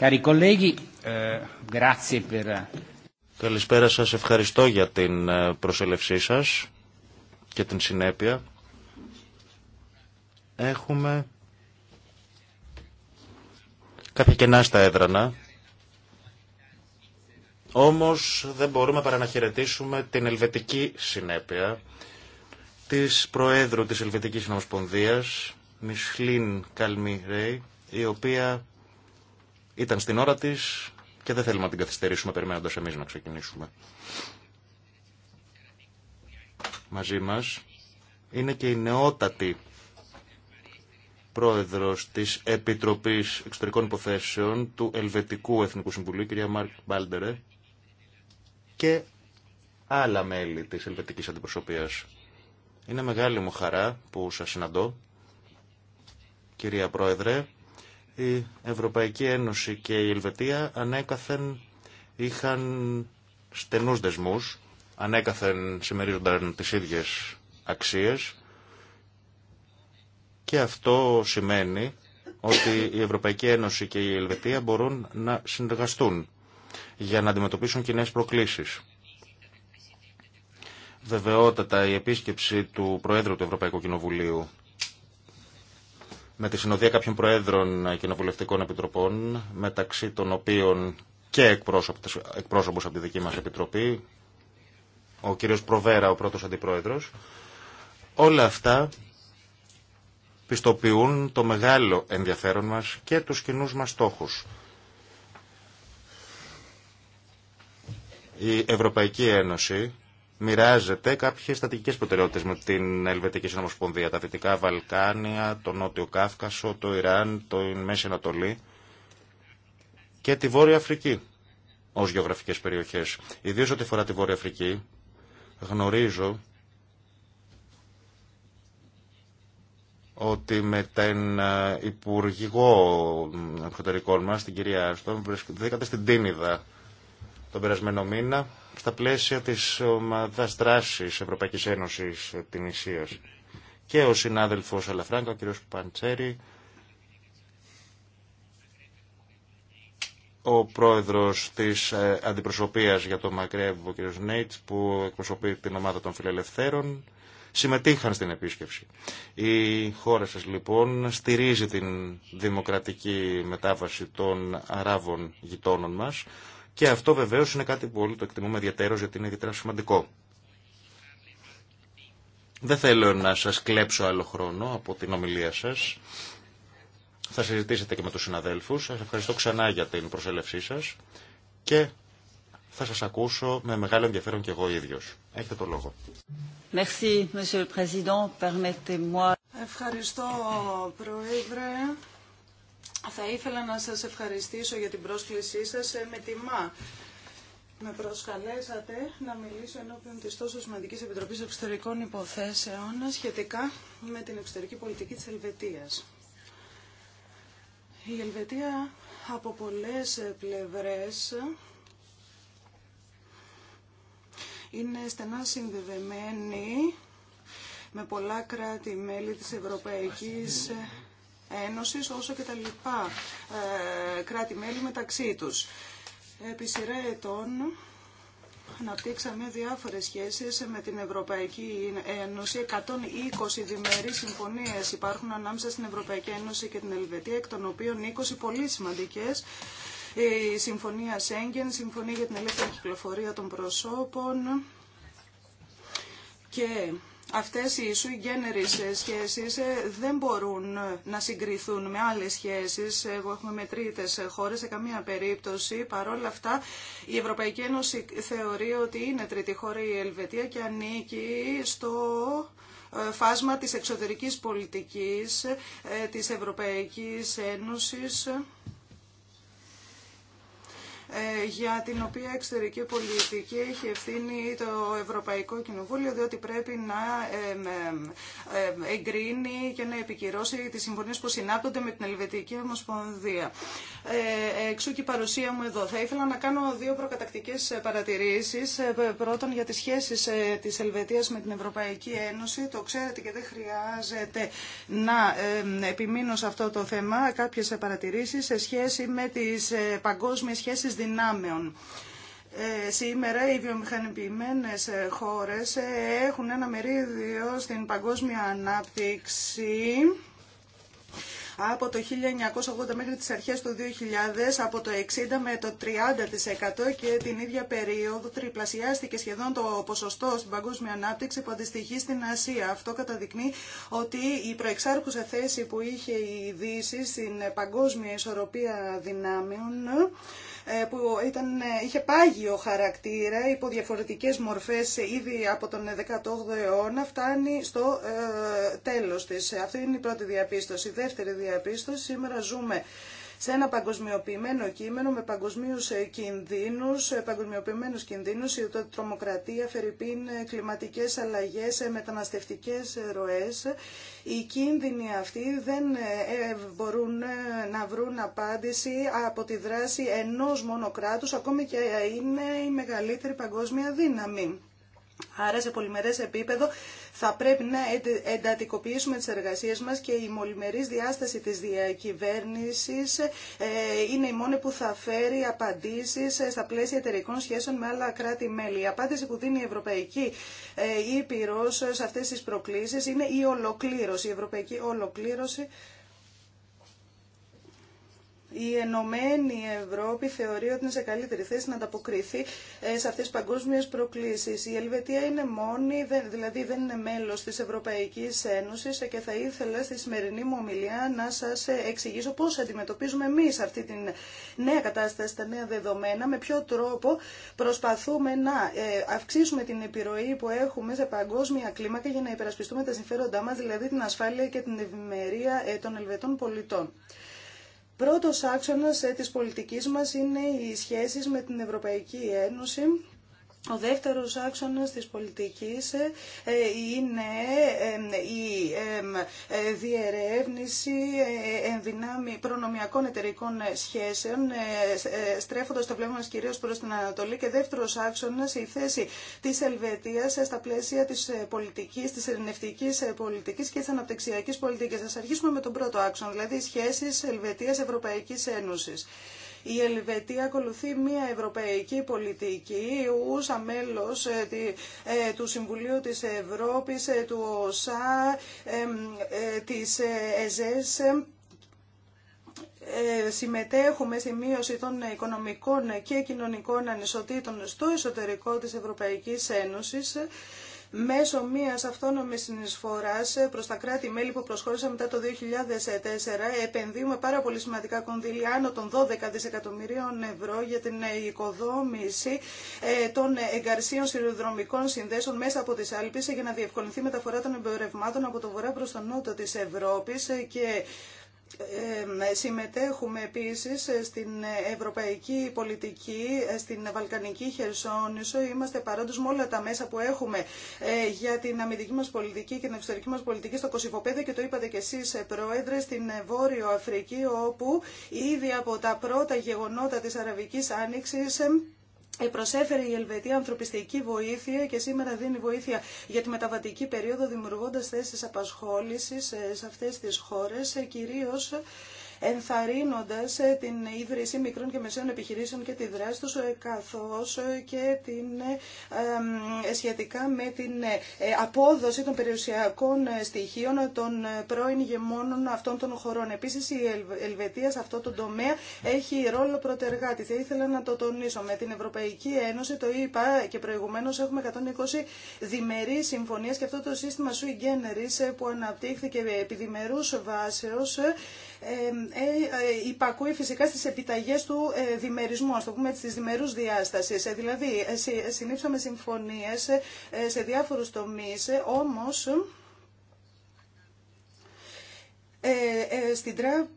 Eh, Καλησπέρα σας, ευχαριστώ για την ε, προσέλευσή σας και την συνέπεια. Έχουμε κάποια κενά στα έδρανα, όμως δεν μπορούμε παρά να χαιρετήσουμε την ελβετική συνέπεια της Προέδρου της Ελβετικής Νομοσπονδίας, Μισλίν Καλμιρέη, η οποία ήταν στην ώρα της και δεν θέλουμε να την καθυστερήσουμε περιμένοντας εμείς να ξεκινήσουμε. Μαζί μας είναι και η νεότατη πρόεδρος της Επιτροπής Εξωτερικών Υποθέσεων του Ελβετικού Εθνικού Συμβουλίου, κυρία Μάρκ Μπάλτερε και άλλα μέλη της Ελβετικής Αντιπροσωπείας. Είναι μεγάλη μου χαρά που σας συναντώ, κυρία Πρόεδρε, η Ευρωπαϊκή Ένωση και η Ελβετία ανέκαθεν είχαν στενούς δεσμούς, ανέκαθεν συμμερίζονταν τις ίδιες αξίες και αυτό σημαίνει ότι η Ευρωπαϊκή Ένωση και η Ελβετία μπορούν να συνεργαστούν για να αντιμετωπίσουν κοινέ προκλήσεις. Βεβαιότατα η επίσκεψη του Προέδρου του Ευρωπαϊκού Κοινοβουλίου με τη συνοδεία κάποιων προέδρων κοινοβουλευτικών επιτροπών, μεταξύ των οποίων και εκπρόσωπους από τη δική μας επιτροπή, ο κύριος Προβέρα, ο πρώτος αντιπρόεδρος. Όλα αυτά πιστοποιούν το μεγάλο ενδιαφέρον μας και τους κοινούς μας στόχους. Η Ευρωπαϊκή Ένωση μοιράζεται κάποιες στατικές προτεραιότητες με την Ελβετική Συνομοσπονδία, τα Δυτικά Βαλκάνια, τον Νότιο Κάφκασο, το Ιράν, το Μέση Ανατολή και τη Βόρεια Αφρική ως γεωγραφικές περιοχές. Ιδίως ό,τι φορά τη Βόρεια Αφρική γνωρίζω ότι με την ε, Υπουργηγό Εξωτερικών μας, την κυρία Άστον, βρίσκεται στην Τίνιδα τον περασμένο μήνα στα πλαίσια της ομάδας δράσης Ευρωπαϊκής Ένωσης ε, την Ισία Και ο συνάδελφος Αλαφράγκα, ο κ. Παντσέρη, ο πρόεδρος της ε, αντιπροσωπείας για το Μακρέβο, ο κ. Νέιτ, που εκπροσωπεί την ομάδα των φιλελευθέρων, συμμετείχαν στην επίσκεψη. Η χώρα σας λοιπόν στηρίζει την δημοκρατική μετάβαση των Αράβων γειτόνων μας, και αυτό βεβαίω είναι κάτι που όλοι το εκτιμούμε ιδιαίτερο γιατί είναι ιδιαίτερα σημαντικό. Δεν θέλω να σας κλέψω άλλο χρόνο από την ομιλία σας. Θα συζητήσετε και με του συναδέλφου σα ευχαριστώ ξανά για την προσέλευσή σας και θα σας ακούσω με μεγάλο ενδιαφέρον και εγώ ίδιο. Έχετε το λόγο. Ευχαριστώ, Πρόεδρε. Θα ήθελα να σας ευχαριστήσω για την πρόσκλησή σας ε, με τιμά. Με προσκαλέσατε να μιλήσω ενώπιον της τόσο σημαντικής Επιτροπής Εξωτερικών Υποθέσεων σχετικά με την εξωτερική πολιτική της Ελβετίας. Η Ελβετία από πολλές πλευρές είναι στενά συνδεδεμένη με πολλά κράτη-μέλη της Ευρωπαϊκής όσο και τα λοιπά ε, κράτη-μέλη μεταξύ τους. Επί σειρά ετών αναπτύξαμε διάφορες σχέσεις με την Ευρωπαϊκή Ένωση. 120 διμερείς συμφωνίες υπάρχουν ανάμεσα στην Ευρωπαϊκή Ένωση και την Ελβετία, εκ των οποίων 20 πολύ σημαντικές. Η Συμφωνία Σέγγεν, Συμφωνία για την Ελεύθερη Κυκλοφορία των Προσώπων και Αυτές οι σου σχέσεις ε, δεν μπορούν ε, να συγκριθούν με άλλες σχέσεις που έχουμε με τρίτες χώρες σε καμία περίπτωση. Παρόλα αυτά η Ευρωπαϊκή Ένωση θεωρεί ότι είναι τρίτη χώρα η Ελβετία και ανήκει στο ε, φάσμα της εξωτερικής πολιτικής της Ευρωπαϊκής Ένωσης ε, για την οποία εξωτερική πολιτική έχει ευθύνη το Ευρωπαϊκό Κοινοβούλιο, διότι πρέπει να εγκρίνει και να επικυρώσει τις συμφωνίες που συνάπτονται με την Ελβετική Ομοσπονδία. Ε, εξού και η παρουσία μου εδώ. Θα ήθελα να κάνω δύο προκατακτικές παρατηρήσεις. Ε, πρώτον, για τις σχέσεις της Ελβετίας με την Ευρωπαϊκή Ένωση. Το ξέρετε και δεν χρειάζεται να επιμείνω σε αυτό το θέμα. Κάποιες παρατηρήσεις σε σχέση με τις παγκόσμιες σχέσεις δυνάμεων. Ε, σήμερα οι βιομηχανοποιημένες χώρες ε, έχουν ένα μερίδιο στην παγκόσμια ανάπτυξη από το 1980 μέχρι τις αρχές του 2000 από το 60 με το 30% και την ίδια περίοδο τριπλασιάστηκε σχεδόν το ποσοστό στην παγκόσμια ανάπτυξη που αντιστοιχεί στην Ασία. Αυτό καταδεικνύει ότι η προεξάρχουσα θέση που είχε η Δύση στην παγκόσμια ισορροπία δυνάμεων ε, που ήταν, ε, είχε πάγιο χαρακτήρα υπό διαφορετικές μορφές ήδη από τον 18ο αιώνα φτάνει στο ε, τέλος της. Αυτή είναι η πρώτη διαπίστωση. Η δεύτερη διαπίστωση, σήμερα ζούμε σε ένα παγκοσμιοποιημένο κείμενο με παγκόσμιου ε, κινδύνους, ε, παγκοσμιοποιημένους κινδύνους, η τρομοκρατία, φερρυπίν, ε, κλιματικές αλλαγές, μεταναστευτικές ροές. Οι κίνδυνοι αυτοί δεν μπορούν να βρουν απάντηση από τη δράση ενός μόνο κράτου, ακόμη και είναι η μεγαλύτερη παγκόσμια δύναμη. Άρα σε πολυμερές επίπεδο θα πρέπει να εντατικοποιήσουμε τις εργασίες μας και η μολυμερής διάσταση της διακυβέρνησης ε, είναι η μόνη που θα φέρει απαντήσεις ε, στα πλαίσια εταιρικών σχέσεων με άλλα κράτη-μέλη. Η απάντηση που δίνει η Ευρωπαϊκή ε, Ήπειρος σε αυτές τις προκλήσεις είναι η ολοκλήρωση, η Ευρωπαϊκή Ολοκλήρωση η Ενωμένη Ευρώπη θεωρεί ότι είναι σε καλύτερη θέση να ανταποκριθεί ε, σε αυτές τις παγκόσμιες προκλήσεις. Η Ελβετία είναι μόνη, δηλαδή δεν είναι μέλος της Ευρωπαϊκής Ένωσης και θα ήθελα στη σημερινή μου ομιλία να σας ε, εξηγήσω πώς αντιμετωπίζουμε εμείς αυτή την νέα κατάσταση, τα νέα δεδομένα, με ποιο τρόπο προσπαθούμε να ε, αυξήσουμε την επιρροή που έχουμε σε παγκόσμια κλίμακα για να υπερασπιστούμε τα συμφέροντά μας, δηλαδή την ασφάλεια και την ευημερία των Ελβετών πολιτών. Πρώτος άξονας ε, της πολιτικής μας είναι οι σχέσεις με την Ευρωπαϊκή Ένωση ο δεύτερος άξονας της πολιτικής ε, είναι η ε, διερεύνηση ε, ενδυνάμει προνομιακών εταιρικών σχέσεων, στρέφοντας το βλέμμα μας κυρίως προς την Ανατολή και δεύτερος άξονας η θέση της Ελβετίας στα πλαίσια της πολιτικής, της ειρηνευτικής πολιτικής και της αναπτυξιακής πολιτικής. Ας αρχίσουμε με τον πρώτο άξονα, δηλαδή σχέσεις Ελβετίας-Ευρωπαϊκής Ένωσης. Η Ελβετία ακολουθεί μια ευρωπαϊκή πολιτική, ούσα μέλος ε, ε, του Συμβουλίου της Ευρώπης, ε, του ΟΣΑ, της ΕΖΕΣ συμμετέχουμε στη μείωση των οικονομικών και κοινωνικών ανισοτήτων στο εσωτερικό της Ευρωπαϊκής Ένωσης μέσω μιας αυτόνομης συνεισφορά προ τα κράτη-μέλη που προσχώρησα μετά το 2004 επενδύουμε πάρα πολύ σημαντικά κονδύλια άνω των 12 δισεκατομμυρίων ευρώ για την οικοδόμηση ε, των εγκαρσίων σιδηροδρομικών συνδέσεων μέσα από τι Άλπεις για να διευκολυνθεί μεταφορά των εμπορευμάτων από το βορρά προς τον νότο τη Ευρώπη και ε, ε, συμμετέχουμε επίσης στην ευρωπαϊκή πολιτική, στην Βαλκανική Χερσόνησο. Είμαστε παρόντες με όλα τα μέσα που έχουμε ε, για την αμυντική μας πολιτική και την εξωτερική μας πολιτική στο Κωσυφοπέδιο και το είπατε και εσείς Πρόεδρε στην Βόρειο Αφρική όπου ήδη από τα πρώτα γεγονότα της Αραβικής Άνοιξης ε, προσέφερε η Ελβετία ανθρωπιστική βοήθεια και σήμερα δίνει βοήθεια για τη μεταβατική περίοδο δημιουργώντας θέσεις απασχόλησης ε, σε αυτές τις χώρες, ε, κυρίως ενθαρρύνοντας ε, την ίδρυση μικρών και μεσαίων επιχειρήσεων και τη δράση τους, ε, καθώς ε, και την, σχετικά με την απόδοση των περιουσιακών στοιχείων των πρώην ηγεμόνων αυτών των χωρών. Επίσης, η Ελβετία σε αυτό το τομέα έχει ρόλο πρωτεργάτη. Θα ήθελα να το τονίσω. Με την Ευρωπαϊκή Ένωση, το είπα και προηγουμένως, έχουμε 120 διμερείς συμφωνίες και αυτό το σύστημα sui generis που αναπτύχθηκε επί διμερούς βάσεως ε, ε, υπακούει φυσικά στις επιταγές του ε, διμερισμού, ας το πούμε στις διμερούς διάστασης. Δηλαδή, συνήψαμε συμφωνίες σε διάφορους τομείς, όμως στην τράπεζα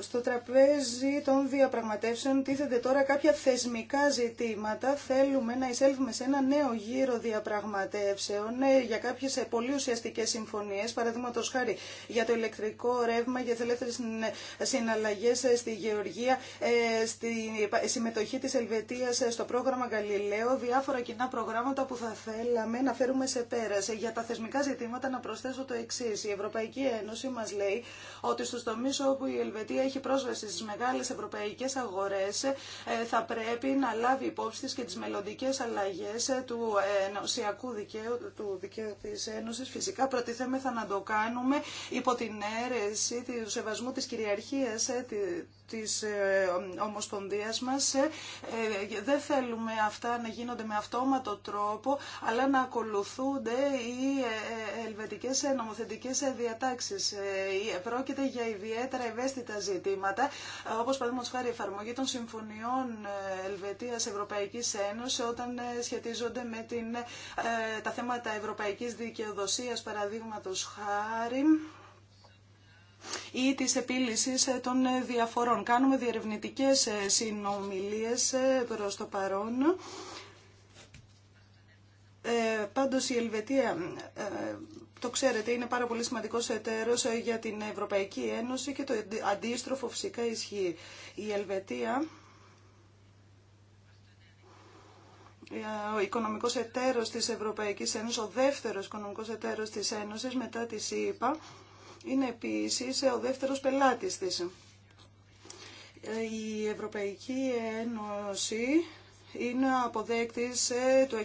στο τραπέζι των διαπραγματεύσεων τίθενται τώρα κάποια θεσμικά ζητήματα. Θέλουμε να εισέλθουμε σε ένα νέο γύρο διαπραγματεύσεων ε, για κάποιες ε, πολύ ουσιαστικέ συμφωνίες, παραδείγματο χάρη για το ηλεκτρικό ρεύμα, για τις ελεύθερες ε, συναλλαγές στη Γεωργία, στη συμμετοχή της Ελβετίας στο πρόγραμμα Γαλιλαίο, διάφορα κοινά προγράμματα που θα θέλαμε να φέρουμε σε πέρας. Για τα θεσμικά ζητήματα να προσθέσω το εξή. Η Ευρωπαϊκή Ένωση μας λέει ότι στους τομείς όπου η Ελβετία έχει πρόσβαση στις μεγάλες ευρωπαϊκές αγορές ε, θα πρέπει να λάβει υπόψη της και τις μελλοντικέ αλλαγές ε, του ενωσιακού δικαίου, του δικαίου της Ένωσης. Φυσικά προτιθέμεθα να το κάνουμε υπό την αίρεση του σεβασμού της κυριαρχίας ε, της Ομοσπονδίας μας. Δεν θέλουμε αυτά να γίνονται με αυτόματο τρόπο, αλλά να ακολουθούνται οι ελβετικές νομοθετικές διατάξεις. Πρόκειται για ιδιαίτερα ευαίσθητα ζητήματα ζητήματα, ε, όπως παραδείγματος χάρη εφαρμογή των συμφωνιών ε, Ελβετίας-Ευρωπαϊκής Ένωση όταν ε, σχετίζονται με την, τα θέματα ευρωπαϊκής δικαιοδοσίας παραδείγματος χάρη ή της επίλυσης των διαφορών. Κάνουμε διερευνητικές συνομιλίες προς το παρόν. Ε, πάντως η Ελβετία το ξέρετε, είναι πάρα πολύ σημαντικός εταίρος ε, για την Ευρωπαϊκή Ένωση και το αντίστροφο φυσικά ισχύει. Η Ελβετία, ε, ο οικονομικός εταίρος της Ευρωπαϊκής Ένωσης, ο δεύτερος οικονομικός εταίρος της Ένωσης μετά τη ΣΥΠΑ, είναι επίσης ε, ο δεύτερος πελάτης της. Η Ευρωπαϊκή Ένωση είναι αποδέκτης ε, του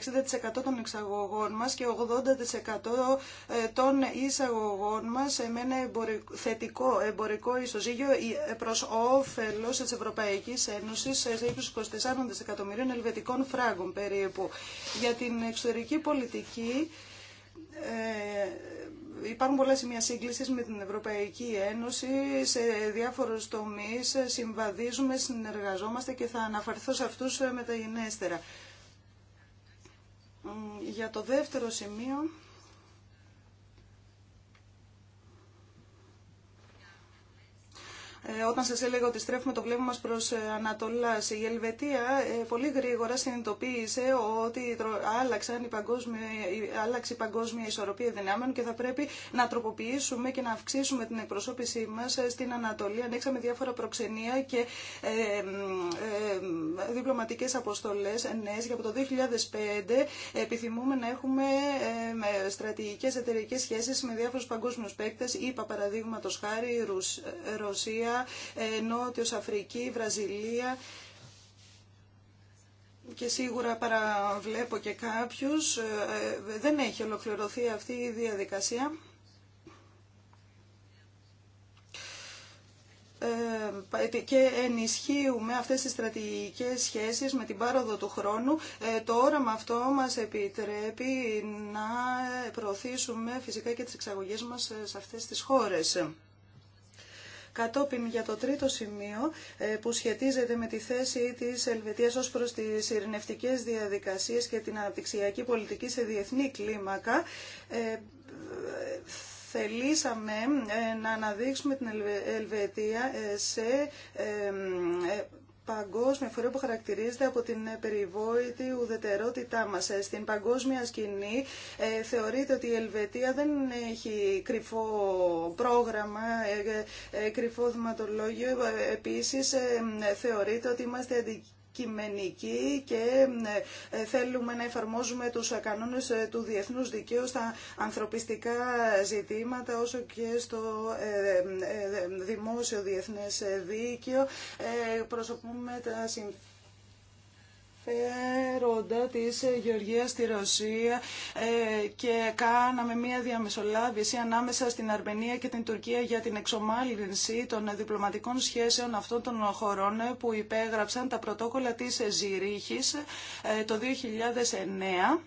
60% των εξαγωγών μας και 80% ε, των εισαγωγών μας με ένα θετικό εμπορικό ισοζύγιο ε, προς όφελος της Ευρωπαϊκής Ένωσης σε ύψους 24 δισεκατομμυρίων ελβετικών φράγκων περίπου. Για την εξωτερική πολιτική ε, υπάρχουν πολλά σημεία σύγκλησης με την Ευρωπαϊκή Ένωση σε διάφορους τομείς, συμβαδίζουμε, συνεργαζόμαστε και θα αναφερθώ σε αυτούς μεταγενέστερα. Για το δεύτερο σημείο, Ε, όταν σας έλεγα ότι στρέφουμε το βλέμμα μας προς ε, Ανατολάς, η Ελβετία ε, πολύ γρήγορα συνειδητοποίησε ότι άλλαξαν άλλαξε η παγκόσμια ισορροπία δυνάμεων και θα πρέπει να τροποποιήσουμε και να αυξήσουμε την εκπροσώπησή μας στην Ανατολή. Ανοίξαμε διάφορα προξενία και ε, ε, διπλωματικές αποστολές και από το 2005 επιθυμούμε να έχουμε ε, στρατηγικές εταιρικές σχέσεις με διάφορους παγκόσμιους παίκτες, είπα παραδείγματος χάρη Ρωσία, ε, Νότιος Αφρική, Βραζιλία και σίγουρα παραβλέπω και κάποιους. Ε, ε, δεν έχει ολοκληρωθεί αυτή η διαδικασία. και ενισχύουμε αυτές τις στρατηγικές σχέσεις με την πάροδο του χρόνου. Το όραμα αυτό μας επιτρέπει να προωθήσουμε φυσικά και τις εξαγωγές μας σε αυτές τις χώρες. Κατόπιν για το τρίτο σημείο ε, που σχετίζεται με τη θέση της Ελβετίας ως προς τις ειρηνευτικές διαδικασίες και την αναπτυξιακή πολιτική σε διεθνή κλίμακα, ε, θελήσαμε ε, να αναδείξουμε την Ελβετία σε παγκόσμια φορέα που χαρακτηρίζεται από την περιβόητη ουδετερότητά μας. Ε, στην παγκόσμια σκηνή ε, θεωρείται ότι η Ελβετία δεν έχει κρυφό πρόγραμμα, ε, ε κρυφό δηματολόγιο. Ε, επίσης θεωρείται ότι είμαστε αντικείμενοι και ε, ε, θέλουμε να εφαρμόζουμε τους κανόνες ε, του διεθνούς δικαίου στα ανθρωπιστικά ζητήματα όσο και στο δημόσιο διεθνές δίκαιο. Προσωπούμε τα φέροντα της Γεωργίας στη Ρωσία ε, και κάναμε μια διαμεσολάβηση ανάμεσα στην Αρμενία και την Τουρκία για την εξομάλυνση των διπλωματικών σχέσεων αυτών των χωρών που υπέγραψαν τα πρωτόκολλα της Ζηρίχης ε, το 2009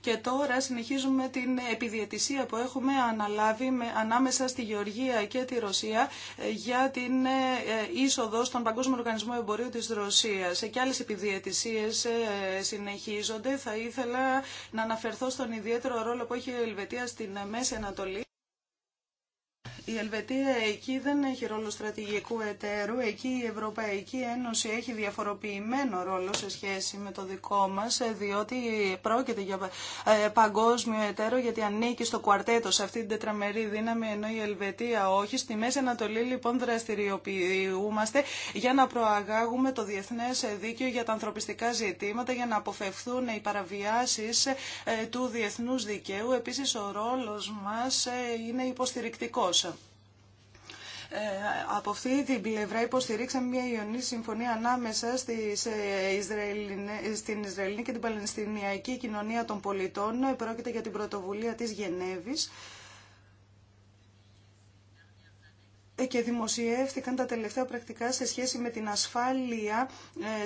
και τώρα συνεχίζουμε την επιδιαιτησία που έχουμε αναλάβει με, ανάμεσα στη Γεωργία και τη Ρωσία ε, για την ε, ε, είσοδο στον Παγκόσμιο Οργανισμό Εμπορίου της Ρωσίας. Και άλλες επιδιαιτησίες συνεχίζονται. Θα ήθελα να αναφερθώ στον ιδιαίτερο ρόλο που έχει η Ελβετία στην Μέση Ανατολή. Η Ελβετία εκεί δεν έχει ρόλο στρατηγικού εταίρου. Εκεί η Ευρωπαϊκή Ένωση έχει διαφοροποιημένο ρόλο σε σχέση με το δικό μας, ε, διότι πρόκειται για ε, παγκόσμιο εταίρο, γιατί ανήκει στο κουαρτέτο, σε αυτή την τετραμερή δύναμη, ενώ η Ελβετία όχι. Στη Μέση Ανατολή λοιπόν δραστηριοποιούμαστε για να προαγάγουμε το διεθνές δίκαιο για τα ανθρωπιστικά ζητήματα, για να αποφευθούν οι παραβιάσεις ε, του διεθνούς δικαίου. Επίση ο ρόλος μας είναι υποστηρικτικός. Ε, από αυτή την πλευρά υποστηρίξαμε μια ιονή συμφωνία ανάμεσα ε, στην Ισραηλινή και την Παλαιστινιακή κοινωνία των πολιτών. Πρόκειται για την πρωτοβουλία της Γενέβης. Ε, και δημοσιεύτηκαν τα τελευταία πρακτικά σε σχέση με την ασφάλεια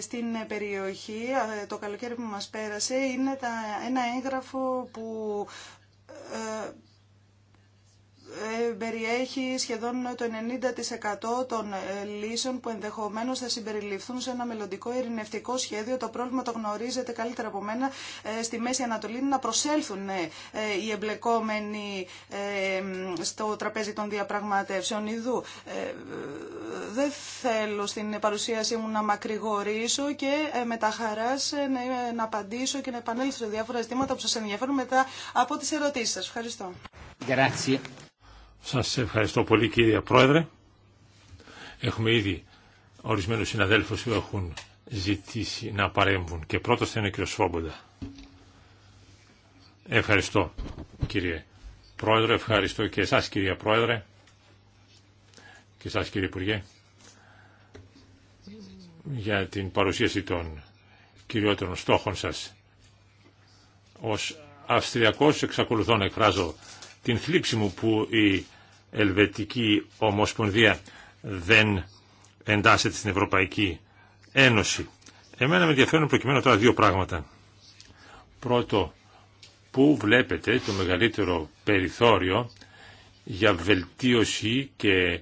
στην περιοχή. Το καλοκαίρι που μας πέρασε είναι ένα έγγραφο που περιέχει σχεδόν το 90% των ε, λύσεων που ενδεχομένως θα συμπεριληφθούν σε ένα μελλοντικό ειρηνευτικό σχέδιο. Το πρόβλημα το γνωρίζετε καλύτερα από μένα ε, στη Μέση Ανατολή να προσέλθουν ναι, ε, οι εμπλεκόμενοι στο τραπέζι των διαπραγματεύσεων. Ιδού. Δεν θέλω στην παρουσίασή μου να μακρηγορήσω και με τα χαράς να απαντήσω και να επανέλθω σε διάφορα ζητήματα που σας ενδιαφέρουν μετά από τις ερωτήσεις σας. Ευχαριστώ. Σας ευχαριστώ πολύ κύριε Πρόεδρε. Έχουμε ήδη ορισμένους συναδέλφους που έχουν ζητήσει να παρέμβουν και πρώτος θα είναι ο κύριος Σφόμποντα. Ευχαριστώ κύριε Πρόεδρε, ευχαριστώ και εσάς κύριε Πρόεδρε και εσάς κύριε Υπουργέ για την παρουσίαση των κυριότερων στόχων σας. Ως Αυστριακός εξακολουθώ να εκφράζω την θλίψη μου που η Ελβετική Ομοσπονδία δεν εντάσσεται στην Ευρωπαϊκή Ένωση. Εμένα με ενδιαφέρουν προκειμένου τώρα δύο πράγματα. Πρώτο, που βλέπετε το μεγαλύτερο περιθώριο για βελτίωση και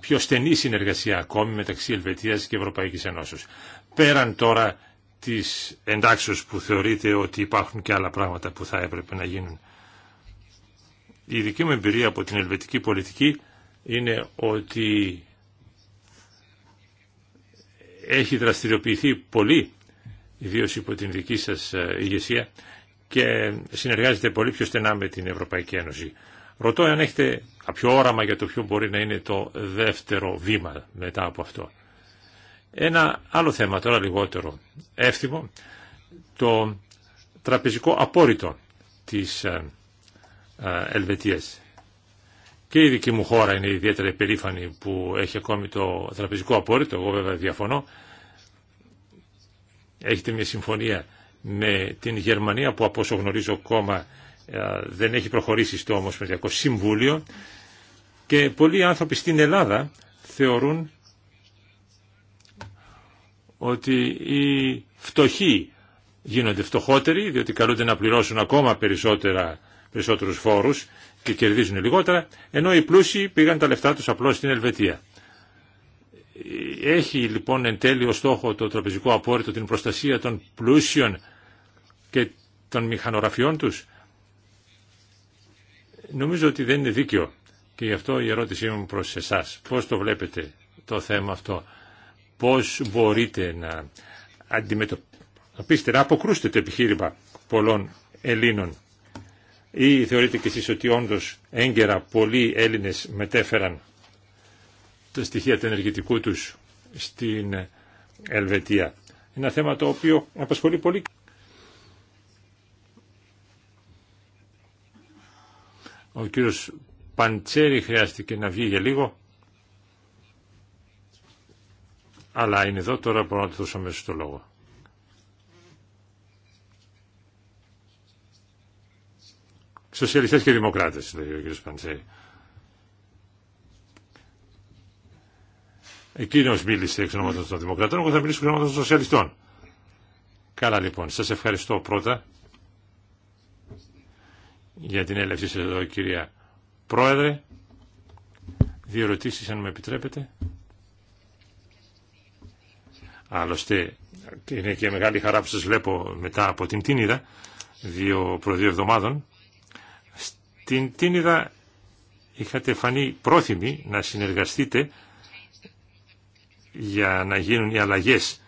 πιο στενή συνεργασία ακόμη μεταξύ Ελβετίας και Ευρωπαϊκής Ένωσης. Πέραν τώρα της εντάξεως που θεωρείτε ότι υπάρχουν και άλλα πράγματα που θα έπρεπε να γίνουν. Η δική μου εμπειρία από την ελβετική πολιτική είναι ότι έχει δραστηριοποιηθεί πολύ, ιδίω υπό την δική σας ε, ηγεσία, και συνεργάζεται πολύ πιο στενά με την Ευρωπαϊκή Ένωση. Ρωτώ αν έχετε κάποιο όραμα για το ποιο μπορεί να είναι το δεύτερο βήμα μετά από αυτό. Ένα άλλο θέμα τώρα λιγότερο εύθυμο, το τραπεζικό απόρριτο της ε, ε, Ελβετίας. Και η δική μου χώρα είναι ιδιαίτερα υπερήφανη που έχει ακόμη το τραπεζικό απόρριτο, εγώ βέβαια διαφωνώ. Έχετε μια συμφωνία με την Γερμανία που από όσο γνωρίζω ακόμα ε, δεν έχει προχωρήσει στο Ομοσπονδιακό Συμβούλιο και πολλοί άνθρωποι στην Ελλάδα θεωρούν ότι οι φτωχοί γίνονται φτωχότεροι διότι καλούνται να πληρώσουν ακόμα περισσότερα Περισσότερου φόρου και κερδίζουν λιγότερα, ενώ οι πλούσιοι πήγαν τα λεφτά του απλώ στην Ελβετία. Έχει λοιπόν εν τέλει ως στόχο το τραπεζικό απόρριτο την προστασία των πλούσιων και των μηχανογραφιών τους. Νομίζω ότι δεν είναι δίκαιο και γι' αυτό η ερώτησή μου προς εσάς. Πώς το βλέπετε το θέμα αυτό, πώς μπορείτε να αντιμετωπίσετε, να αποκρούσετε το επιχείρημα πολλών Ελλήνων ή θεωρείτε κι εσείς ότι όντως έγκαιρα πολλοί Έλληνες μετέφεραν τα στοιχεία του ενεργητικού τους στην Ελβετία. Ένα θέμα το οποίο απασχολεί πολύ. Ο κύριος Παντσέρη χρειάστηκε να βγει για λίγο. Αλλά είναι εδώ, τώρα μπορώ να του δώσω μέσα το λόγο. Σοσιαλιστές και Δημοκράτες, λέει ο κ. Παντσέρη. Εκείνο μίλησε εξ ονόματο των Δημοκρατών, εγώ θα μιλήσω εξ ονόματο των Σοσιαλιστών. Καλά λοιπόν, σα ευχαριστώ πρώτα για την έλευση σα εδώ, κυρία Πρόεδρε. Δύο ερωτήσει, αν με επιτρέπετε. Άλλωστε, είναι και μεγάλη χαρά που σα βλέπω μετά από την Τίνιδα, δύο προ εβδομάδων την Τίνιδα είχατε φανεί πρόθυμοι να συνεργαστείτε για να γίνουν οι αλλαγές,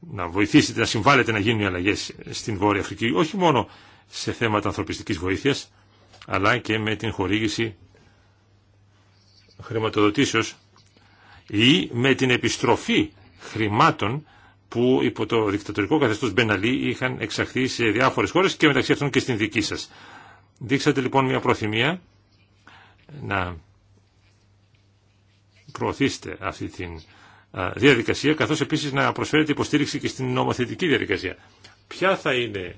να βοηθήσετε, να συμβάλλετε να γίνουν οι αλλαγές στην Βόρεια Αφρική, όχι μόνο σε θέματα ανθρωπιστικής βοήθειας, αλλά και με την χορήγηση χρηματοδοτήσεως ή με την επιστροφή χρημάτων που υπό το δικτατορικό καθεστώς Μπεναλή είχαν εξαχθεί σε διάφορες χώρες και μεταξύ αυτών και στην δική σας. Δείξατε λοιπόν μια προθυμία να προωθήσετε αυτή τη διαδικασία, καθώς επίσης να προσφέρετε υποστήριξη και στην νομοθετική διαδικασία. Ποια θα είναι,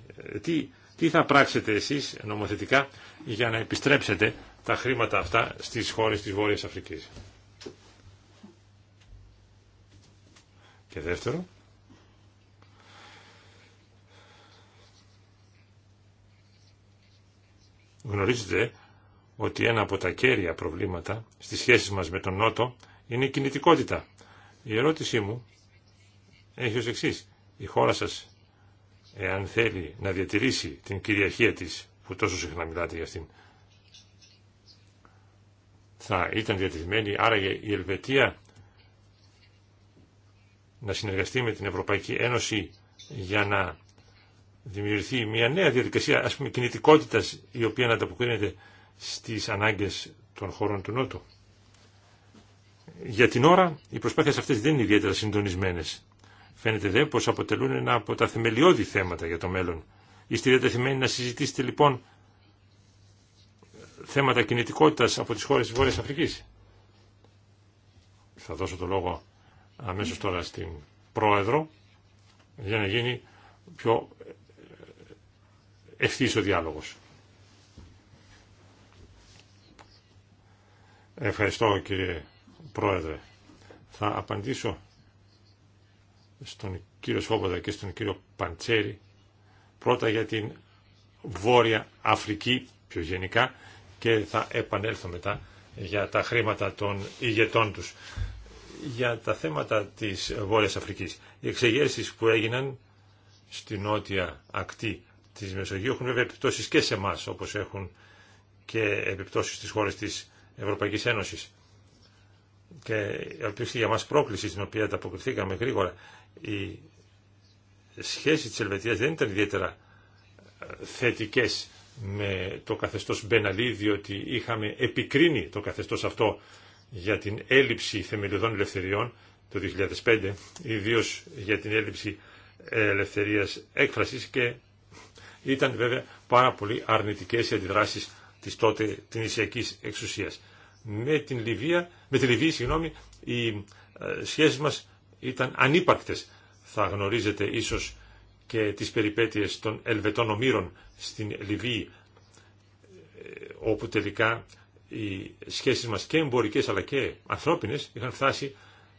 τι, θα πράξετε εσείς νομοθετικά για να επιστρέψετε τα χρήματα αυτά στις χώρες της Βόρειας Αφρικής. Και δεύτερο, Γνωρίζετε ότι ένα από τα κέρια προβλήματα στις σχέσεις μας με τον Νότο είναι η κινητικότητα. Η ερώτησή μου έχει ως εξής. Η χώρα σας, εάν θέλει να διατηρήσει την κυριαρχία της, που τόσο συχνά μιλάτε για αυτήν, θα ήταν διατηρημένη άραγε η Ελβετία να συνεργαστεί με την Ευρωπαϊκή Ένωση για να δημιουργηθεί μια νέα διαδικασία ας πούμε, κινητικότητας η οποία να ανταποκρίνεται στις ανάγκες των χωρών του Νότου. Για την ώρα οι προσπάθειες αυτές δεν είναι ιδιαίτερα συντονισμένες. Φαίνεται δε πως αποτελούν ένα από τα θεμελιώδη θέματα για το μέλλον. Είστε διατεθειμένοι να συζητήσετε λοιπόν θέματα κινητικότητας από τις χώρες της Βόρειας Αφρικής. Θα δώσω το λόγο αμέσως τώρα στην Πρόεδρο για να γίνει πιο ευθύς ο διάλογος. Ευχαριστώ κύριε Πρόεδρε. Θα απαντήσω στον κύριο Σφόμποδα και στον κύριο Παντσέρη πρώτα για την Βόρεια Αφρική πιο γενικά και θα επανέλθω μετά για τα χρήματα των ηγετών τους. Για τα θέματα της Βόρειας Αφρικής. Οι εξεγέρσεις που έγιναν στην νότια ακτή Τη Μεσογείου έχουν βέβαια επιπτώσει και σε εμά, όπω έχουν και επιπτώσει στι χώρε τη Ευρωπαϊκή Ένωση. Και υπήρξε για μα πρόκληση στην οποία ανταποκριθήκαμε γρήγορα. Η σχέση τη Ελβετία δεν ήταν ιδιαίτερα ε, θετικέ με το καθεστώ Μπεναλί διότι είχαμε επικρίνει το καθεστώ αυτό για την έλλειψη θεμελιωδών ελευθεριών το 2005, ιδίω για την έλλειψη ε, ελευθερίας έκφρασης και ήταν βέβαια πάρα πολύ αρνητικές οι αντιδράσεις της τότε την Ισιακή εξουσίας. Με την, Λιβύα, με τη Λιβύη συγγνώμη, οι ε, σχέσεις μας ήταν ανύπαρκτες. Θα γνωρίζετε ίσως και τις περιπέτειες των Ελβετών ομήρων στην Λιβύη, ε, όπου τελικά οι σχέσεις μας και εμπορικές αλλά και ανθρώπινες είχαν φτάσει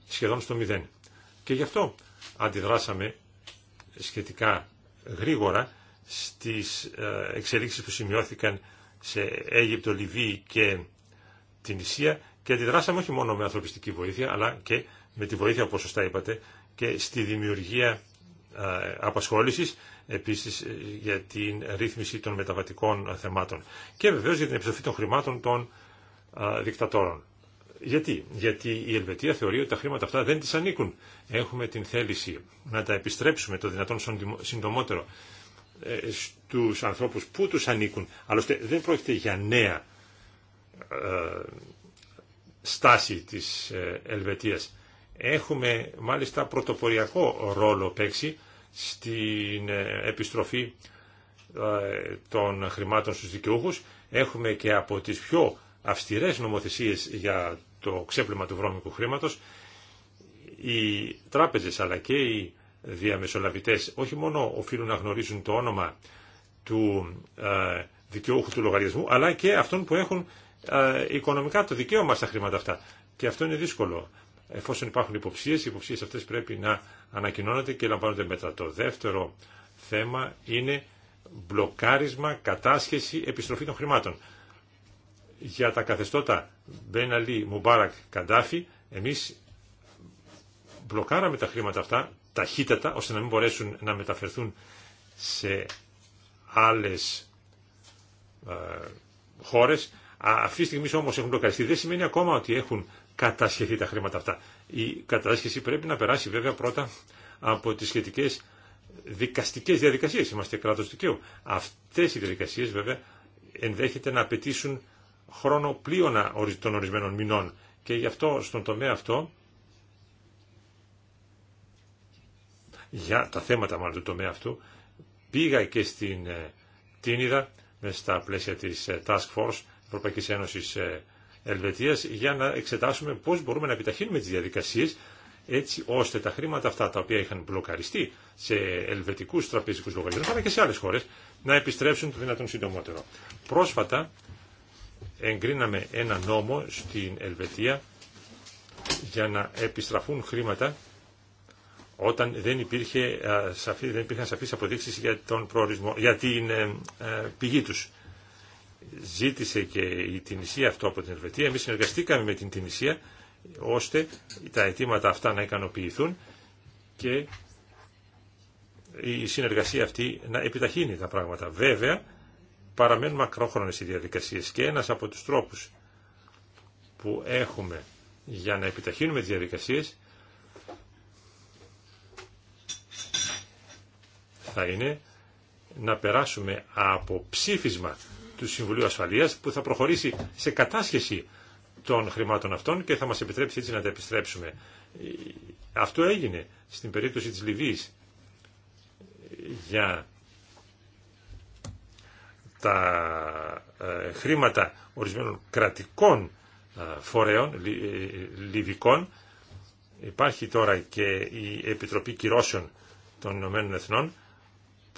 σχεδόν στο μηδέν. Και γι' αυτό αντιδράσαμε σχετικά γρήγορα στις ε, εξελίξεις που σημειώθηκαν σε Αίγυπτο, Λιβύη και την Ισία και αντιδράσαμε όχι μόνο με ανθρωπιστική βοήθεια αλλά και με τη βοήθεια όπως σωστά είπατε και στη δημιουργία ε, απασχόλησης επίσης ε, για την ρύθμιση των μεταβατικών θεμάτων και βεβαίως για την επιστροφή των χρημάτων των δικτατόρων. Γιατί? Γιατί η Ελβετία θεωρεί ότι τα χρήματα αυτά δεν τις ανήκουν. Έχουμε την θέληση να τα επιστρέψουμε το δυνατόν συντομότερο ε, στους ανθρώπους που τους ανήκουν. Άλλωστε δεν πρόκειται για νέα ε, στάση της ε, Ελβετίας. Έχουμε μάλιστα πρωτοποριακό ρόλο παίξει στην επιστροφή των χρημάτων στους δικαιούχους. Έχουμε και από τις πιο αυστηρές νομοθεσίες για το ξέπλυμα του βρώμικου χρήματος. Οι τράπεζες αλλά και οι διαμεσολαβητές όχι μόνο οφείλουν να γνωρίζουν το όνομα του ε, δικαιούχου του λογαριασμού, αλλά και αυτών που έχουν ε, οικονομικά το δικαίωμα στα χρήματα αυτά. Και αυτό είναι δύσκολο. Εφόσον υπάρχουν υποψίες, οι υποψίες αυτές πρέπει να ανακοινώνονται και λαμβάνονται μετά. Το δεύτερο θέμα είναι μπλοκάρισμα, κατάσχεση, επιστροφή των χρημάτων. Για τα καθεστώτα Μπέναλι, Μουμπάρακ, Καντάφη, εμείς μπλοκάραμε τα χρήματα αυτά ταχύτατα ώστε να μην μπορέσουν να μεταφερθούν σε άλλες ε, χώρες. Αυτή τη στιγμή όμως έχουν μπλοκαριστεί. Δεν σημαίνει ακόμα ότι έχουν κατασχεθεί τα χρήματα αυτά. Η κατάσχεση πρέπει να περάσει βέβαια πρώτα από τις σχετικές δικαστικές διαδικασίες. Είμαστε κράτος δικαίου. Αυτές οι διαδικασίες βέβαια ενδέχεται να απαιτήσουν χρόνο πλοίωνα των ορισμένων μηνών. Και γι' αυτό στον τομέα αυτό για τα θέματα μάλλον του τομέα αυτού. Πήγα και στην ε, Τίνιδα, μέσα στα πλαίσια της ε, Task Force Ευρωπαϊκής Ένωσης ε, Ελβετίας, για να εξετάσουμε πώς μπορούμε να επιταχύνουμε τις διαδικασίες, έτσι ώστε τα χρήματα αυτά τα οποία είχαν μπλοκαριστεί σε ελβετικούς τραπεζικούς λογαριασμούς, αλλά και σε άλλες χώρες, να επιστρέψουν το δυνατόν συντομότερο. Πρόσφατα εγκρίναμε ένα νόμο στην Ελβετία για να επιστραφούν χρήματα όταν δεν, υπήρχε, σαφή, δεν υπήρχαν σαφείς αποδείξεις για, τον προορισμό, για την ε, ε, πηγή τους. Ζήτησε και η Τινησία αυτό από την Ελβετία. Εμείς συνεργαστήκαμε με την Τινησία ώστε τα αιτήματα αυτά να ικανοποιηθούν και η συνεργασία αυτή να επιταχύνει τα πράγματα. Βέβαια, παραμένουν μακρόχρονες οι διαδικασίες και ένας από τους τρόπους που έχουμε για να επιταχύνουμε τις διαδικασίες θα είναι να περάσουμε από ψήφισμα του Συμβουλίου Ασφαλείας που θα προχωρήσει σε κατάσχεση των χρημάτων αυτών και θα μας επιτρέψει έτσι να τα επιστρέψουμε. Αυτό έγινε στην περίπτωση της Λιβύης για τα ε, χρήματα ορισμένων κρατικών ε, φορέων ε, λιβικών. Υπάρχει τώρα και η Επιτροπή Κυρώσεων των Ηνωμένων Εθνών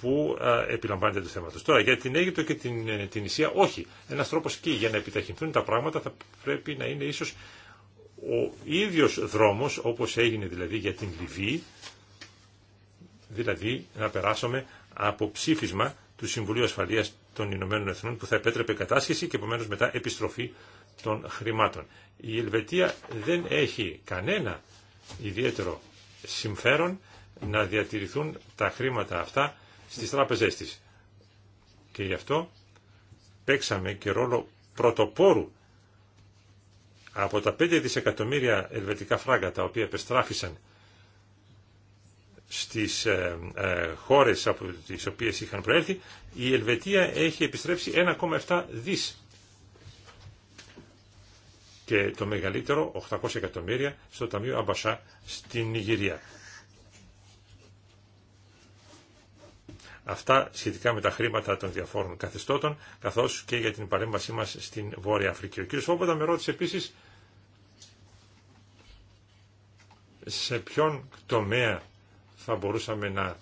που ε, επιλαμβάνεται του τους. Τώρα για την Αίγυπτο και την, ε, την Ισία όχι. ένα τρόπος εκεί για να επιταχυνθούν τα πράγματα θα πρέπει να είναι ίσως ο ίδιος δρόμο όπως έγινε δηλαδή για την Λιβύη δηλαδή να περάσουμε από ψήφισμα του Συμβουλίου Ασφαλείας των Ηνωμένων Εθνών που θα επέτρεπε κατάσχεση και επομένω μετά επιστροφή των χρημάτων. Η Ελβετία δεν έχει κανένα ιδιαίτερο συμφέρον να διατηρηθούν τα χρήματα αυτά στις τράπεζές της. Και γι' αυτό παίξαμε και ρόλο πρωτοπόρου από τα 5 δισεκατομμύρια ελβετικά φράγκα τα οποία επεστράφησαν στις ε, ε, χώρες από τις οποίες είχαν προέλθει, η Ελβετία έχει επιστρέψει 1,7 δις. Και το μεγαλύτερο, 800 εκατομμύρια, στο Ταμείο Αμπασά στην Νιγηρία. Αυτά σχετικά με τα χρήματα των διαφόρων καθεστώτων, καθώς και για την παρέμβασή μας στην Βόρεια Αφρική. Ο κ. Φόμποντα με ρώτησε επίσης σε ποιον τομέα θα μπορούσαμε να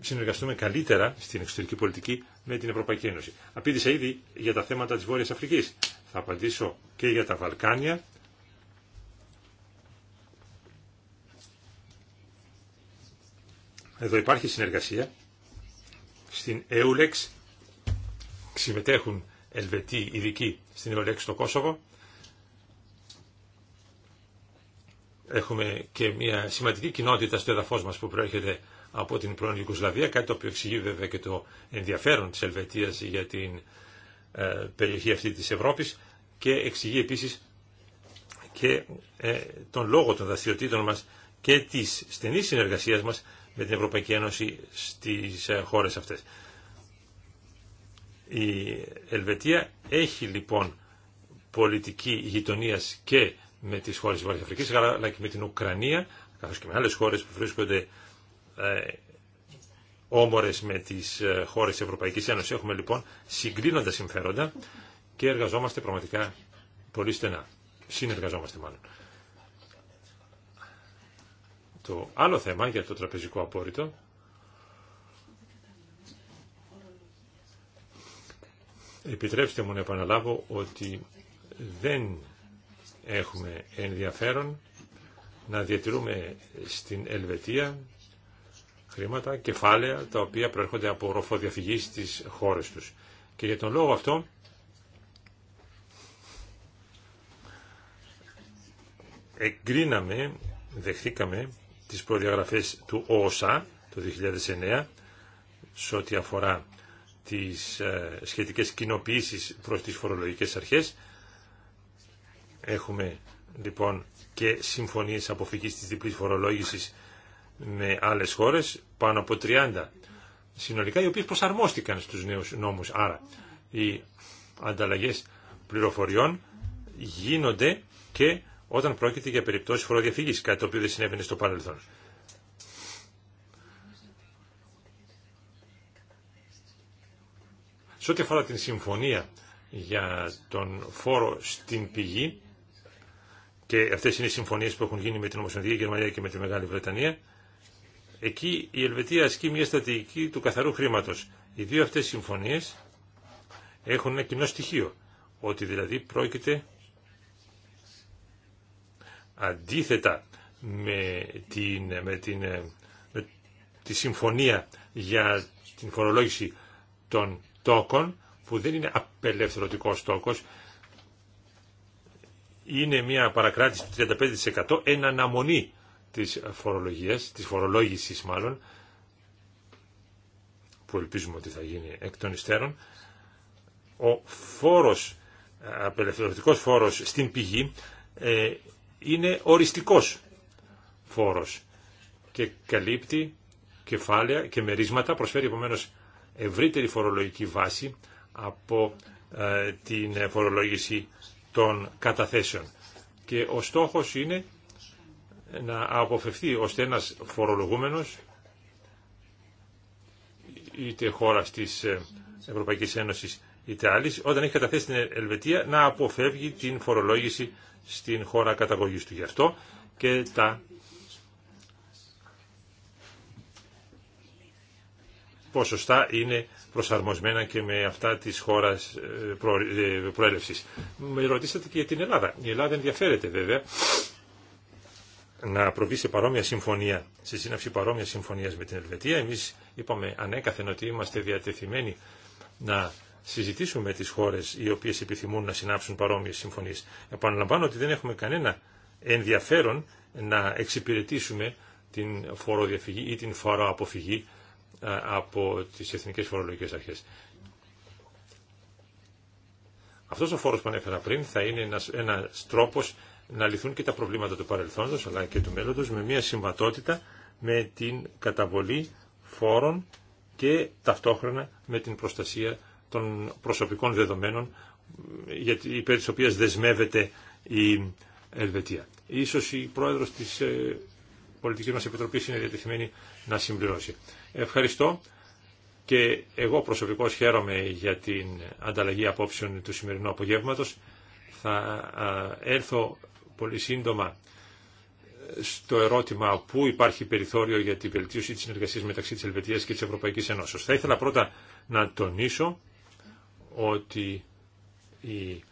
συνεργαστούμε καλύτερα στην εξωτερική πολιτική με την Ευρωπαϊκή Ένωση. Απήντησα ήδη για τα θέματα της Βόρειας Αφρικής. Θα απαντήσω και για τα Βαλκάνια. Εδώ υπάρχει συνεργασία στην EULEX συμμετέχουν Ελβετοί ειδικοί στην EULEX στο Κόσοβο. Έχουμε και μια σημαντική κοινότητα στο έδαφος μας που προέρχεται από την πρώην Ιουγκοσλαβία, κάτι το οποίο εξηγεί βέβαια και το ενδιαφέρον της Ελβετίας για την ε, περιοχή αυτή της Ευρώπης και εξηγεί επίσης και ε, τον λόγο των δραστηριοτήτων μας και της στενής συνεργασίας μας με την Ευρωπαϊκή Ένωση στις ε, χώρες αυτές. Η Ελβετία έχει λοιπόν πολιτική γειτονία και με τις χώρες της Βόρειας Αφρικής αλλά και με την Ουκρανία καθώς και με άλλες χώρες που βρίσκονται ε, όμορες με τις ε, χώρες της Ευρωπαϊκής Ένωσης. Έχουμε λοιπόν συγκλίνοντα συμφέροντα και εργαζόμαστε πραγματικά πολύ στενά. Συνεργαζόμαστε μάλλον το άλλο θέμα, για το τραπεζικό απόρριτο, επιτρέψτε μου να επαναλάβω ότι δεν έχουμε ενδιαφέρον να διατηρούμε στην Ελβετία χρήματα, κεφάλαια, τα οποία προέρχονται από ροφοδιαφυγή στις χώρες τους. Και για τον λόγο αυτό εγκρίναμε, δεχθήκαμε τις προδιαγραφές του ΟΣΑ το 2009 σε ό,τι αφορά τις ε, σχετικές κοινοποιήσεις προς τις φορολογικές αρχές. Έχουμε λοιπόν και συμφωνίες αποφυγής της διπλής φορολόγησης με άλλες χώρες, πάνω από 30 συνολικά, οι οποίες προσαρμόστηκαν στους νέους νόμους. Άρα, οι ανταλλαγές πληροφοριών γίνονται και όταν πρόκειται για περιπτώσεις φοροδιαφυγή, κάτι το οποίο δεν συνέβαινε στο παρελθόν. Σε ό,τι αφορά την συμφωνία για τον φόρο στην πηγή, και αυτές είναι οι συμφωνίε που έχουν γίνει με την Ομοσπονδία Γερμανία και με τη Μεγάλη Βρετανία, εκεί η Ελβετία ασκεί μια στρατηγική του καθαρού χρήματο Οι δύο αυτέ συμφωνίε έχουν ένα κοινό στοιχείο, ότι δηλαδή πρόκειται αντίθετα με την, με την ε, τη συμφωνία για την φορολόγηση των τόκων που δεν είναι απελευθερωτικός τόκος είναι μια παρακράτηση του 35% εν αναμονή της φορολογίας, της φορολόγησης μάλλον που ελπίζουμε ότι θα γίνει εκ των υστέρων ο φόρος απελευθερωτικός φόρος στην πηγή ε, είναι οριστικός φόρος και καλύπτει κεφάλαια και μερίσματα, προσφέρει επομένως ευρύτερη φορολογική βάση από ε, την φορολόγηση των καταθέσεων. Και ο στόχος είναι να αποφευθεί ώστε ένας φορολογούμενος είτε χώρα της ε, Ευρωπαϊκής Ένωσης είτε άλλης, όταν έχει καταθέσει την Ελβετία να αποφεύγει την φορολόγηση στην χώρα καταγωγής του. Γι' αυτό και τα ποσοστά είναι προσαρμοσμένα και με αυτά της χώρας ε, ε, προέλευσης. Με ρωτήσατε και για την Ελλάδα. Η Ελλάδα ενδιαφέρεται βέβαια να προβεί σε παρόμοια συμφωνία, σε παρόμοια συμφωνίας με την Ελβετία. Εμείς είπαμε ανέκαθεν ότι είμαστε διατεθειμένοι να συζητήσουμε τις χώρες οι οποίες επιθυμούν να συνάψουν παρόμοιες συμφωνίες. Επαναλαμβάνω ότι δεν έχουμε κανένα ενδιαφέρον να εξυπηρετήσουμε την φοροδιαφυγή ή την φοροαποφυγή από τις εθνικές φορολογικές αρχές. Αυτός ο φόρος που ανέφερα πριν θα είναι ένας, τρόπο τρόπος να λυθούν και τα προβλήματα του παρελθόντος αλλά και του μέλλοντος με μια συμβατότητα με την καταβολή φόρων και ταυτόχρονα με την προστασία των προσωπικών δεδομένων υπέρ της οποίας δεσμεύεται η Ελβετία. Ίσως η πρόεδρος της ε, πολιτικής μας επιτροπής είναι διατεθειμένη να συμπληρώσει. Ευχαριστώ και εγώ προσωπικώς χαίρομαι για την ανταλλαγή απόψεων του σημερινού απογεύματος. Θα έρθω πολύ σύντομα στο ερώτημα πού υπάρχει περιθώριο για την βελτίωση της συνεργασίας μεταξύ της Ελβετίας και της Ευρωπαϊκής Ενώσεως. Θα ήθελα πρώτα να τονίσω ότι η,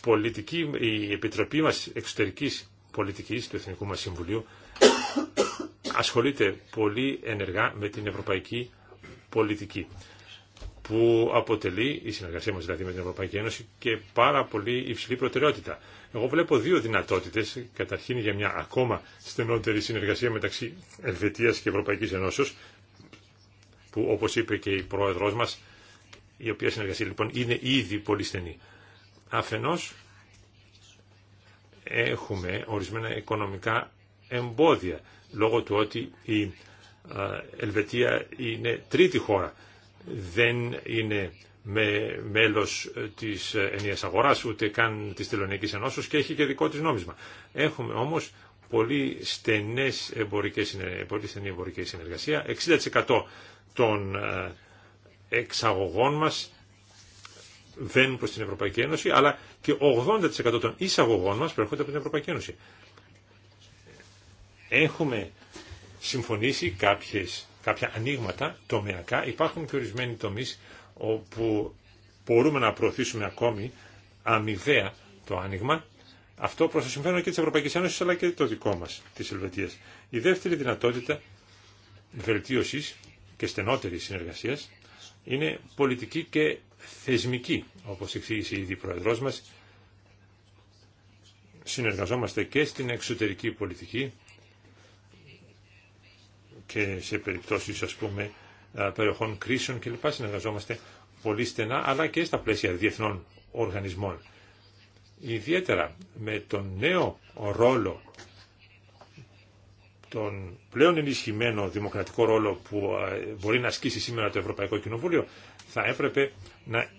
πολιτική, η Επιτροπή μας Εξωτερικής Πολιτικής του Εθνικού μας Συμβουλίου ασχολείται πολύ ενεργά με την ευρωπαϊκή πολιτική που αποτελεί η συνεργασία μας δηλαδή με την Ευρωπαϊκή Ένωση και πάρα πολύ υψηλή προτεραιότητα. Εγώ βλέπω δύο δυνατότητες, καταρχήν για μια ακόμα στενότερη συνεργασία μεταξύ Ελβετίας και Ευρωπαϊκής Ενώσεως, που όπως είπε και η πρόεδρός μας η οποία συνεργασία λοιπόν είναι ήδη πολύ στενή. Αφενός έχουμε ορισμένα οικονομικά εμπόδια λόγω του ότι η Ελβετία είναι τρίτη χώρα. Δεν είναι με μέλος της ενιαίας αγοράς, ούτε καν της Τελωνιακής Ενώσεως και έχει και δικό της νόμισμα. Έχουμε όμως πολύ, στενές εμπορικές, πολύ στενή εμπορική συνεργασία. 60% των εξαγωγών μας βαίνουν προς την Ευρωπαϊκή Ένωση, αλλά και 80% των εισαγωγών μας προέρχονται από την Ευρωπαϊκή Ένωση. Έχουμε συμφωνήσει κάποιες, κάποια ανοίγματα τομεακά. Υπάρχουν και ορισμένοι τομείς όπου μπορούμε να προωθήσουμε ακόμη αμοιβαία το άνοιγμα. Αυτό προς το συμφέρον και της Ευρωπαϊκής Ένωσης αλλά και το δικό μας, της Ελβετίας. Η δεύτερη δυνατότητα βελτίωσης και στενότερης συνεργασίας είναι πολιτική και θεσμική, όπως εξήγησε ήδη η Πρόεδρός μας. Συνεργαζόμαστε και στην εξωτερική πολιτική και σε περιπτώσεις, ας πούμε, περιοχών κρίσεων κλπ. Συνεργαζόμαστε πολύ στενά, αλλά και στα πλαίσια διεθνών οργανισμών. Ιδιαίτερα με τον νέο ρόλο τον πλέον ενισχυμένο δημοκρατικό ρόλο που ε, μπορεί να ασκήσει σήμερα το Ευρωπαϊκό Κοινοβούλιο, θα έπρεπε να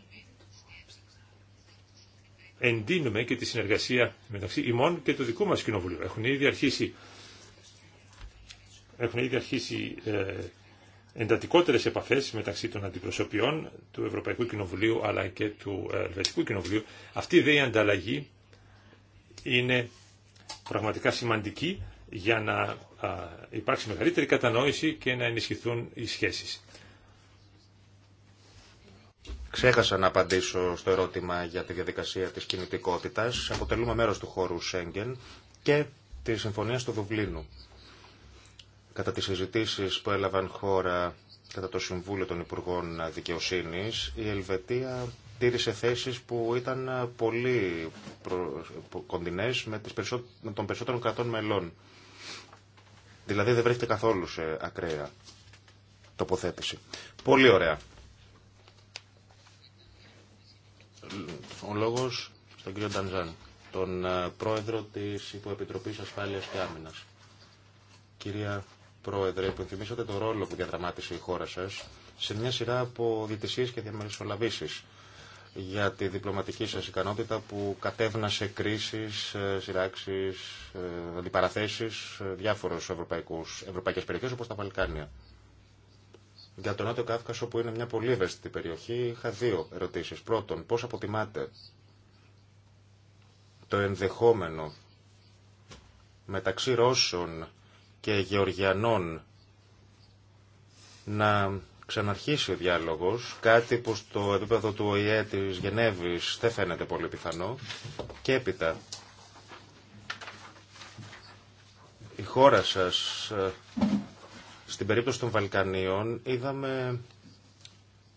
εντείνουμε και τη συνεργασία μεταξύ ημών και του δικού μας Κοινοβουλίου. Έχουν ήδη αρχίσει, έχουν ήδη ε, εντατικότερες επαφές μεταξύ των αντιπροσωπιών του Ευρωπαϊκού Κοινοβουλίου αλλά και του Ελβετικού Κοινοβουλίου. Αυτή η ανταλλαγή είναι πραγματικά σημαντική για να υπάρξει μεγαλύτερη κατανόηση και να ενισχυθούν οι σχέσεις. Ξέχασα να απαντήσω στο ερώτημα για τη διαδικασία της κινητικότητας. Αποτελούμε μέρος του χώρου Σέγγεν και τη Συμφωνία του Δουβλίνου. Κατά τις συζητήσεις που έλαβαν χώρα κατά το Συμβούλιο των Υπουργών Δικαιοσύνης, η Ελβετία τήρησε θέσεις που ήταν πολύ κοντινές με, τις με των περισσότερων κρατών μελών Δηλαδή δεν βρίσκεται καθόλου σε ακραία τοποθέτηση. Πολύ ωραία. Ο λόγος στον κύριο Ντανζάν, τον ε, πρόεδρο της Υποεπιτροπής Ασφάλειας και Άμυνας. Κυρία Πρόεδρε, υπενθυμίσατε τον ρόλο που διαδραμάτισε η χώρα σας σε μια σειρά από διαιτησίες και διαμεσολαβήσεις για τη διπλωματική σας ικανότητα που κατέβνασε κρίσεις, ε, σειράξεις, ε, αντιπαραθέσεις διάφορους ευρωπαϊκούς, ευρωπαϊκές περιοχές όπως τα Βαλκάνια. Για τον Νότιο Κάφκασο που είναι μια πολύ ευαίσθητη περιοχή είχα δύο ερωτήσεις. Πρώτον, πώς αποτιμάτε το ενδεχόμενο μεταξύ Ρώσων και Γεωργιανών να ξαναρχίσει ο διάλογος, κάτι που στο επίπεδο του ΟΗΕ της Γενέβης δεν φαίνεται πολύ πιθανό, και έπειτα η χώρα σας, ε, στην περίπτωση των Βαλκανίων, είδαμε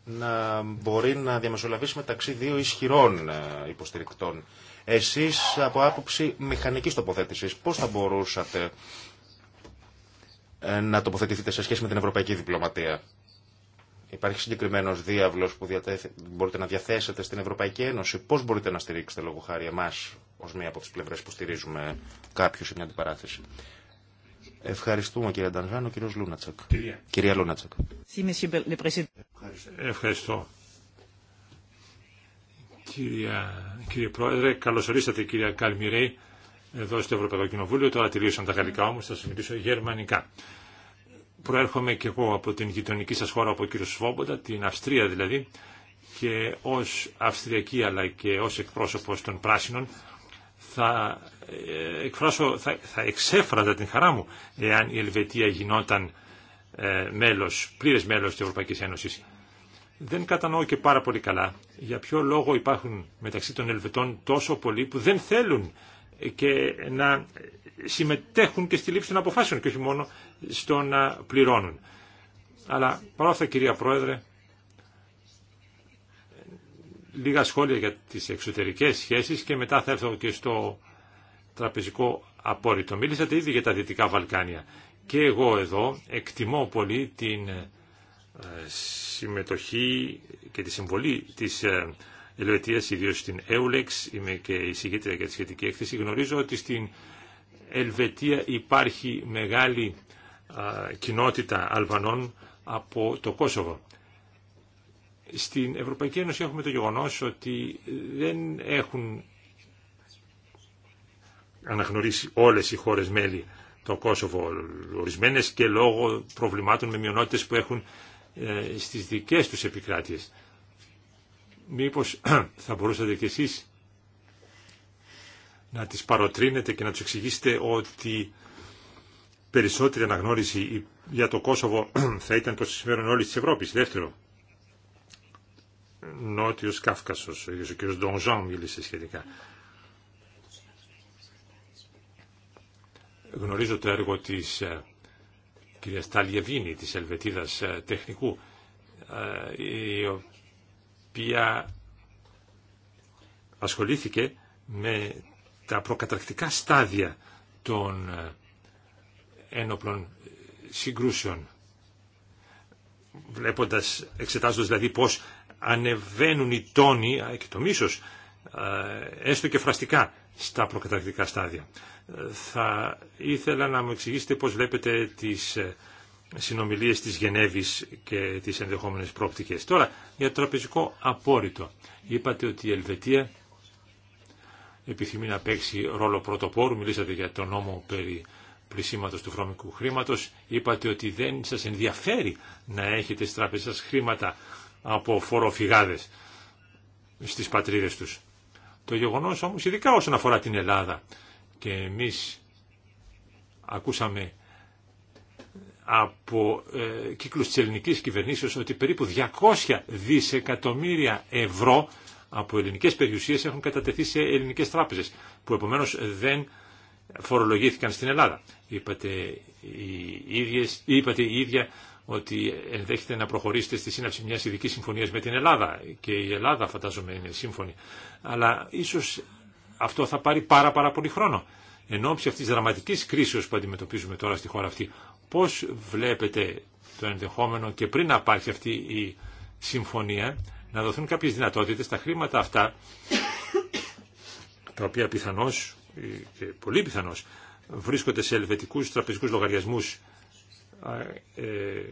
να μπορεί να διαμεσολαβήσει μεταξύ δύο ισχυρών ε, υποστηρικτών. Εσείς από άποψη μηχανικής τοποθέτησης, πώς θα μπορούσατε ε, να τοποθετηθείτε σε σχέση με την ευρωπαϊκή διπλωματία. Υπάρχει συγκεκριμένο διάβλο που μπορείτε να διαθέσετε στην Ευρωπαϊκή Ένωση. Πώ μπορείτε να στηρίξετε λόγω χάρη εμά ω μία από τι πλευρέ που στηρίζουμε κάποιου σε μια αντιπαράθεση. Ευχαριστούμε κύριε Ντανζάν, ο κύριος Λούνατσακ. Κυρία, Κυρία Λούνατσακ. Ευχαριστώ. Κυρία, κύριε Πρόεδρε, καλώ ορίσατε κυρία Καλμιρέη εδώ στο Ευρωπαϊκό Κοινοβούλιο. Τώρα τελείωσαν τα γαλλικά όμω. θα σα μιλήσω γερμανικά προέρχομαι και εγώ από την γειτονική σας χώρα, από κύριο Σβόμποντα, την Αυστρία δηλαδή, και ως Αυστριακή αλλά και ως εκπρόσωπος των Πράσινων, θα, ε, εκφράσω, θα, θα εξέφραζα την χαρά μου εάν η Ελβετία γινόταν ε, μέλος, πλήρες μέλος της Ευρωπαϊκής Ένωσης. Δεν κατανοώ και πάρα πολύ καλά για ποιο λόγο υπάρχουν μεταξύ των Ελβετών τόσο πολλοί που δεν θέλουν και να συμμετέχουν και στη λήψη των αποφάσεων και όχι μόνο στο να πληρώνουν. Αλλά παρόλα κυρία Πρόεδρε, λίγα σχόλια για τις εξωτερικές σχέσεις και μετά θα έρθω και στο τραπεζικό απόρριτο. Μίλησατε ήδη για τα Δυτικά Βαλκάνια και εγώ εδώ εκτιμώ πολύ την ε, συμμετοχή και τη συμβολή της ε, Ελβετίας, ιδίως στην Eulex, είμαι και εισηγήτρια για τη σχετική έκθεση, γνωρίζω ότι στην Ελβετία υπάρχει μεγάλη κοινότητα Αλβανών από το Κόσοβο. Στην Ευρωπαϊκή Ένωση έχουμε το γεγονός ότι δεν έχουν αναγνωρίσει όλες οι χώρες μέλη το Κόσοβο, ορισμένες και λόγω προβλημάτων με μειονότητες που έχουν ε, στις δικές τους επικράτειες. Μήπως θα μπορούσατε κι εσείς να τις παροτρύνετε και να τους εξηγήσετε ότι περισσότερη αναγνώριση για το Κόσοβο θα ήταν το σημείο όλη τη Ευρώπη Δεύτερο, Νότιο Κάφκασο, ο κ. Ντονζάν μίλησε σχετικά. Γνωρίζω το έργο τη, ε, κ. Ταλιαβίνη, τη Ελβετίδας ε, τεχνικού, ε, η οποία ασχολήθηκε με τα προκαταρκτικά στάδια των ένοπλων συγκρούσεων. Βλέποντας, εξετάζοντας δηλαδή πώς ανεβαίνουν οι τόνοι και το μίσος, έστω και φραστικά, στα προκαταρκτικά στάδια. Ε, θα ήθελα να μου εξηγήσετε πώς βλέπετε τις ε, συνομιλίες της Γενέβης και τις ενδεχόμενες πρόπτικες. Τώρα, για το τραπεζικό απόρριτο. Είπατε ότι η Ελβετία επιθυμεί να παίξει ρόλο πρωτοπόρου. Μιλήσατε για τον νόμο περί πλησίματος του βρώμικου χρήματος. Είπατε ότι δεν σας ενδιαφέρει να έχετε στις τράπεζες σας χρήματα από φοροφυγάδες στις πατρίδες τους. Το γεγονός όμως, ειδικά όσον αφορά την Ελλάδα, και εμείς ακούσαμε από ε, κύκλους της ελληνικής κυβερνήσεως ότι περίπου 200 δισεκατομμύρια ευρώ από ελληνικές περιουσίες έχουν κατατεθεί σε ελληνικές τράπεζες που επομένως δεν φορολογήθηκαν στην Ελλάδα. Είπατε οι, ίδιες, είπατε η ίδια ότι ενδέχεται να προχωρήσετε στη σύναψη μιας ειδική συμφωνίας με την Ελλάδα και η Ελλάδα φαντάζομαι είναι σύμφωνη. Αλλά ίσως αυτό θα πάρει πάρα πάρα πολύ χρόνο. Εν ώψη αυτής της δραματικής κρίσης που αντιμετωπίζουμε τώρα στη χώρα αυτή, πώς βλέπετε το ενδεχόμενο και πριν να υπάρχει αυτή η συμφωνία να δοθούν κάποιες δυνατότητες στα χρήματα αυτά τα οποία πιθανώς και ε, ε, πολύ πιθανώ βρίσκονται σε ελβετικούς τραπεζικούς λογαριασμούς ε,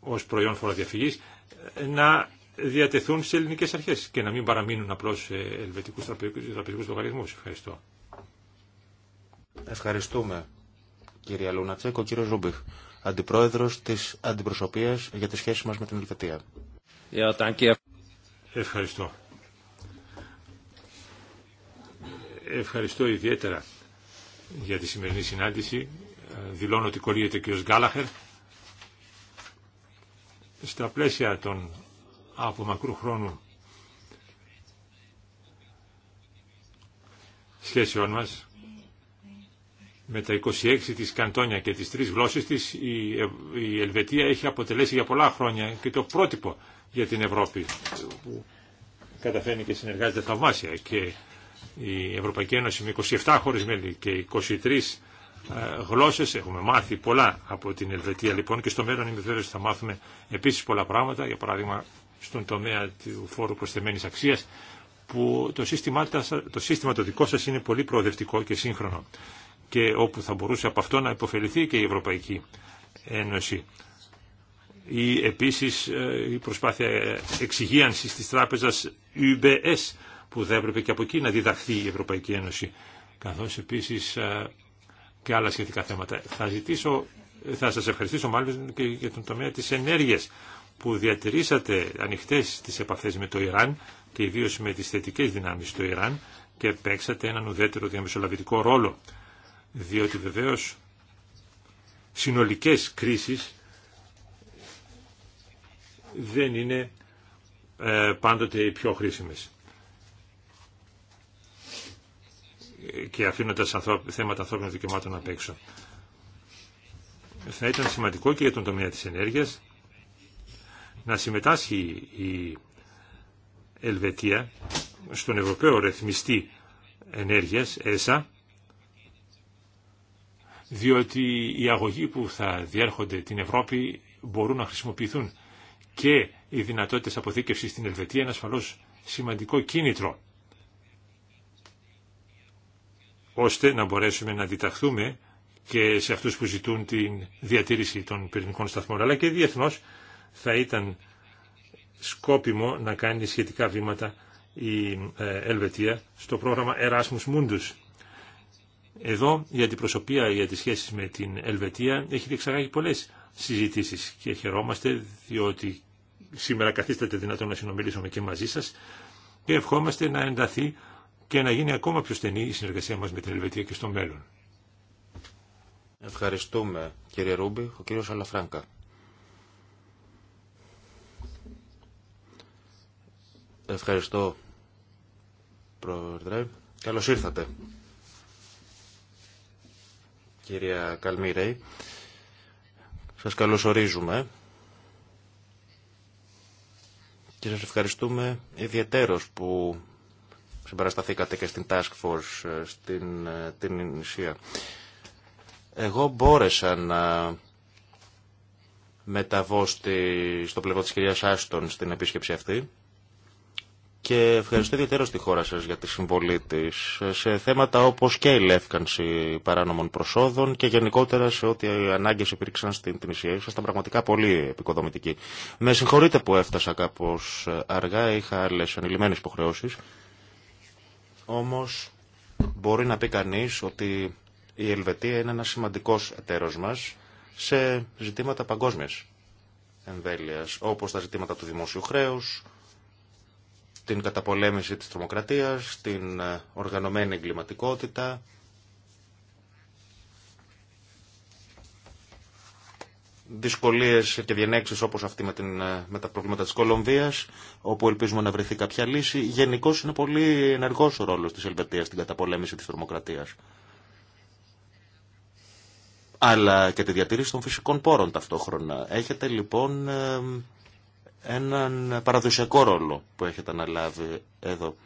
ως προϊόν φοροδιαφυγή, να διατεθούν σε ελληνικές αρχές και να μην παραμείνουν απλώ σε ελβετικούς τραπεζικούς λογαριασμούς. Ευχαριστώ. Ευχαριστούμε Κύριε Λούνατσεκ, ο κύριος Ρούμπιχ, αντιπρόεδρος της αντιπροσωπείας για τις σχέσει μας με την Ελβετία. Ευχαριστώ. ευχαριστώ ιδιαίτερα για τη σημερινή συνάντηση. Δηλώνω ότι κολλείεται και ο Γκάλαχερ. Στα πλαίσια των από μακρού χρόνου σχέσεων μας με τα 26 της Καντόνια και τις τρεις γλώσσες της η Ελβετία έχει αποτελέσει για πολλά χρόνια και το πρότυπο για την Ευρώπη που καταφέρνει και συνεργάζεται θαυμάσια και η Ευρωπαϊκή Ένωση με 27 χώρες μέλη και 23 ε, γλώσσες. Έχουμε μάθει πολλά από την Ελβετία λοιπόν και στο μέλλον είμαι βέβαιος θα μάθουμε επίσης πολλά πράγματα, για παράδειγμα στον τομέα του φόρου προσθεμένης αξίας που το σύστημα, το σύστημα το δικό σας είναι πολύ προοδευτικό και σύγχρονο και όπου θα μπορούσε από αυτό να υποφεληθεί και η Ευρωπαϊκή Ένωση. Ή επίσης ε, η προσπάθεια εξυγίανσης της τράπεζας UBS που θα έπρεπε και από εκεί να διδαχθεί η Ευρωπαϊκή Ένωση, καθώς επίσης και άλλα σχετικά θέματα. Θα, ζητήσω, θα σας ευχαριστήσω μάλλον και για τον τομέα της ενέργειας που διατηρήσατε ανοιχτές τις επαφές με το Ιράν και ιδίω με τις θετικές δυνάμεις του Ιράν και παίξατε έναν ουδέτερο διαμεσολαβητικό ρόλο, διότι βεβαίως συνολικές κρίσεις δεν είναι ε, πάντοτε οι πιο χρήσιμες. και αφήνοντας θέματα ανθρώπινων δικαιωμάτων απ' έξω. Θα ήταν σημαντικό και για τον τομέα της ενέργειας να συμμετάσχει η Ελβετία στον Ευρωπαίο Ρεθμιστή Ενέργειας, ΕΣΑ, διότι οι αγωγοί που θα διέρχονται την Ευρώπη μπορούν να χρησιμοποιηθούν και οι δυνατότητες αποθήκευσης στην Ελβετία είναι ασφαλώς σημαντικό κίνητρο ώστε να μπορέσουμε να διταχθούμε και σε αυτούς που ζητούν τη διατήρηση των πυρηνικών σταθμών, αλλά και διεθνώς θα ήταν σκόπιμο να κάνει σχετικά βήματα η ε, Ελβετία στο πρόγραμμα Erasmus Mundus. Εδώ η αντιπροσωπεία για τις σχέσεις με την Ελβετία έχει διεξαγάγει πολλές συζητήσεις και χαιρόμαστε διότι σήμερα καθίσταται δυνατόν να συνομιλήσουμε και μαζί σας και ευχόμαστε να ενταθεί και να γίνει ακόμα πιο στενή η συνεργασία μας με την Ελβετία και στο μέλλον. Ευχαριστούμε κύριε Ρούμπι, ο κύριος Αλαφράγκα. Ευχαριστώ πρόεδρε. Καλώς ήρθατε κυρία Καλμίρεϊ. Σας καλωσορίζουμε και σας ευχαριστούμε ιδιαίτερος που συμπαρασταθήκατε και στην Task Force ε, στην ε, την Ινησία. Εγώ μπόρεσα να μεταβώ στη, στο πλευρό της κυρίας Άστον στην επίσκεψη αυτή και ευχαριστώ ιδιαίτερα στη χώρα σας για τη συμβολή της σε θέματα όπως και η λεύκανση παράνομων προσόδων και γενικότερα σε ό,τι οι ανάγκες υπήρξαν στην Τινησία. Ήσασταν πραγματικά πολύ επικοδομητικοί. Με συγχωρείτε που έφτασα κάπως αργά, είχα άλλες ανηλυμένες υποχρεώσεις. Όμως μπορεί να πει κανείς ότι η Ελβετία είναι ένας σημαντικός εταίρος μας σε ζητήματα παγκόσμιας εμβέλειας, όπως τα ζητήματα του δημόσιου χρέους, την καταπολέμηση της τρομοκρατίας, την ε, οργανωμένη εγκληματικότητα, δυσκολίες και διενέξεις όπως αυτή με, την, ε, με τα προβλήματα της Κολομβίας, όπου ελπίζουμε να βρεθεί κάποια λύση. Γενικώ είναι πολύ ενεργό ο ρόλος της Ελβετίας στην καταπολέμηση της θερμοκρατίας. Αλλά και τη διατήρηση των φυσικών πόρων ταυτόχρονα. Έχετε λοιπόν ε, έναν παραδοσιακό ρόλο που έχετε αναλάβει εδώ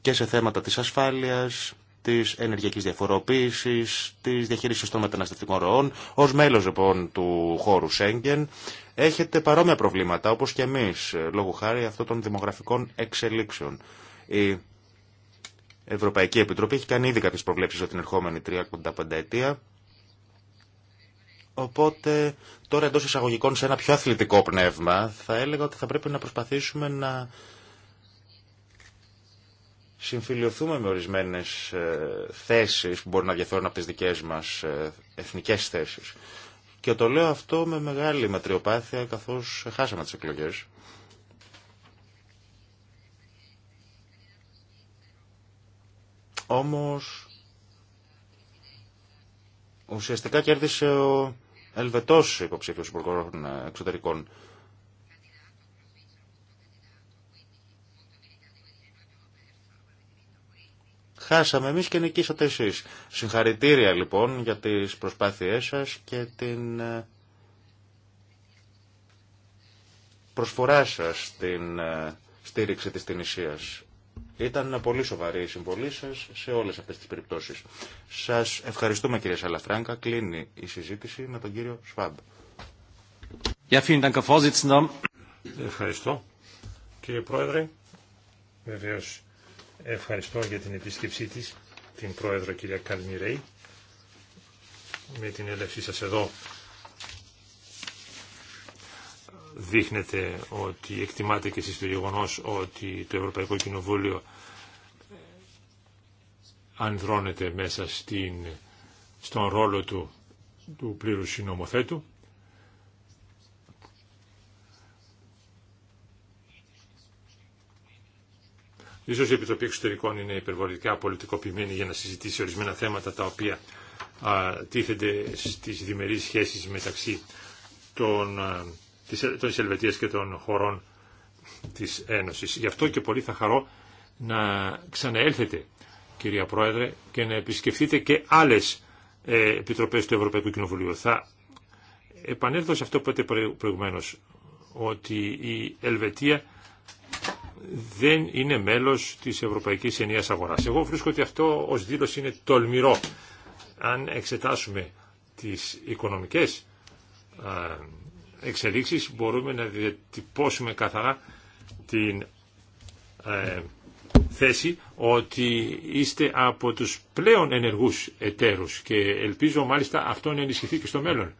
και σε θέματα της ασφάλειας Τη ενεργειακή διαφοροποίηση, τη διαχείριση των μεταναστευτικών ροών. ω μέλο λοιπόν του χώρου Σέγγεν έχετε παρόμοια προβλήματα όπω και εμεί λόγω χάρη αυτών των δημογραφικών εξελίξεων. Η Ευρωπαϊκή Επιτροπή έχει κάνει ήδη κάποιε προβλέψει για την ερχόμενη 35 ετία. Οπότε τώρα εντό εισαγωγικών σε ένα πιο αθλητικό πνεύμα θα έλεγα ότι θα πρέπει να προσπαθήσουμε να συμφιλειωθούμε με ορισμένες ε, θέσεις που μπορεί να διαφέρουν από τις δικές μας ε, εθνικές θέσεις. Και το λέω αυτό με μεγάλη μετριοπάθεια καθώς χάσαμε τις εκλογές. Όμως ουσιαστικά κέρδισε ο Ελβετός υποψήφιος υπουργών εξωτερικών Χάσαμε εμείς και νικήσατε εσείς. Συγχαρητήρια λοιπόν για τις προσπάθειές σας και την ε, προσφορά σας στην ε, στήριξη της Τινησίας. Ήταν πολύ σοβαρή η συμβολή σα σε όλες αυτέ τι περιπτώσει. Σα ευχαριστούμε κύριε Σαλαφράγκα. Κλείνει η συζήτηση με τον κύριο Σφαμπ. Ευχαριστώ. Κύριε Πρόεδρε, βεβαίως. Ευχαριστώ για την επίσκεψή της, την Πρόεδρο κυρία Καλμιρέη, με την έλευσή σας εδώ δείχνετε ότι εκτιμάτε και εσείς το γεγονός ότι το Ευρωπαϊκό Κοινοβούλιο ε, ανδρώνεται μέσα στην, στον ρόλο του, του πλήρου συνομοθέτου. Ίσως η Επιτροπή Εξωτερικών είναι υπερβολικά πολιτικοποιημένη για να συζητήσει ορισμένα θέματα τα οποία α, τίθενται στις διμερείς σχέσεις μεταξύ των, α, της, Ελβετίας και των χωρών της Ένωσης. Γι' αυτό και πολύ θα χαρώ να ξαναέλθετε, κυρία Πρόεδρε, και να επισκεφθείτε και άλλες επιτροπέ επιτροπές του Ευρωπαϊκού Κοινοβουλίου. Θα επανέλθω σε αυτό που είπατε προηγουμένως, ότι η Ελβετία δεν είναι μέλος της Ευρωπαϊκής Ενίας Αγοράς. Εγώ βρίσκω ότι αυτό ως δήλωση είναι τολμηρό. Αν εξετάσουμε τις οικονομικές εξελίξεις μπορούμε να διατυπώσουμε καθαρά την ε, θέση ότι είστε από τους πλέον ενεργούς εταίρους και ελπίζω μάλιστα αυτό να ενισχυθεί και στο μέλλον.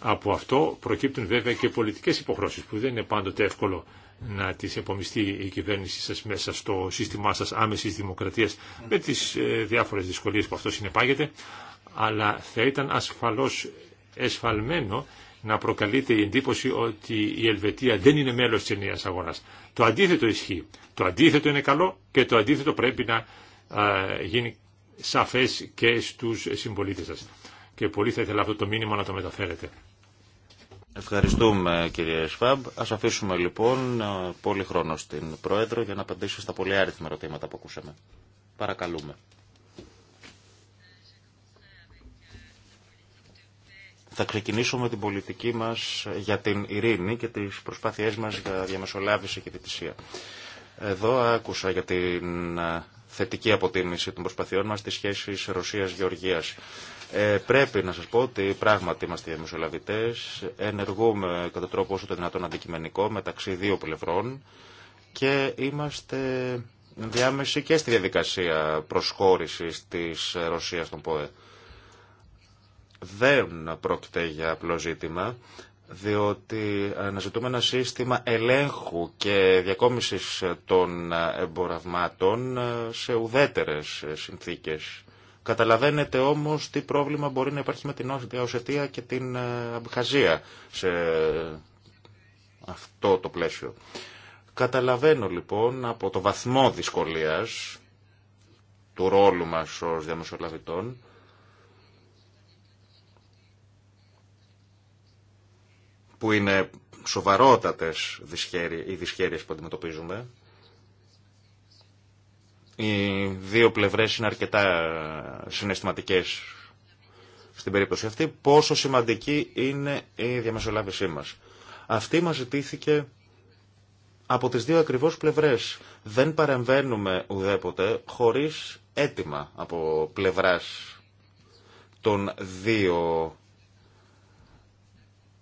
Από αυτό προκύπτουν βέβαια και πολιτικές υποχρώσεις που δεν είναι πάντοτε εύκολο να τις επομιστεί η κυβέρνησή σας μέσα στο σύστημά σας άμεσης δημοκρατίας με τις ε, διάφορες δυσκολίες που αυτό συνεπάγεται, αλλά θα ήταν ασφαλώς εσφαλμένο να προκαλείται η εντύπωση ότι η Ελβετία δεν είναι μέλος της ενιαίας αγοράς. Το αντίθετο ισχύει. Το αντίθετο είναι καλό και το αντίθετο πρέπει να ε, γίνει σαφές και στους συμπολίτες σας. Και πολύ θα ήθελα αυτό το μήνυμα να το μεταφέρετε. Ευχαριστούμε κύριε Σφαμπ. Ας αφήσουμε λοιπόν πολύ χρόνο στην Πρόεδρο για να απαντήσει στα πολύ άριθμα ερωτήματα που ακούσαμε. Παρακαλούμε. Θα ξεκινήσουμε την πολιτική μας για την ειρήνη και τις προσπάθειές μας για διαμεσολάβηση και διτησία. Εδώ άκουσα για την θετική αποτίμηση των προσπαθειών μας στις σχέσεις Ρωσίας-Γεωργίας. Ε, πρέπει να σας πω ότι πράγματι είμαστε διαμεσολαβητές, ενεργούμε κατά τρόπο όσο το δυνατόν αντικειμενικό μεταξύ δύο πλευρών και είμαστε διάμεση και στη διαδικασία προσχώρησης της Ρωσίας στον ΠΟΕ. Δεν πρόκειται για απλό ζήτημα, διότι αναζητούμε ένα σύστημα ελέγχου και διακόμισης των εμποραυμάτων σε ουδέτερες συνθήκες Καταλαβαίνετε όμως τι πρόβλημα μπορεί να υπάρχει με την ε, Οσετία και την ε, Αμπχαζία σε αυτό το πλαίσιο. Καταλαβαίνω λοιπόν από το βαθμό δυσκολίας του ρόλου μας ως διαμεσολαβητών που είναι σοβαρότατες οι δυσχέρειες που αντιμετωπίζουμε οι δύο πλευρές είναι αρκετά συναισθηματικές στην περίπτωση αυτή, πόσο σημαντική είναι η διαμεσολάβησή μας. Αυτή μας ζητήθηκε από τις δύο ακριβώς πλευρές. Δεν παρεμβαίνουμε ουδέποτε χωρίς αίτημα από πλευράς των δύο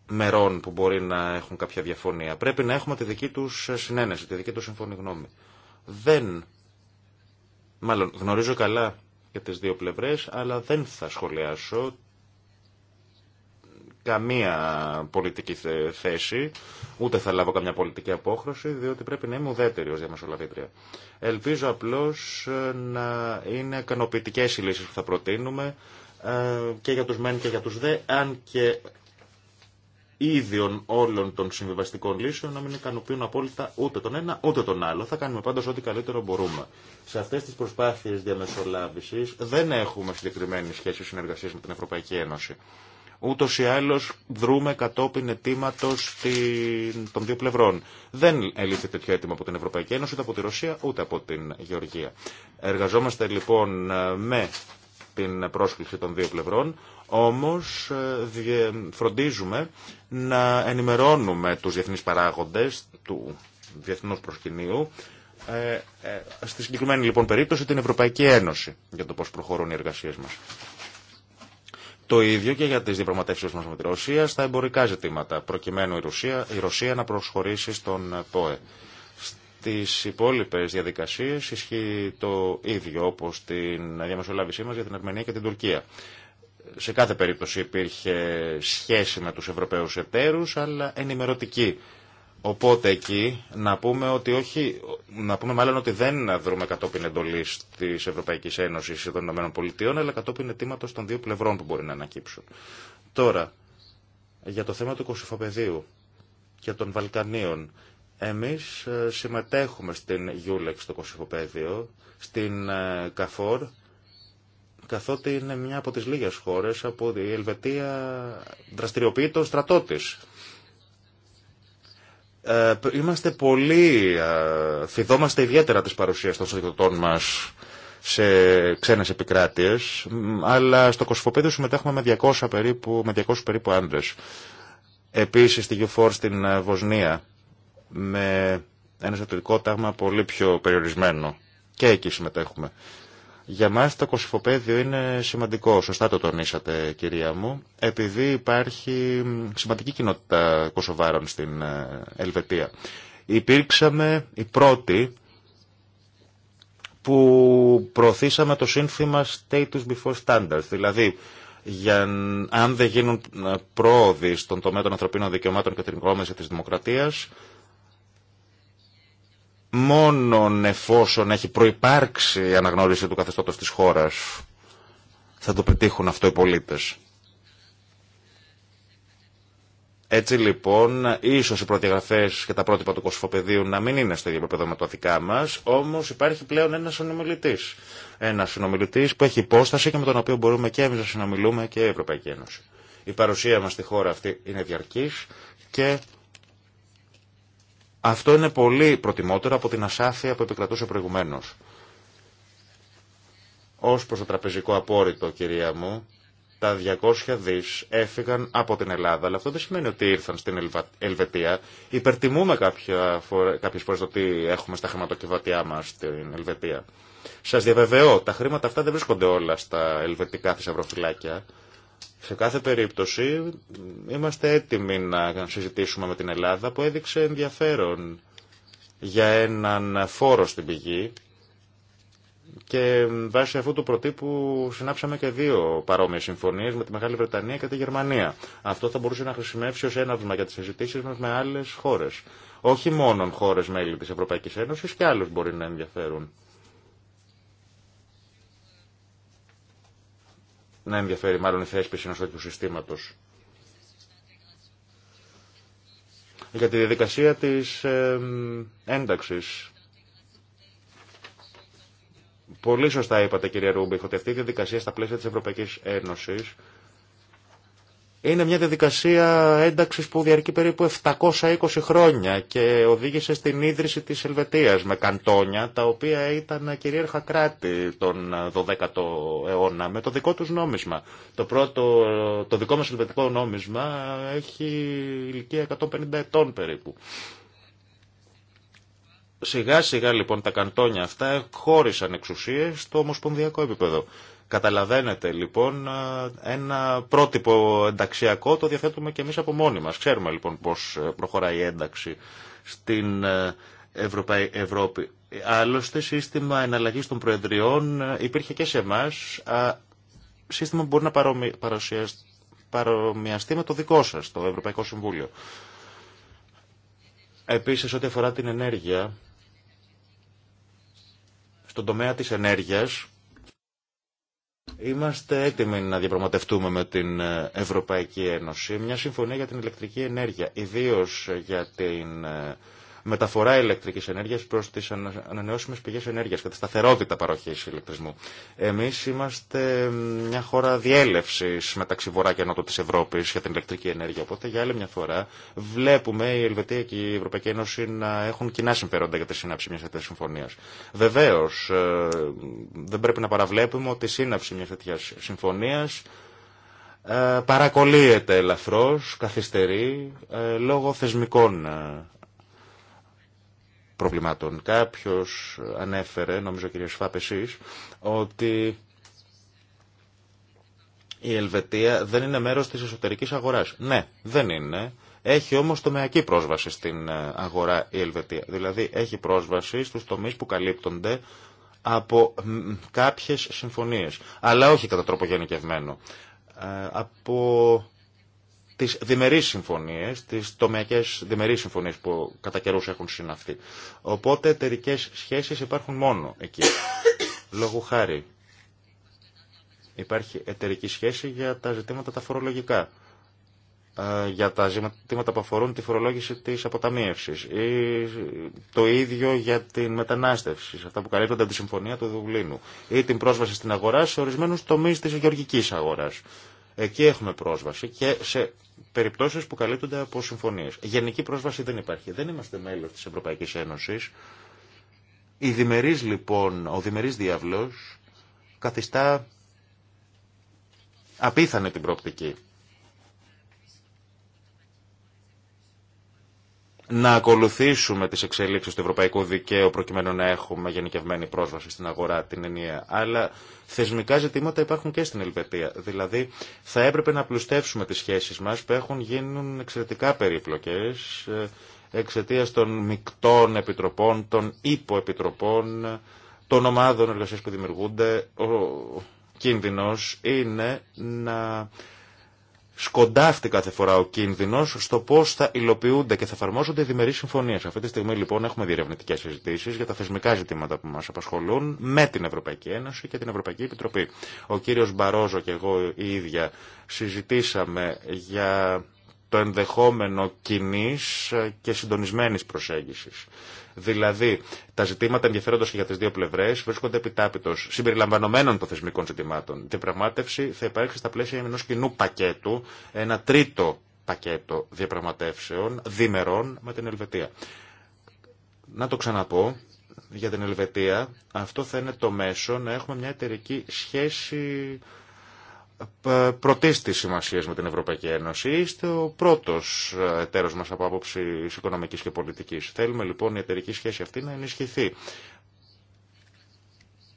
μερών που μπορεί να έχουν κάποια διαφωνία. Πρέπει να έχουμε τη δική τους συνένεση, τη δική τους συμφωνή γνώμη. Δεν Μάλλον γνωρίζω καλά και τις δύο πλευρές, αλλά δεν θα σχολιάσω καμία πολιτική θέση, ούτε θα λάβω καμιά πολιτική απόχρωση, διότι πρέπει να είμαι ουδέτερη ως διαμεσολαβήτρια. Ελπίζω απλώς ε, να είναι ικανοποιητικέ οι λύσεις που θα προτείνουμε ε, και για τους μεν και για τους δε, αν και ίδιων όλων των συμβιβαστικών λύσεων να μην ικανοποιούν απόλυτα ούτε τον ένα ούτε τον άλλο. Θα κάνουμε πάντως ό,τι καλύτερο μπορούμε. Σε αυτές τις προσπάθειες διαμεσολάβησης δεν έχουμε συγκεκριμένη σχέση συνεργασίας με την Ευρωπαϊκή Ένωση. Ούτω ή άλλω δρούμε κατόπιν αιτήματο των δύο πλευρών. Δεν ελήφθη τέτοιο αίτημα από την Ευρωπαϊκή Ένωση, ούτε από τη Ρωσία, ούτε από την Γεωργία. Εργαζόμαστε λοιπόν ε, με την πρόσκληση των δύο πλευρών, όμως ε, φροντίζουμε να ενημερώνουμε τους διεθνείς παράγοντες του διεθνούς προσκυνείου ε, ε, στη συγκεκριμένη λοιπόν περίπτωση την Ευρωπαϊκή Ένωση για το πώς προχωρούν οι εργασίες μας. Το ίδιο και για τις διαπραγματεύσεις μας με τη Ρωσία στα εμπορικά ζητήματα, προκειμένου η Ρωσία, η Ρωσία να προσχωρήσει στον ΠΟΕ τις υπόλοιπες διαδικασίες ισχύει το ίδιο όπως την διαμεσολάβησή μας για την Αρμενία και την Τουρκία. Σε κάθε περίπτωση υπήρχε σχέση με τους Ευρωπαίους εταίρους αλλά ενημερωτική. Οπότε εκεί να πούμε ότι όχι, να πούμε μάλλον ότι δεν δρούμε κατόπιν εντολή τη Ευρωπαϊκή Ένωση ή των Ηνωμένων Πολιτειών, αλλά κατόπιν αιτήματο των δύο πλευρών που μπορεί να ανακύψουν. Τώρα, για το θέμα του Κωσυφοπεδίου και των Βαλκανίων εμείς ε, συμμετέχουμε στην Γιούλεξ στο Κωσυφοπαίδιο, στην ε, Καφόρ, καθότι είναι μια από τις λίγες χώρες από η Ελβετία δραστηριοποιεί το στρατό της. Ε, είμαστε πολύ, φιδόμαστε ιδιαίτερα της παρουσίας των στρατιωτών μας σε ξένες επικράτειες, αλλά στο Κωσυφοπαίδιο συμμετέχουμε με 200 περίπου, με 200 περίπου άντρες. Επίσης στη Γιουφόρ στην Βοσνία με ένα εσωτερικό τάγμα πολύ πιο περιορισμένο. Και εκεί συμμετέχουμε. Για μας το κοσυφοπαίδιο είναι σημαντικό, σωστά το τονίσατε κυρία μου, επειδή υπάρχει σημαντική κοινότητα κοσοβάρων στην ε, Ελβετία. Υπήρξαμε οι πρώτοι που προωθήσαμε το σύνθημα status before standards, δηλαδή για, αν δεν γίνουν ε, πρόοδοι στον τομέα των ανθρωπίνων δικαιωμάτων και την της δημοκρατίας, μόνον εφόσον έχει προϋπάρξει η αναγνώριση του καθεστώτος της χώρας θα το πετύχουν αυτό οι πολίτες. Έτσι λοιπόν, ίσως οι προδιαγραφές και τα πρότυπα του κοσφοπεδίου να μην είναι στο ίδιο επίπεδο με το δικά μα, όμω υπάρχει πλέον ένας συνομιλητής ένας συνομιλητή που έχει υπόσταση και με τον οποίο μπορούμε και εμείς να συνομιλούμε και η Ευρωπαϊκή Ένωση. Η παρουσία μας στη χώρα αυτή είναι διαρκή και αυτό είναι πολύ προτιμότερο από την ασάφεια που επικρατούσε προηγουμένω. Ω προ το τραπεζικό απόρριτο, κυρία μου, τα 200 δι έφυγαν από την Ελλάδα, αλλά αυτό δεν σημαίνει ότι ήρθαν στην Ελβετία. Υπερτιμούμε κάποιε φορέ το τι έχουμε στα χρηματοκιβατιά μα στην Ελβετία. Σα διαβεβαιώ, τα χρήματα αυτά δεν βρίσκονται όλα στα ελβετικά θησαυροφυλάκια. Σε κάθε περίπτωση είμαστε έτοιμοι να συζητήσουμε με την Ελλάδα που έδειξε ενδιαφέρον για έναν φόρο στην πηγή και βάσει αυτού του προτύπου συνάψαμε και δύο παρόμοιες συμφωνίες με τη Μεγάλη Βρετανία και τη Γερμανία. Αυτό θα μπορούσε να χρησιμεύσει ως έναυσμα για τις συζητήσεις μας με άλλες χώρες. Όχι μόνο χώρες μέλη της Ευρωπαϊκής Ένωσης και άλλους μπορεί να ενδιαφέρουν. να ενδιαφέρει μάλλον η θέσπιση ενός τέτοιου συστήματος. Για τη διαδικασία της ένταξης Πολύ σωστά είπατε κύριε Ρούμπιχ ότι αυτή η διαδικασία στα πλαίσια της Ευρωπαϊκής Ένωσης είναι μια διαδικασία ένταξης που διαρκεί περίπου 720 χρόνια και οδήγησε στην ίδρυση της Ελβετίας με καντόνια, τα οποία ήταν κυρίαρχα κράτη τον 12ο αιώνα με το δικό τους νόμισμα. Το, πρώτο, το δικό μας ελβετικό νόμισμα έχει ηλικία 150 ετών περίπου. Σιγά σιγά λοιπόν τα καντόνια αυτά χώρισαν εξουσίες στο ομοσπονδιακό επίπεδο. Καταλαβαίνετε λοιπόν ένα πρότυπο ενταξιακό το διαθέτουμε και εμείς από μόνοι μας. Ξέρουμε λοιπόν πώς ε, προχωράει η ένταξη στην ε, Ευρώπη. Άλλωστε σύστημα εναλλαγής των προεδριών ε, υπήρχε και σε εμά σύστημα που μπορεί να παρομοι... παρομοιαστεί με το δικό σας, το Ευρωπαϊκό Συμβούλιο. Επίσης, ό,τι αφορά την ενέργεια, στον τομέα της ενέργειας, Είμαστε έτοιμοι να διαπραγματευτούμε με την Ευρωπαϊκή Ένωση μια συμφωνία για την ηλεκτρική ενέργεια, ιδίω για την ε, μεταφορά ηλεκτρική ενέργεια προ τι ανανεώσιμε πηγέ ενέργεια και τη σταθερότητα παροχή ηλεκτρισμού. Εμεί είμαστε μια χώρα διέλευση μεταξύ βορρά και νότου τη Ευρώπη για την ηλεκτρική ενέργεια. Οπότε για άλλη μια φορά βλέπουμε η Ελβετία και η Ευρωπαϊκή Ένωση να έχουν κοινά συμφέροντα για τη σύναψη μια τέτοια συμφωνία. Βεβαίω, ε, δεν πρέπει να παραβλέπουμε ότι η σύναψη μιας τέτοια συμφωνία ε, παρακολύεται ελαφρώς, καθυστερεί, ε, λόγω θεσμικών προβλημάτων. Κάποιος ανέφερε, νομίζω κύριε Σφάπ εσείς, ότι η Ελβετία δεν είναι μέρος της εσωτερικής αγοράς. Ναι, δεν είναι. Έχει όμω τομεακή πρόσβαση στην ε, αγορά η Ελβετία. Δηλαδή έχει πρόσβαση στου τομεί που καλύπτονται από κάποιε συμφωνίε. Αλλά όχι κατά τρόπο γενικευμένο. Ε, από τις διμερείς συμφωνιε τι τομεακέ διμερείς συμφωνιε που κατά καιρού έχουν συναυθεί. Οπότε εταιρικέ σχέσει υπάρχουν μόνο εκεί. Λόγου χάρη. Υπάρχει εταιρική σχέση για τα ζητήματα τα φορολογικά ε, για τα ζητήματα που αφορούν τη φορολόγηση τη αποταμίευση. ή το ίδιο για την μετανάστευση, αυτά που καλύπτονται από τη Συμφωνία του Δουβλίνου ή την πρόσβαση στην αγορά σε ορισμένου τομεί τη γεωργικής αγορά. Εκεί έχουμε πρόσβαση και σε περιπτώσεις που καλύπτονται από συμφωνίες. Γενική πρόσβαση δεν υπάρχει. Δεν είμαστε μέλος της Ευρωπαϊκής Ένωσης. Η διμερής, λοιπόν, ο διμερής διάβλος καθιστά απίθανε την προοπτική να ακολουθήσουμε τις εξελίξεις του ευρωπαϊκού δικαίου προκειμένου να έχουμε γενικευμένη πρόσβαση στην αγορά, την ενία. Αλλά θεσμικά ζητήματα υπάρχουν και στην Ελβετία. Δηλαδή θα έπρεπε να πλουστεύσουμε τις σχέσεις μας που έχουν γίνουν εξαιρετικά περίπλοκες ε, εξαιτία των μεικτών επιτροπών, των υποεπιτροπών, των ομάδων εργασίας που δημιουργούνται. Ο κίνδυνος είναι να σκοντάφτει κάθε φορά ο κίνδυνο στο πώ θα υλοποιούνται και θα εφαρμόζονται οι διμερεί συμφωνίε. Αυτή τη στιγμή λοιπόν έχουμε διερευνητικέ συζητήσει για τα θεσμικά ζητήματα που μα απασχολούν με την Ευρωπαϊκή Ένωση και την Ευρωπαϊκή Επιτροπή. Ο κύριο Μπαρόζο και εγώ η ίδια συζητήσαμε για το ενδεχόμενο κοινή και συντονισμένη προσέγγισης Δηλαδή, τα ζητήματα ενδιαφέροντο και για τι δύο πλευρέ βρίσκονται επιτάπητο συμπεριλαμβανομένων των θεσμικών ζητημάτων. Η διαπραγμάτευση θα υπάρξει στα πλαίσια ενό κοινού πακέτου, ένα τρίτο πακέτο διαπραγματεύσεων διμερών με την Ελβετία. Να το ξαναπώ, για την Ελβετία αυτό θα είναι το μέσο να έχουμε μια εταιρική σχέση πρωτίστη σημασία με την Ευρωπαϊκή Ένωση. Είστε ο πρώτος ε, εταίρο μας από άποψη οικονομικής και πολιτικής. Θέλουμε λοιπόν η εταιρική σχέση αυτή να ενισχυθεί.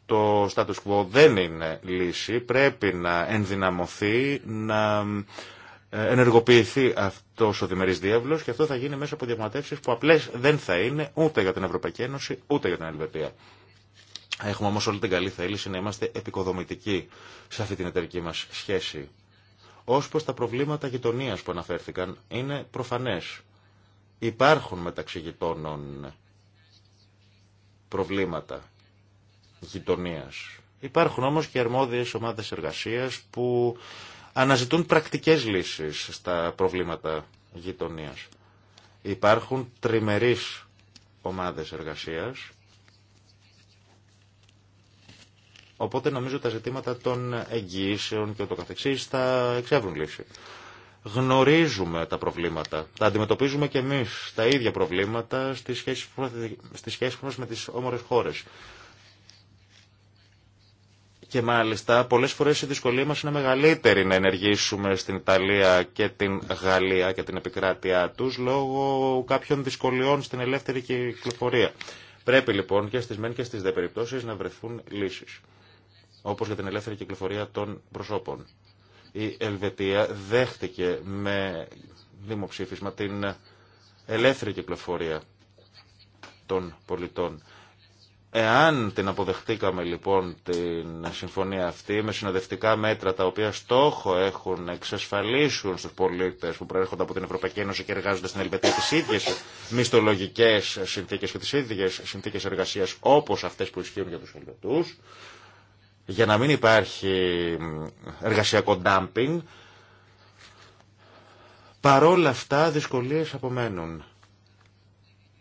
Το status quo δεν είναι λύση, πρέπει να ενδυναμωθεί, να ε, ενεργοποιηθεί αυτός ο διμερή διάβλο και αυτό θα γίνει μέσα από διαπραγματεύσει που απλέ δεν θα είναι ούτε για την Ευρωπαϊκή Ένωση ούτε για την Ελβετία. Έχουμε όμως όλη την καλή θέληση να είμαστε επικοδομητικοί σε αυτή την εταιρική μας σχέση. Ως προς τα προβλήματα γειτονία που αναφέρθηκαν είναι προφανές. Υπάρχουν μεταξύ γειτόνων προβλήματα γειτονία. Υπάρχουν όμως και αρμόδιες ομάδες εργασίας που αναζητούν πρακτικές λύσεις στα προβλήματα γειτονία. Υπάρχουν τριμερείς ομάδες εργασίας Οπότε νομίζω τα ζητήματα των εγγυήσεων και ούτω καθεξής θα εξεύρουν λύση. Γνωρίζουμε τα προβλήματα. Τα αντιμετωπίζουμε και εμείς τα ίδια προβλήματα στις σχέσεις, στις μας με τις όμορες χώρες. Και μάλιστα πολλέ φορέ η δυσκολία μα είναι μεγαλύτερη να ενεργήσουμε στην Ιταλία και την Γαλλία και την επικράτειά του λόγω κάποιων δυσκολιών στην ελεύθερη κυκλοφορία. Πρέπει λοιπόν και στι μεν και στι δε περιπτώσει να βρεθούν λύσει όπως για την ελεύθερη κυκλοφορία των προσώπων. Η Ελβετία δέχτηκε με δημοψήφισμα την ελεύθερη κυκλοφορία των πολιτών. Εάν την αποδεχτήκαμε λοιπόν την συμφωνία αυτή με συνοδευτικά μέτρα τα οποία στόχο έχουν να εξασφαλίσουν στους πολίτες που προέρχονται από την Ευρωπαϊκή Ένωση και εργάζονται στην Ελβετία τις ίδιες μισθολογικές συνθήκες και τις ίδιες συνθήκες εργασίας όπως αυτές που ισχύουν για τους Ελβετούς, για να μην υπάρχει εργασιακό ντάμπινγκ, παρόλα αυτά δυσκολίες απομένουν.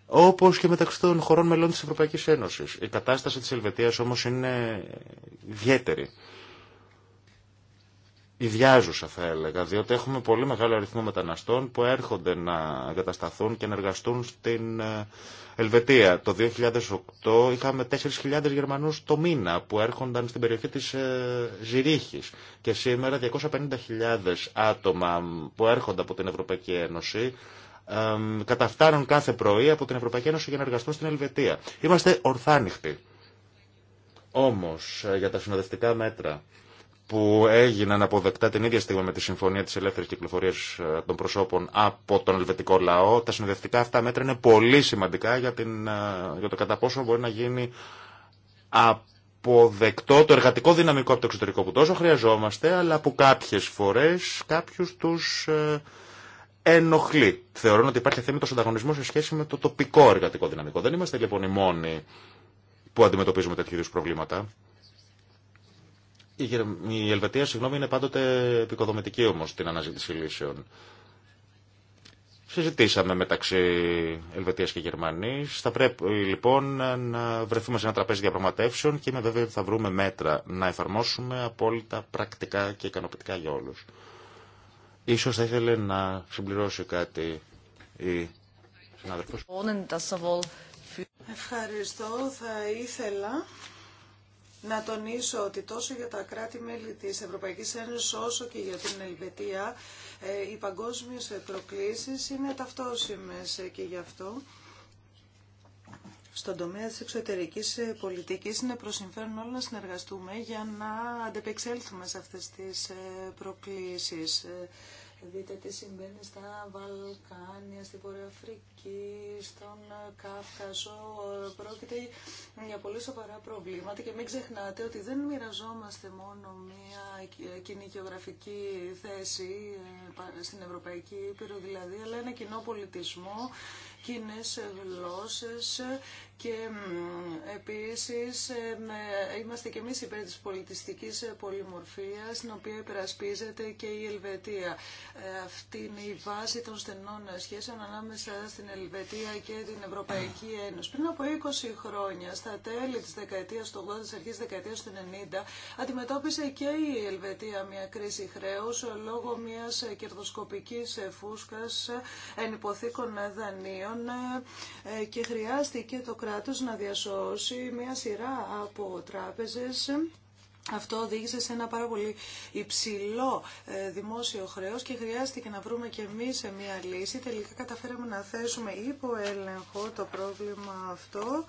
Όπως και μεταξύ των χωρών μελών της Ευρωπαϊκής Ένωσης. Η κατάσταση της Ελβετίας όμως είναι ιδιαίτερη ιδιάζουσα θα έλεγα, διότι έχουμε πολύ μεγάλο αριθμό μεταναστών που έρχονται να εγκατασταθούν και να εργαστούν στην ε, Ελβετία. Το 2008 είχαμε 4.000 Γερμανούς το μήνα που έρχονταν στην περιοχή της ε, Ζηρίχης και σήμερα 250.000 άτομα που έρχονται από την Ευρωπαϊκή Ένωση καταφτάνουν κάθε πρωί από την Ευρωπαϊκή Ένωση για να εργαστούν στην Ελβετία. Είμαστε ορθάνυχτοι. Όμως ε, για τα συνοδευτικά μέτρα που έγιναν αποδεκτά την ίδια στιγμή με τη Συμφωνία της Ελεύθερης Κυκλοφορίας ε, των Προσώπων από τον ελβετικό λαό, τα συνδευτικά αυτά μέτρα είναι πολύ σημαντικά για, την, ε, για το κατά πόσο μπορεί να γίνει αποδεκτό το εργατικό δυναμικό από το εξωτερικό που τόσο χρειαζόμαστε, αλλά που κάποιες φορές κάποιους τους ε, ενοχλεί. Θεωρώ ότι υπάρχει θέμα ανταγωνισμό σε σχέση με το τοπικό εργατικό δυναμικό. Δεν είμαστε λοιπόν οι μόνοι που αντιμετωπίζουμε τέτοιου προβλήματα. Η Ελβετία, συγγνώμη, είναι πάντοτε επικοδομητική όμως στην αναζήτηση λύσεων. Συζητήσαμε μεταξύ Ελβετία και Γερμανή. Θα πρέπει λοιπόν να βρεθούμε σε ένα τραπέζι διαπραγματεύσεων και είμαι βέβαιο ότι θα βρούμε μέτρα να εφαρμόσουμε απόλυτα πρακτικά και ικανοποιητικά για όλου. Ίσως θα ήθελε να συμπληρώσει κάτι η συνάδελφο. Ευχαριστώ. Θα ήθελα να τονίσω ότι τόσο για τα κράτη-μέλη της Ευρωπαϊκής Ένωσης όσο και για την Ελβετία ε, οι παγκόσμιες προκλήσεις είναι ταυτόσιμες ε, και γι' αυτό στον τομέα της εξωτερικής ε, πολιτικής είναι προσυμφέρον όλοι να συνεργαστούμε για να αντεπεξέλθουμε σε αυτές τις προκλήσεις. Δείτε τι συμβαίνει στα Βαλκάνια, στη Αφρική, στον Κάφκασο. Πρόκειται για πολύ σοβαρά προβλήματα και μην ξεχνάτε ότι δεν μοιραζόμαστε μόνο μία κοινή γεωγραφική θέση ε, στην Ευρωπαϊκή Ήπειρο, δηλαδή, αλλά ένα κοινό πολιτισμό κοινέ γλώσσες και επίσης ε, είμαστε και εμείς υπέρ της πολιτιστικής πολυμορφίας την οποία υπερασπίζεται και η Ελβετία. Ε, αυτή είναι η βάση των στενών σχέσεων ανάμεσα στην Ελβετία και την Ευρωπαϊκή Ένωση. Πριν από 20 χρόνια, στα τέλη της δεκαετίας του 80, της αρχής της δεκαετίας του 90, αντιμετώπισε και η Ελβετία μια κρίση χρέους λόγω μιας κερδοσκοπικής φούσκας ενυποθήκων δανείων πλέον ε, και χρειάστηκε το κράτος να διασώσει μια σειρά από τράπεζες αυτό οδήγησε σε ένα πάρα πολύ υψηλό ε, δημόσιο χρέος και χρειάστηκε να βρούμε και εμείς σε μία λύση. Τελικά καταφέραμε να θέσουμε υπό έλεγχο το πρόβλημα αυτό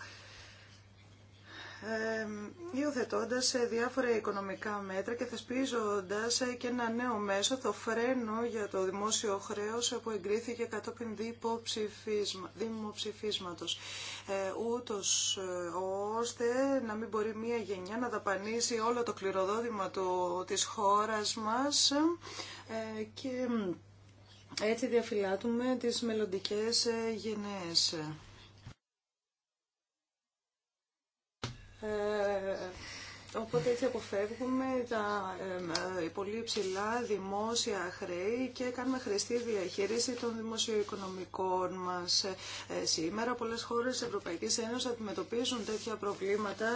υιοθετώντα ε, διάφορα οικονομικά μέτρα και θεσπίζοντα ε, και ένα νέο μέσο, το φρένο για το δημόσιο χρέο ε, που εγκρίθηκε κατόπιν δημοψηφίσματο. Ούτω ώστε να μην μπορεί μία γενιά να δαπανίσει όλο το κληροδότημα της χώρας μας και έτσι διαφυλάττουμε τις μελλοντικές γενναίες. Ε, οπότε έτσι αποφεύγουμε τα ε, ε, πολύ ψηλά δημόσια χρέη και κάνουμε χρηστή διαχείριση των δημοσιοοικονομικών μας. Ε, σήμερα πολλές χώρες της Ευρωπαϊκής Ένωσης αντιμετωπίζουν τέτοια προβλήματα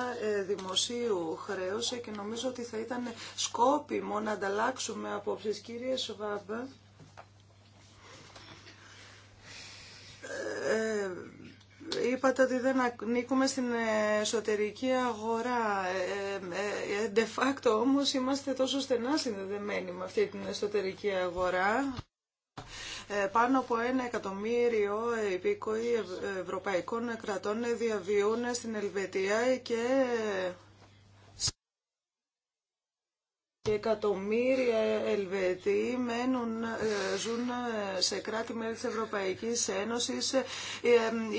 δημοσίου χρέους και νομίζω ότι θα ήταν σκόπιμο να ανταλλάξουμε απόψεις. Κύριε Σοβάμπ, Είπατε ότι δεν ανήκουμε στην εσωτερική αγορά. Ε, ε, ε, de facto όμως είμαστε τόσο στενά συνδεδεμένοι με αυτή την εσωτερική αγορά. Πάνω από ένα εκατομμύριο υπήκοοι ευρωπαϊκών κρατών διαβιούν στην Ελβετία και εκατομμύρια Ελβετοί μένουν, ε, ζουν ε, σε κράτη μέλη της Ευρωπαϊκής Ένωσης. Ε,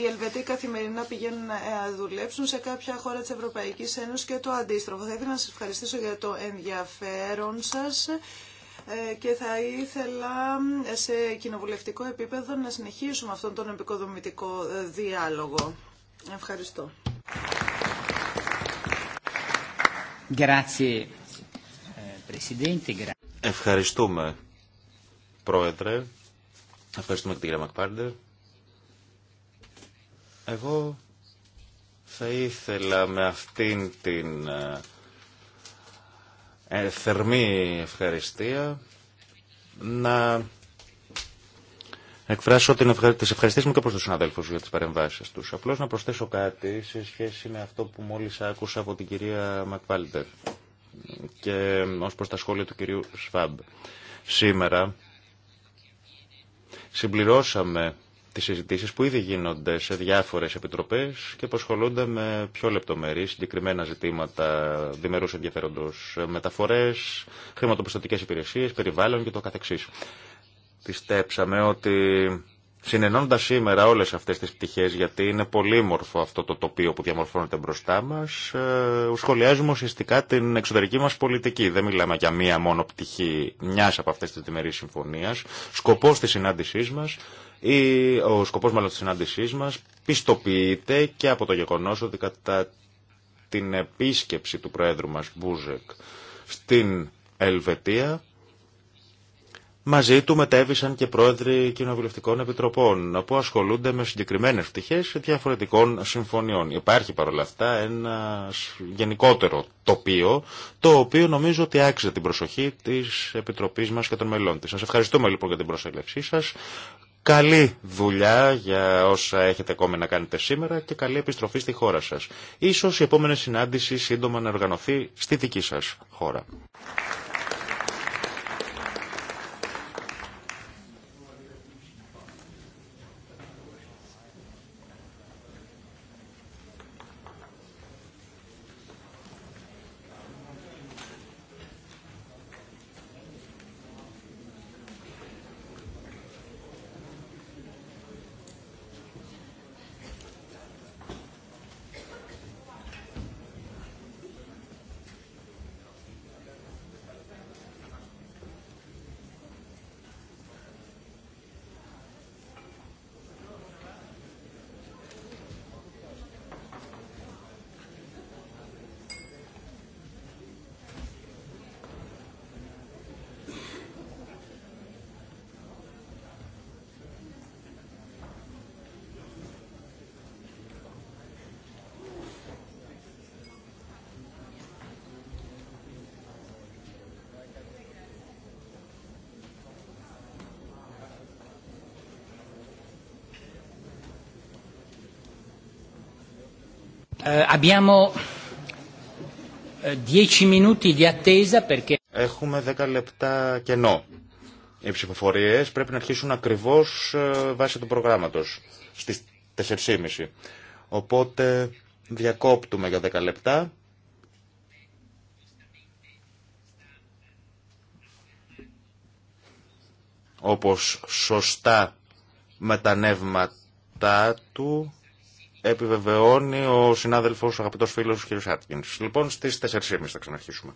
οι Ελβετοί καθημερινά πηγαίνουν να δουλέψουν σε κάποια χώρα της Ευρωπαϊκής Ένωσης και το αντίστροφο. Θα ήθελα να σας ευχαριστήσω για το ενδιαφέρον σας και θα ήθελα σε κοινοβουλευτικό επίπεδο να συνεχίσουμε αυτόν τον επικοδομητικό διάλογο. Ευχαριστώ. Grazie. Ευχαριστούμε, Πρόεδρε. Ευχαριστούμε και την κυρία Μακπάρντερ. Εγώ θα ήθελα με αυτήν την ε, ε, θερμή ευχαριστία να εκφράσω την ευχαρι... τις ευχαριστήσεις μου και προς τους συναδέλφους για τις παρεμβάσεις τους. Απλώς να προσθέσω κάτι σε σχέση με αυτό που μόλις άκουσα από την κυρία Μακβάλτερ και ως προς τα σχόλια του κυρίου Σφάμπ. Σήμερα συμπληρώσαμε τις συζητήσεις που ήδη γίνονται σε διάφορες επιτροπές και προσχολούνται με πιο λεπτομερείς συγκεκριμένα ζητήματα διμερούς ενδιαφέροντος μεταφορές, χρηματοπιστωτικές υπηρεσίες, περιβάλλον και το καθεξής. Πιστέψαμε ότι Συνενώντα σήμερα όλε αυτέ τι πτυχέ, γιατί είναι πολύμορφο αυτό το τοπίο που διαμορφώνεται μπροστά μα, ε, σχολιάζουμε ουσιαστικά την εξωτερική μα πολιτική. Δεν μιλάμε για μία μόνο πτυχή μια από αυτέ τι διμερεί συμφωνίε. Σκοπό τη συνάντησή μα ή ο σκοπός μάλλον της συνάντησής μας πιστοποιείται και από το γεγονός ότι κατά την επίσκεψη του Προέδρου μας Μπούζεκ στην Ελβετία Μαζί του μετέβησαν και πρόεδροι κοινοβουλευτικών επιτροπών που ασχολούνται με συγκεκριμένε πτυχέ διαφορετικών συμφωνιών. Υπάρχει παρόλα αυτά ένα γενικότερο τοπίο το οποίο νομίζω ότι άξιζε την προσοχή τη Επιτροπή μα και των μελών τη. Σα ευχαριστούμε λοιπόν για την προσέλευσή σα. Καλή δουλειά για όσα έχετε ακόμη να κάνετε σήμερα και καλή επιστροφή στη χώρα σας. Ίσως η επόμενη συνάντηση σύντομα να οργανωθεί στη δική σας χώρα. Ε, abbiamo ε, minuti di attesa perché... Έχουμε 10 λεπτά κενό. Οι ψηφοφορίε πρέπει να αρχίσουν ακριβώ ε, βάσει του προγράμματο στι 4.30. Οπότε διακόπτουμε για 10 λεπτά. όπως σωστά με τα νεύματά του επιβεβαιώνει ο συνάδελφος, ο αγαπητός φίλος κ. Άτκινς. Λοιπόν, στις 4.30 θα ξαναρχίσουμε.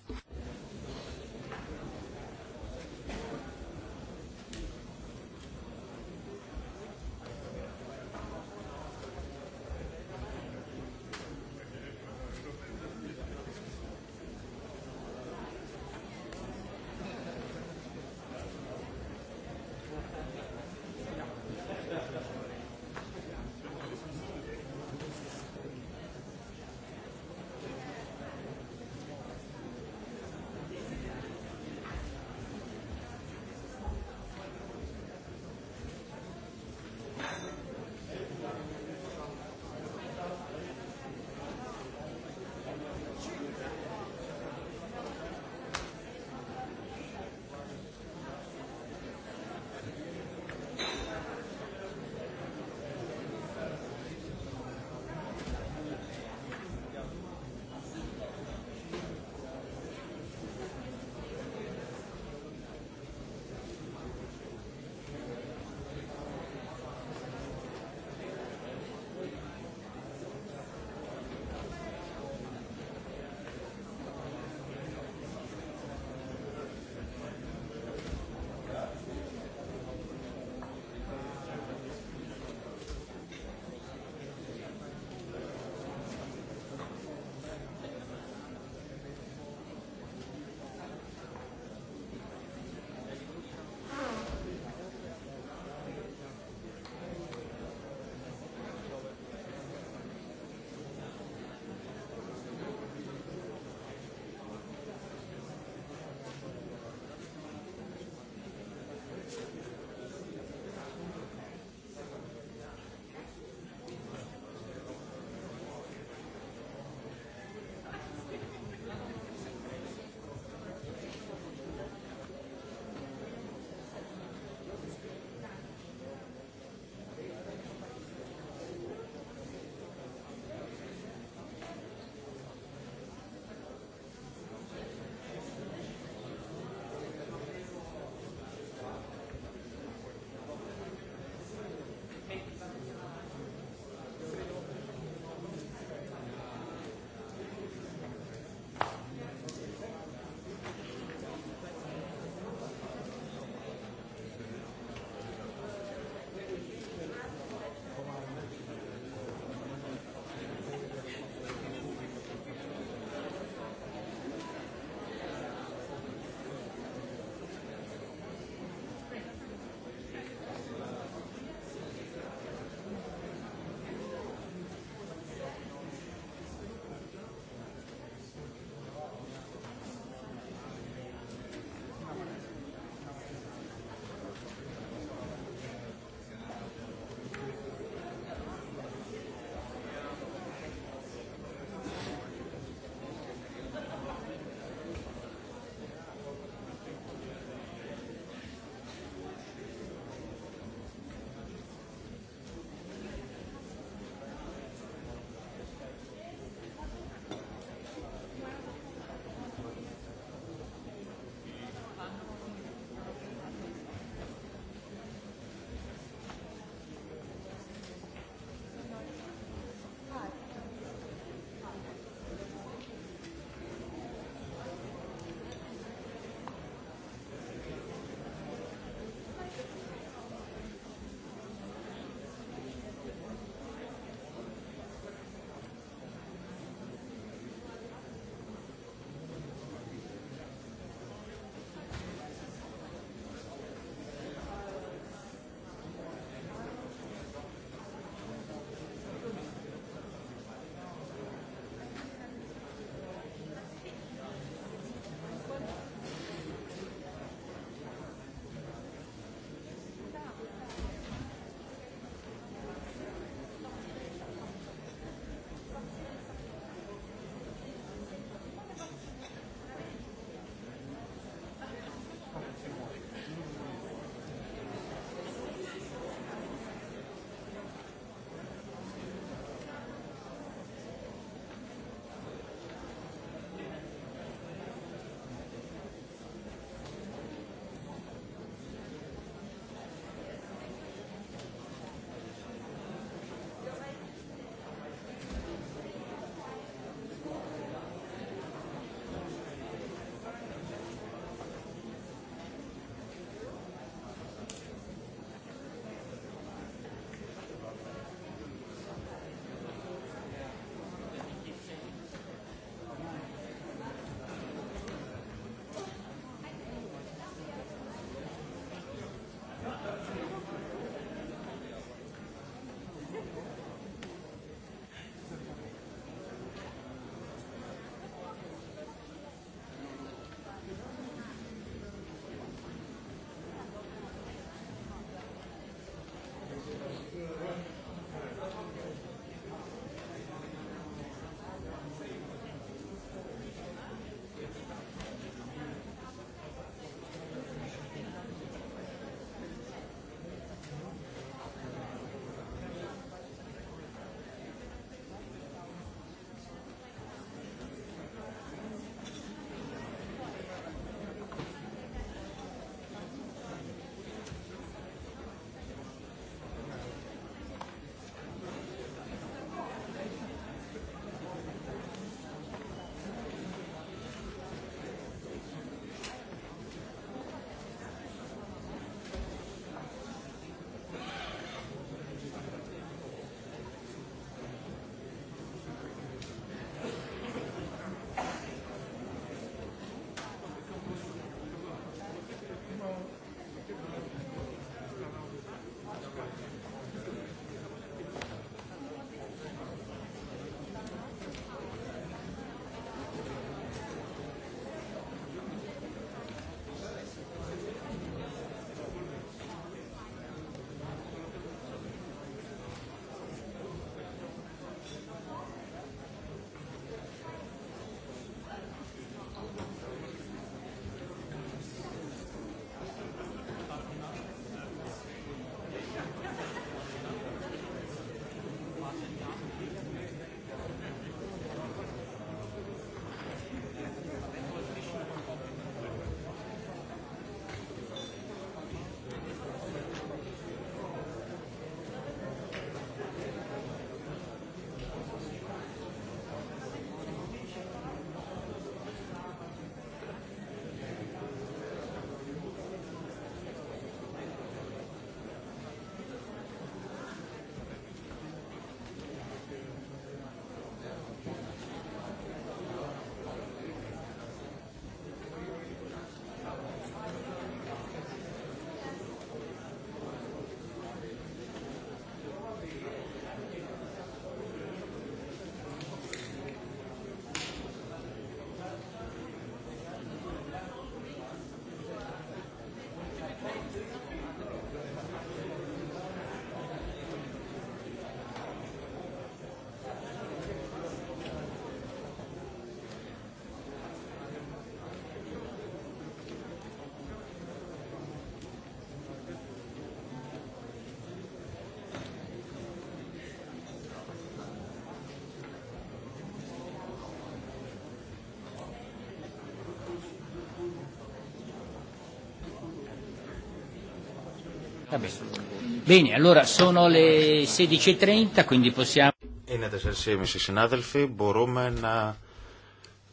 Bene, allora sono le 16.30, e quindi possiamo... Είναι 4.30 συνάδελφοι, μπορούμε να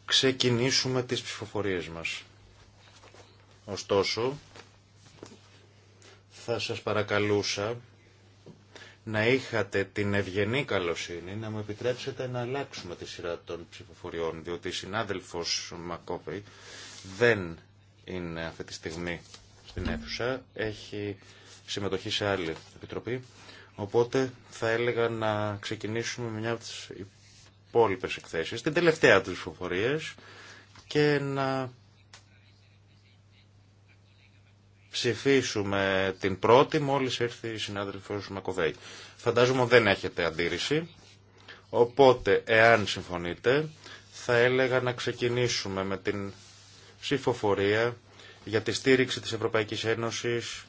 ξεκινήσουμε τις ψηφοφορίες μας. Ωστόσο, θα σας παρακαλούσα να είχατε την ευγενή καλοσύνη να μου επιτρέψετε να αλλάξουμε τη σειρά των ψηφοφοριών, διότι η συνάδελφος Μακόπη δεν είναι αυτή τη στιγμή στην αίθουσα, έχει συμμετοχή σε άλλη επιτροπή. Οπότε θα έλεγα να ξεκινήσουμε με μια από τις υπόλοιπες εκθέσεις, την τελευταία τι ψηφοφορίε και να ψηφίσουμε την πρώτη μόλις έρθει η συνάδελφος Μακοβέη. Φαντάζομαι δεν έχετε αντίρρηση, οπότε εάν συμφωνείτε θα έλεγα να ξεκινήσουμε με την ψηφοφορία για τη στήριξη της Ευρωπαϊκής Ένωσης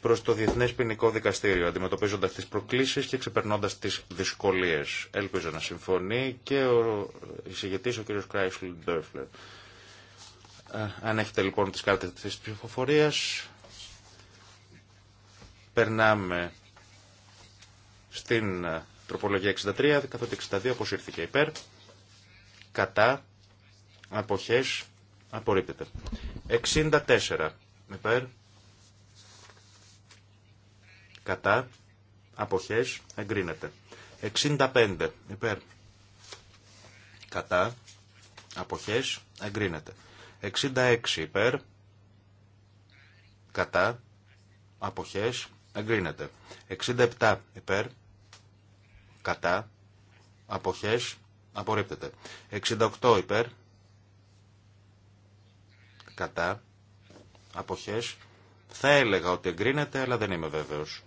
προ το Διεθνέ Ποινικό Δικαστήριο, αντιμετωπίζοντα τι προκλήσει και ξεπερνώντα τι δυσκολίε. Ελπίζω να συμφωνεί και ο εισηγητή, ο κ. Κράισλ Ντέρφλερ. Αν έχετε λοιπόν τι κάρτε τη ψηφοφορία, περνάμε στην ε, τροπολογία 63, καθότι 62 αποσύρθηκε υπέρ, κατά, αποχές, απορρίπτεται. 64 υπέρ, κατά, αποχές, εγκρίνεται. 65 υπέρ, κατά, αποχές, εγκρίνεται. 66 υπέρ, κατά, αποχές, εγκρίνεται. 67 υπέρ, κατά, αποχές, απορρίπτεται. 68 υπέρ, κατά, αποχές, θα έλεγα ότι εγκρίνεται, αλλά δεν είμαι βέβαιος.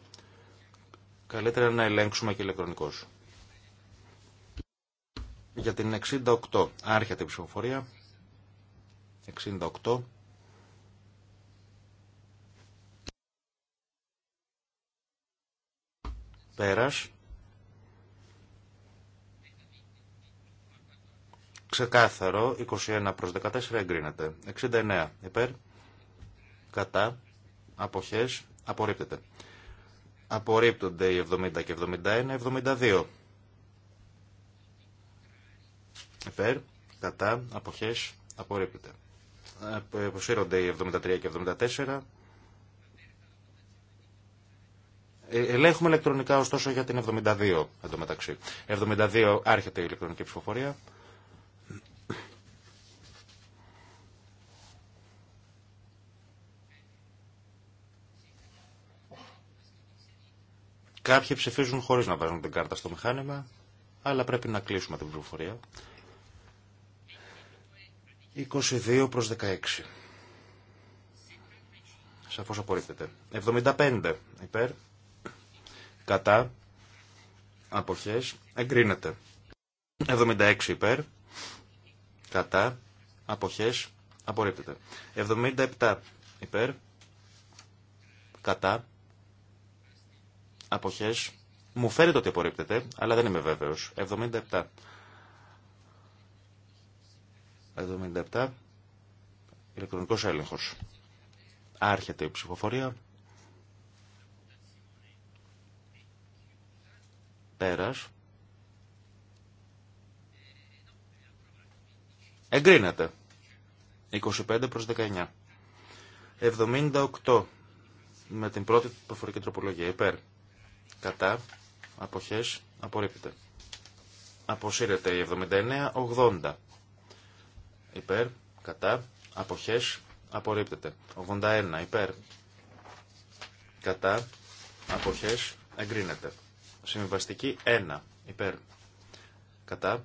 Καλύτερα να ελέγξουμε και ηλεκτρονικώς. Για την 68 άρχεται η ψηφοφορία. 68. Πέρας. Ξεκάθαρο, 21 προς 14 εγκρίνεται. 69 υπέρ, κατά, αποχές, απορρίπτεται. Απορρίπτονται οι 70 και 71, 72. Υπέρ, κατά, αποχές, απορρίπτονται. Ε, αποσύρονται οι 73 και 74. Ε, ελέγχουμε ηλεκτρονικά ωστόσο για την 72 εντωμεταξύ. 72 άρχεται η ηλεκτρονική ψηφοφορία. Κάποιοι ψηφίζουν χωρίς να βάζουν την κάρτα στο μηχάνημα, αλλά πρέπει να κλείσουμε την πληροφορία. 22 προς 16. Σαφώς απορρίπτεται. 75 υπέρ. Κατά. Αποχές. Εγκρίνεται. 76 υπέρ. Κατά. Αποχές. Απορρίπτεται. 77 υπέρ. Κατά. Αποχές. Μου φαίνεται ότι απορρίπτεται, αλλά δεν είμαι βέβαιος. 77. 77. Ηλεκτρονικός έλεγχο Άρχεται η ψηφοφορία. Πέρας. Εγκρίνεται. 25 προς 19. 78 με την πρώτη προφορική τροπολογία. Υπέρ κατά, αποχές, απορρίπτεται. Αποσύρεται η 79-80. Υπέρ, κατά, αποχές, απορρίπτεται. 81 υπέρ, κατά, αποχές, εγκρίνεται. Συμβιβαστική 1 υπέρ, κατά,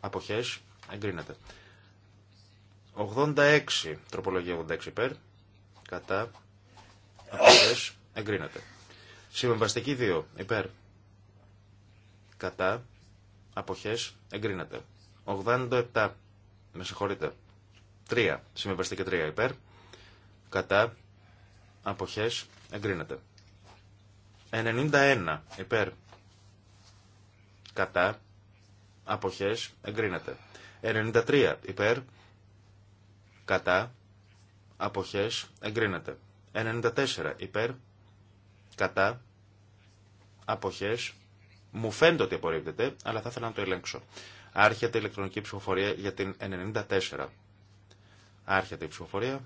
αποχές, εγκρίνεται. 86, τροπολογία 86 υπέρ, κατά, αποχές, εγκρίνεται. Συμβαστική 2. Υπέρ. Κατά. Αποχές. Εγκρίνεται. 87. Με συγχωρείτε. 3. Συμβαστική 3. Υπέρ. Κατά. Αποχές. Εγκρίνεται. 91. Υπέρ. Κατά. Αποχές. Εγκρίνεται. 93. Υπέρ. Κατά. Αποχές. Εγκρίνεται. 94. Υπέρ κατά, αποχές, μου φαίνεται ότι απορρίπτεται, αλλά θα ήθελα να το ελέγξω. Άρχεται η ηλεκτρονική ψηφοφορία για την 94. Άρχεται η ψηφοφορία.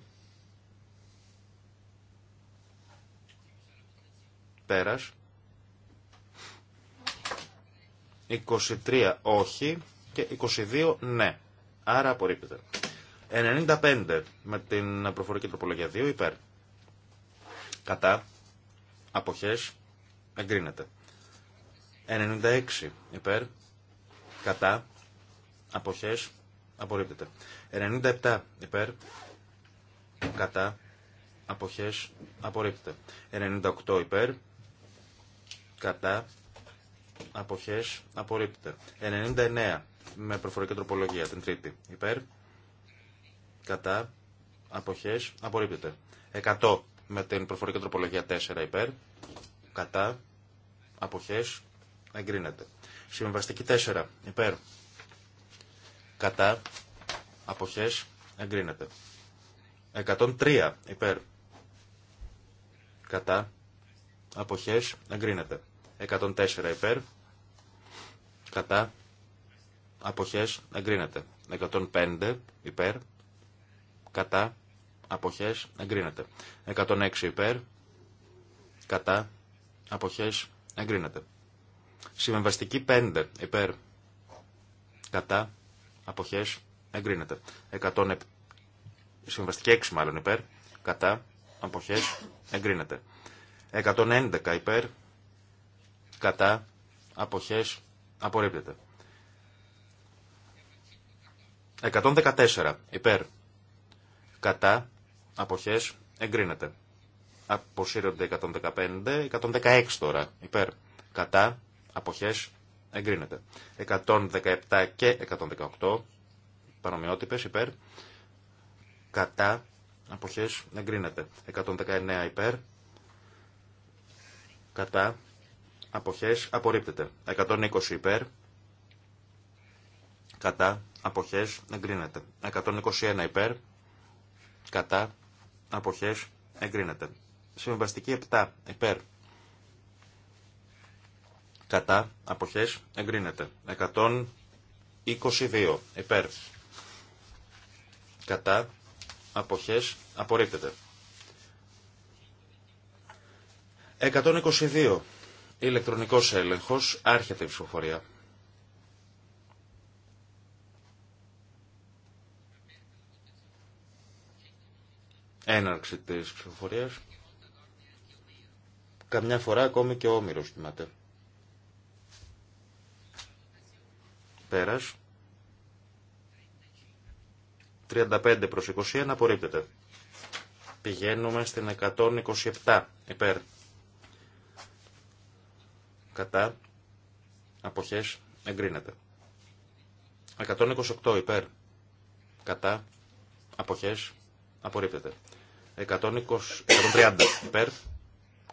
Πέρας. 23 όχι και 22 ναι. Άρα απορρίπτεται. 95 με την προφορική τροπολογία 2 υπέρ. Κατά. Αποχές. Εγκρίνεται. 96 υπέρ. Κατά. Αποχές. Απορρίπτεται. 97 υπέρ. Κατά. Αποχές. Απορρίπτεται. 98 υπέρ. Κατά. Αποχές. Απορρίπτεται. 99 με προφορική τροπολογία την τρίτη. Υπέρ. Κατά. Αποχές. Απορρίπτεται. 100 με την προφορική τροπολογία 4 υπέρ, κατά, αποχές, εγκρίνεται. Συμβαστική 4 υπέρ, κατά, αποχές, εγκρίνεται. 103 υπέρ, κατά, αποχές, εγκρίνεται. 104 υπέρ, κατά, αποχές, εγκρίνεται. 105 υπέρ, κατά, αποχές εγκρίνεται. 106 υπέρ, κατά, αποχές εγκρίνεται. Συμβαστική 5 υπέρ, κατά, αποχές εγκρίνεται. 107, συμβαστική 6 μάλλον υπέρ, κατά, αποχές εγκρίνεται. 111 υπέρ, κατά, αποχές απορρίπτεται. 114 υπέρ, κατά, Αποχέ εγκρίνεται. Αποσύρονται 115, 116 τώρα υπέρ κατά αποχές εγκρίνεται. 117 και 118 παρομοιότυπε υπέρ κατά αποχές εγκρίνεται. 119 υπέρ κατά αποχέ, απορρίπτεται. 120 υπέρ κατά αποχές εγκρίνεται. 121 υπέρ κατά αποχές εγκρίνεται. Συμβαστική 7 επέρ. κατά αποχέ. εγκρίνεται. 122 υπέρ κατά αποχέ, απορρίπτεται. 122 ηλεκτρονικός έλεγχος άρχεται η ψηφοφορία. έναρξη της ψηφοφορίας. Καμιά φορά ακόμη και ο Όμηρος κοιμάται. Πέρας. 35 προς 21 απορρίπτεται. Πηγαίνουμε στην 127 υπέρ. Κατά. Αποχές εγκρίνεται. 128 υπέρ. Κατά. Αποχές απορρίπτεται. 120, 130 υπέρ,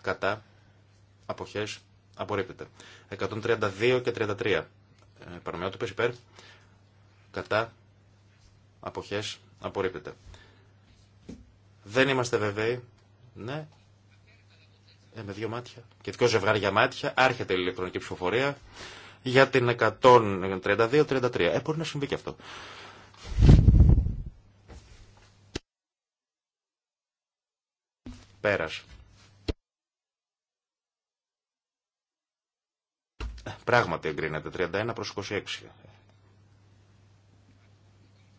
κατά, αποχές, απορρίπτεται. 132 και 33 ε, παρομοιότυπες υπέρ, κατά, αποχές, απορρίπτεται. Δεν είμαστε βεβαίοι, ναι, ε, με δύο μάτια και δυο ζευγάρια μάτια, άρχεται η ηλεκτρονική ψηφοφορία για την 132-33. Ε, μπορεί να συμβεί και αυτό. Πέρας. Πράγματι εγκρίνεται. 31 προς 26.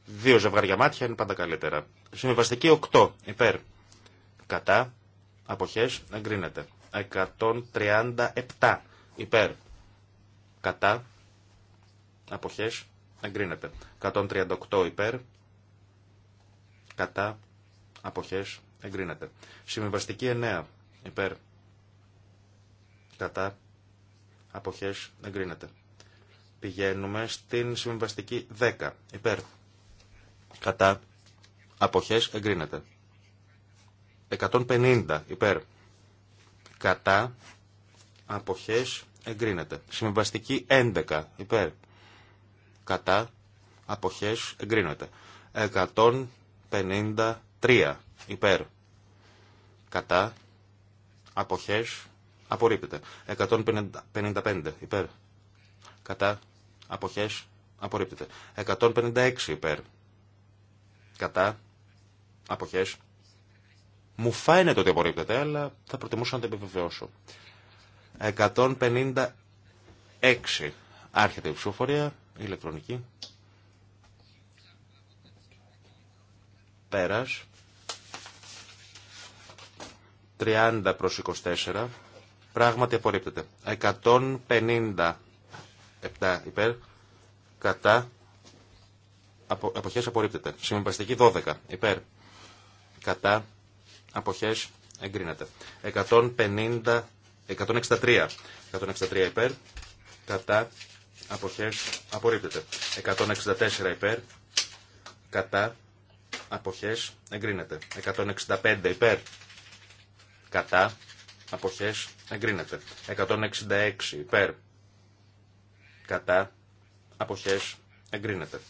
Δύο ζευγάρια μάτια είναι πάντα καλύτερα. Συμβιβαστική 8. Υπέρ. Κατά. Αποχές. Εγκρίνεται. 137. Υπέρ. Κατά. Αποχές. Εγκρίνεται. 138 υπέρ. Κατά. Αποχές εγκρίνεται. Συμβιβαστική 9 υπέρ κατά απόχέ εγκρίνεται. Πηγαίνουμε στην συμβιβαστική 10 υπέρ κατά απόχέ εγκρίνεται. 150 υπέρ κατά απόχέ, εγκρίνεται. Συμβαστική 11 υπέρ κατά αποχέ εγκρίνεται. 153 υπέρ κατά, αποχές, απορρίπτεται. 155 υπέρ, κατά, αποχές, απορρίπτεται. 156 υπέρ, κατά, αποχές. Μου φαίνεται ότι απορρίπτεται, αλλά θα προτιμούσα να το επιβεβαιώσω. 156 άρχεται η ψηφοφορία, ηλεκτρονική. Πέρας. 30 προς 24 πράγματι απορρίπτεται. 157 υπέρ κατά απο, αποχές απορρίπτεται. Συμβαστική 12 υπέρ κατά αποχές εγκρίνεται. 150, 163, 163 υπέρ κατά αποχές απορρίπτεται. 164 υπέρ κατά αποχές εγκρίνεται. 165 υπέρ κατά, αποχές, εγκρίνεται. 166 υπέρ, κατά, αποχές, εγκρίνεται.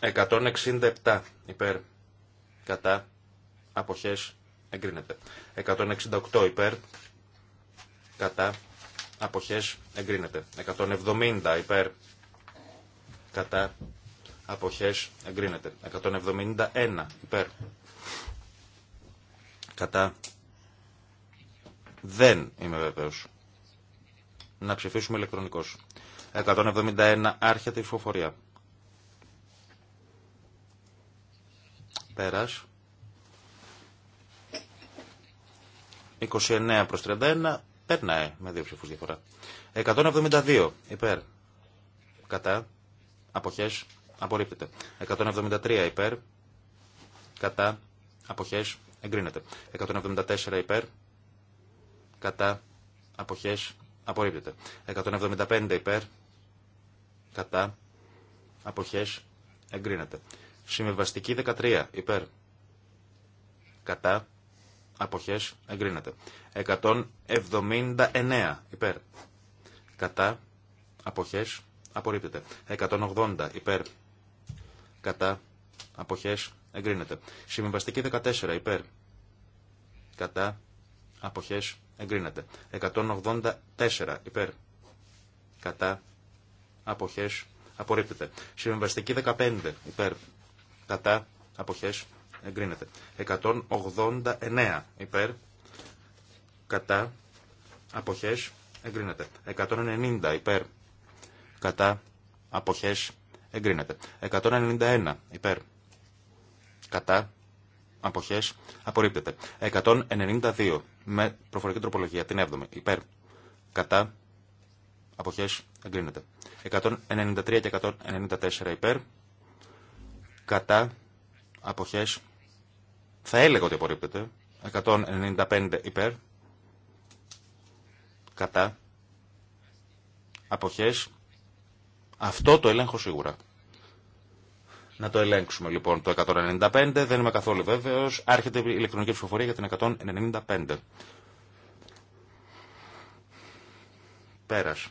167 υπέρ, κατά, αποχές, εγκρίνεται. 168 υπέρ, κατά, αποχές, εγκρίνεται. 170 υπέρ, κατά, αποχές, εγκρίνεται. 171 υπέρ, Κατά. Δεν είμαι βεβαίω Να ψηφίσουμε ηλεκτρονικώς. 171 άρχεται η ψηφοφορία. Πέρας. 29 προς 31 περνάει με δύο ψηφούς διαφορά. 172 υπέρ. Κατά. Αποχές. Απορρίπτεται. 173 υπέρ. Κατά. Αποχές εγκρίνεται. 174 υπέρ, κατά, αποχές, απορρίπτεται. 175 υπέρ, κατά, αποχές, εγκρίνεται. Συμβεβαστική 13 υπέρ, κατά, αποχές, εγκρίνεται. 179 υπέρ, κατά, αποχές, απορρίπτεται. 180 υπέρ, κατά, αποχές, εγκρίνεται. Συμβαστική 14 υπέρ κατά αποχές εγκρίνεται. 184 υπέρ κατά αποχές απορρίπτεται. Συμβαστική 15 υπέρ κατά αποχές εγκρίνεται. 189 υπέρ κατά αποχές εγκρίνεται. 190 υπέρ κατά αποχές εγκρίνεται. 191 υπέρ κατά, αποχέ απορρίπτεται. 192 με προφορική τροπολογία, την 7η, υπέρ, κατά, αποχές, εγκρίνεται. 193 και 194 υπέρ, κατά, αποχέ. θα έλεγα ότι απορρίπτεται. 195 υπέρ, κατά, αποχές, αυτό το έλεγχο σίγουρα. Να το ελέγξουμε λοιπόν το 195. Δεν είμαι καθόλου βέβαιο. Άρχεται η ηλεκτρονική ψηφοφορία για την 195. Πέρας.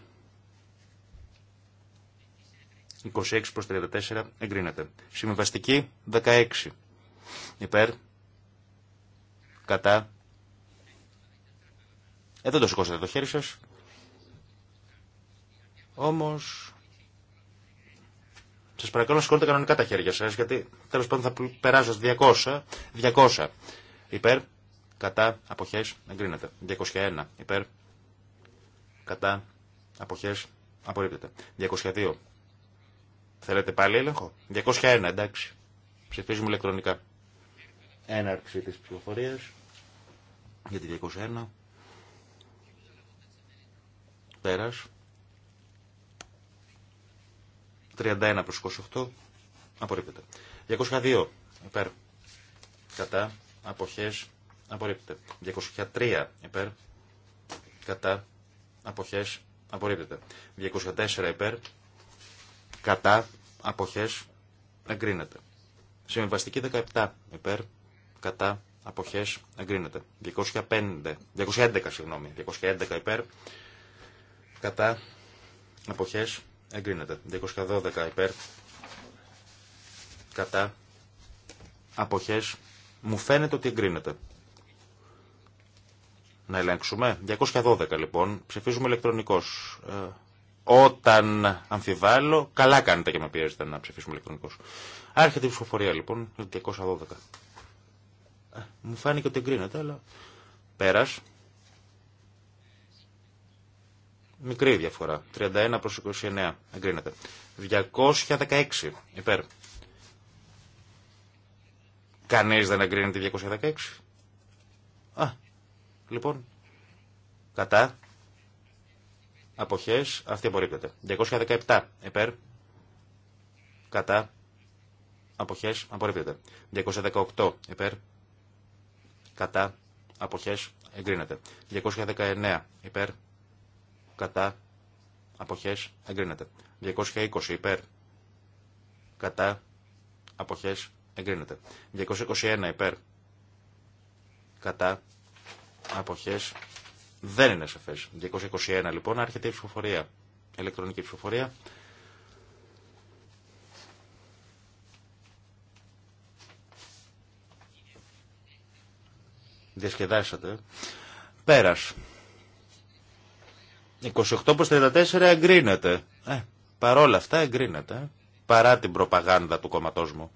26 προς 34 εγκρίνεται. Συμβαστική 16. Υπέρ. Κατά. Ε, δεν το σηκώσατε το χέρι σας. Όμως Σα παρακαλώ να σηκώνετε κανονικά τα χέρια σα, γιατί τέλο πάντων θα περάσω 200. 200 υπέρ, κατά, αποχέ, εγκρίνεται. 201 υπέρ, κατά, αποχέ, απορρίπτεται. 202. Θέλετε πάλι έλεγχο. 201, εντάξει. Ψηφίζουμε ηλεκτρονικά. Έναρξη τη ψηφοφορία για τη 201. Πέρας. 31 προς 28 απορρίπτεται. 202 υπέρ κατά αποχές απορρίπτεται. 203 υπέρ κατά αποχές απορρίπτεται. 204 υπέρ κατά αποχές εγκρίνεται. Συμβαστική 17 υπέρ κατά αποχές εγκρίνεται. 205, 211 συγγνώμη, 211 υπέρ κατά αποχές εγκρίνεται. 212 υπέρ, κατά, αποχές, μου φαίνεται ότι εγκρίνεται. Να ελέγξουμε. 212 λοιπόν, ψηφίζουμε ηλεκτρονικός. Ε, όταν αμφιβάλλω, καλά κάνετε και με πιέζετε να ψηφίσουμε ηλεκτρονικός. Άρχεται η ψηφοφορία λοιπόν, 212. Ε, μου φάνηκε ότι εγκρίνεται, αλλά πέρας. Μικρή διαφορά. 31 προς 29. Εγκρίνεται. 216 υπέρ. Κανείς δεν εγκρίνεται 216. Α, λοιπόν. Κατά. Αποχές. Αυτή απορρίπτεται. 217 υπέρ. Κατά. Αποχές. Απορρίπτεται. 218 υπέρ. Κατά. Αποχές. Εγκρίνεται. 219 υπέρ κατά, αποχές, εγκρίνεται. 220 υπέρ, κατά, αποχές, εγκρίνεται. 221 υπέρ, κατά, αποχές, δεν είναι σαφές. 221 λοιπόν, άρχεται η ψηφοφορία, ηλεκτρονική ψηφοφορία. Διασκεδάσατε. Πέρας. 28 προς 34 εγκρίνεται. Ε, παρόλα αυτά εγκρίνεται. Παρά την προπαγάνδα του κομματός μου.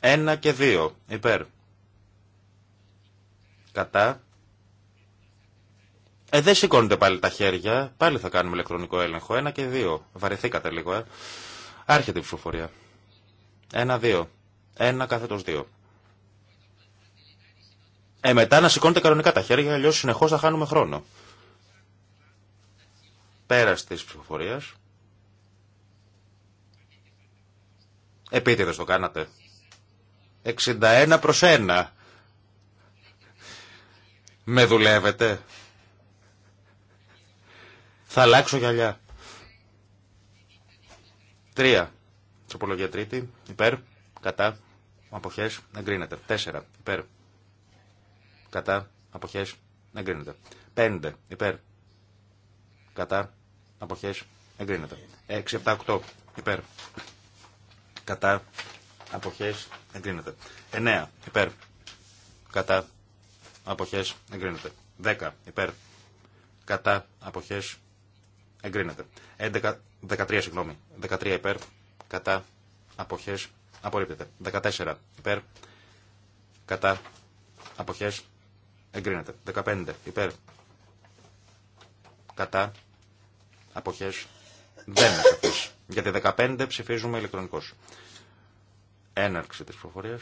1 και δύο. υπέρ. Κατά. Ε, δεν σηκώνετε πάλι τα χέρια. Πάλι θα κάνουμε ηλεκτρονικό έλεγχο. Ένα και δύο. Βαρεθήκατε λίγο, ε. Άρχεται η ψηφοφορία. 1-2. ενα Ένα-δύο. Ένα καθετος 2. Ε, μετά να σηκώνετε κανονικά τα χέρια, αλλιώς συνεχώς θα χάνουμε χρόνο. Πέρας τη ψηφοφορία. Επίτηδες το κάνατε. 61 προς 1. Με δουλεύετε. Θα αλλάξω γυαλιά. Τρία. Τροπολογία τρίτη. Υπέρ. Κατά. Αποχές. Εγκρίνεται. Τέσσερα. Υπέρ. Κατά. Αποχές. Εγκρίνεται. Πέντε. Υπέρ. Κατά αποχές εγκρίνεται. 6-7-8 υπέρ κατά αποχές εγκρίνεται. 9 υπέρ κατά αποχές εγκρίνεται. 10 υπέρ κατά αποχές εγκρίνεται. 11, 13 συγγνώμη. 13 υπέρ κατά αποχές απορρίπτεται. 14 υπέρ κατά αποχές εγκρίνεται. 15 υπέρ κατά Αποχέ. Δεν είναι γιατί Γιατί 15 ψηφίζουμε ηλεκτρονικώς. Έναρξη τη προφορίας.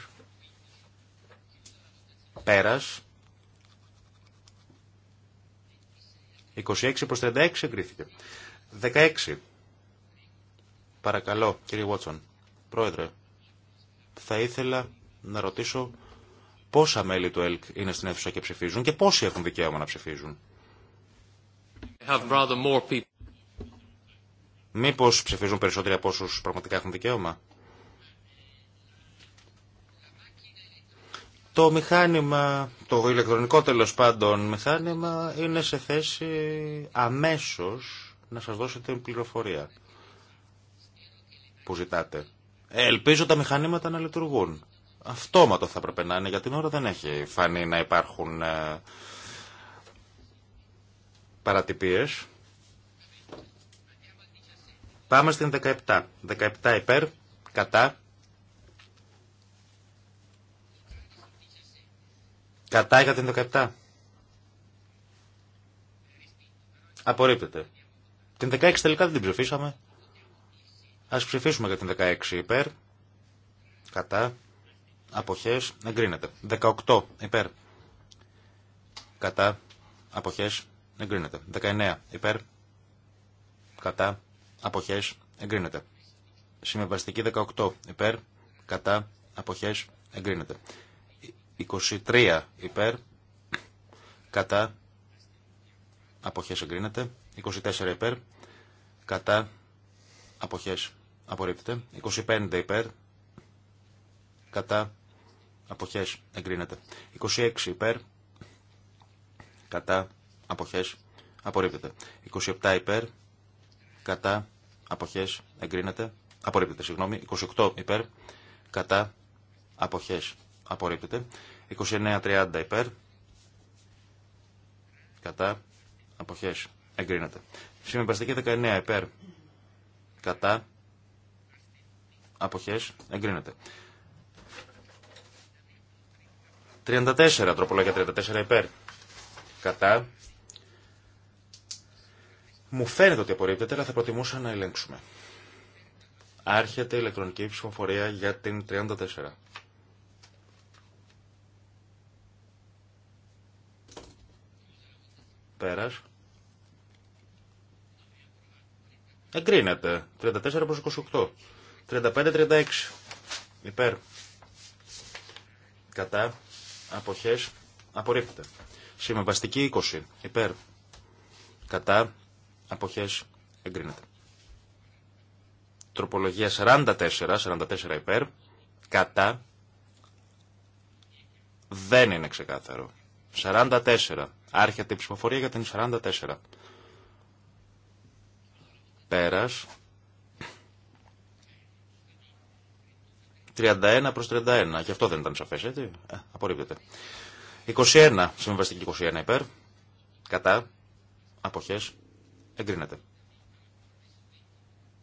Πέρας. 26 προς 36 εγκρίθηκε. 16. Παρακαλώ, κύριε Βότσον. Πρόεδρε, θα ήθελα να ρωτήσω πόσα μέλη του ΕΛΚ είναι στην αίθουσα και ψηφίζουν και πόσοι έχουν δικαίωμα να ψηφίζουν. Μήπως ψηφίζουν περισσότεροι από όσου πραγματικά έχουν δικαίωμα. Το μηχάνημα, το ηλεκτρονικό τέλο πάντων μηχάνημα είναι σε θέση αμέσως να σας δώσει την πληροφορία που ζητάτε. Ε, ελπίζω τα μηχανήματα να λειτουργούν. Αυτόματο θα έπρεπε να είναι, για την ώρα δεν έχει φανεί να υπάρχουν ε, παρατυπίες. Πάμε στην 17. 17 υπέρ, κατά. Κατά για την 17. Απορρίπτεται. Την 16 τελικά δεν την ψηφίσαμε. Ας ψηφίσουμε για την 16 υπέρ. Κατά. Αποχές. Εγκρίνεται. 18 υπέρ. Κατά. Αποχές. Εγκρίνεται. 19 υπέρ. Κατά αποχές εγκρίνεται. Συμβαστική 18 υπέρ, κατά, αποχές εγκρίνεται. 23 υπέρ, κατά, αποχές εγκρίνεται. 24 υπέρ, κατά, αποχές απορρίπτεται. 25 υπέρ, κατά, αποχές εγκρίνεται. 26 υπέρ, κατά, αποχές απορρίπτεται. 27 υπέρ, κατά, αποχές, εγκρίνεται, απορρίπτεται, συγγνώμη, 28 υπέρ, κατά, αποχές, απορρίπτεται, 29-30 υπέρ, κατά, αποχές, εγκρίνεται. Συμμεμπαστική 19 υπέρ, κατά, αποχές, εγκρίνεται. 34 τροπολόγια 34 υπέρ, κατά, μου φαίνεται ότι απορρίπτεται, αλλά θα προτιμούσα να ελέγξουμε. Άρχεται η ηλεκτρονική ψηφοφορία για την 34. Πέρας. Εγκρίνεται. 34 προς 28. 35-36. Υπέρ. Κατά. Αποχές. Απορρίπτεται. Συμβαστική 20. Υπέρ. Κατά αποχές εγκρίνεται. Τροπολογία 44, 44 υπέρ, κατά, δεν είναι ξεκάθαρο. 44, άρχεται η ψηφοφορία για την 44. Πέρας, 31 προς 31, γι' αυτό δεν ήταν σαφές, έτσι, ε, απορρίπτεται. 21, συμβαστική 21 υπέρ, κατά, αποχές, Εγκρίνεται.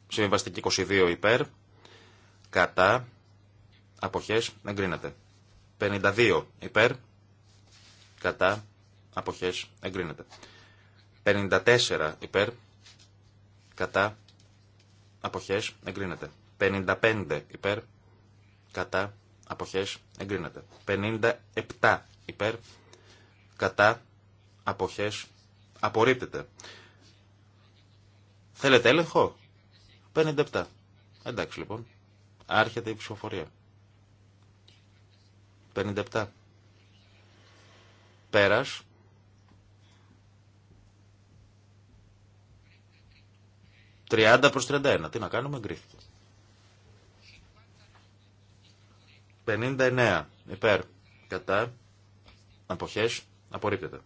Συμβαστική 22 υπέρ. Κατά. Αποχές. Εγκρίνεται. 52 υπέρ. Κατά. Αποχές. Εγκρίνεται. 54 υπέρ. Κατά. Αποχές. Εγκρίνεται. 55 υπέρ. Κατά. Αποχές. Εγκρίνεται. 57 υπέρ. Κατά. Αποχές. Απορρίπτεται. Θέλετε έλεγχο. 57. Εντάξει λοιπόν. Άρχεται η ψηφοφορία. 57. Πέρας. 30 προς 31. Τι να κάνουμε, εγκρίθηκε. 59. Υπέρ. Κατά. Αποχές. Απορρίπτεται.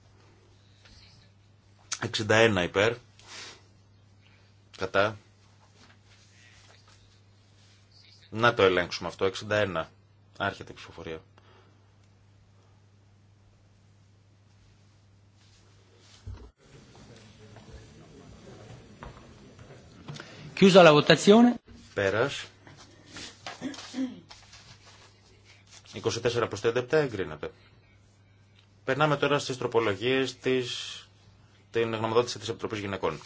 61 υπέρ. Κατά. Να το ελέγξουμε αυτό. 61. Άρχεται η ψηφοφορία. Chiusa Πέρας. 24 προς 37 εγκρίνεται. Περνάμε τώρα στις τροπολογίες της την γνωμοδότηση της Επιτροπής Γυναικών.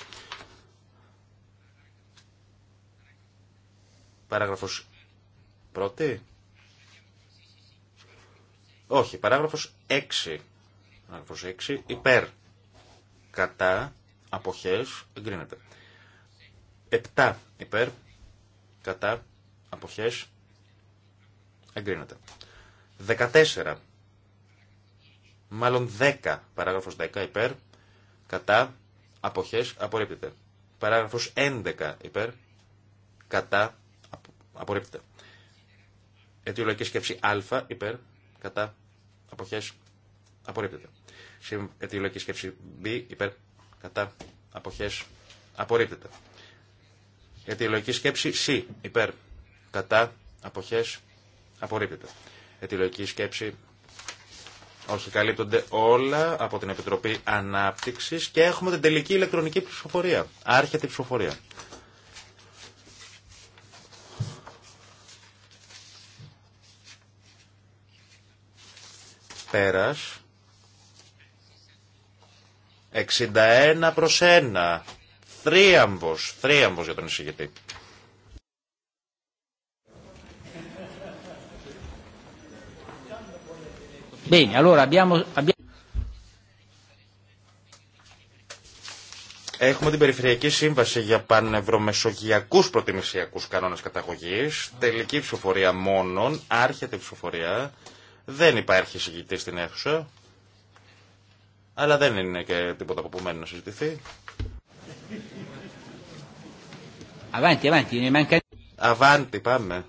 Παράγραφος πρώτη. Όχι, παράγραφος 6. Παράγραφος 6. Υπέρ. Κατά. Αποχές. Εγκρίνεται. 7. Υπέρ. Κατά. Αποχές. Εγκρίνεται. 14. Μάλλον 10. Παράγραφος 10. Υπέρ. Κατά. Αποχές. Απορρίπτεται. Παράγραφος 11. Υπέρ. Κατά. Απορρίπτεται. Αιτιολογική σκέψη α υπέρ κατά αποχέ. Απορρίπτεται. Αιτιολογική σκέψη β υπέρ κατά αποχέ. Απορρίπτεται. Αιτιολογική σκέψη σ υπέρ κατά αποχέ. Απορρίπτεται. Αιτιολογική σκέψη. Όχι, καλύπτονται όλα από την Επιτροπή Ανάπτυξη και έχουμε την τελική ηλεκτρονική ψηφοφορία. Άρχεται η ψηφοφορία. Πέρας. 61 προς 1. Θρίαμβος. Θρίαμβος για τον εισηγητή. Bene, allora abbiamo, Έχουμε την Περιφερειακή Σύμβαση για πανευρωμεσογειακούς προτιμησιακούς κανόνες καταγωγής. Τελική ψηφοφορία μόνον. Άρχεται ψηφοφορία. Δεν υπάρχει συγκητή στην αίθουσα, αλλά δεν είναι και τίποτα που μένει να συζητηθεί. Αβάντι, είναι πάμε.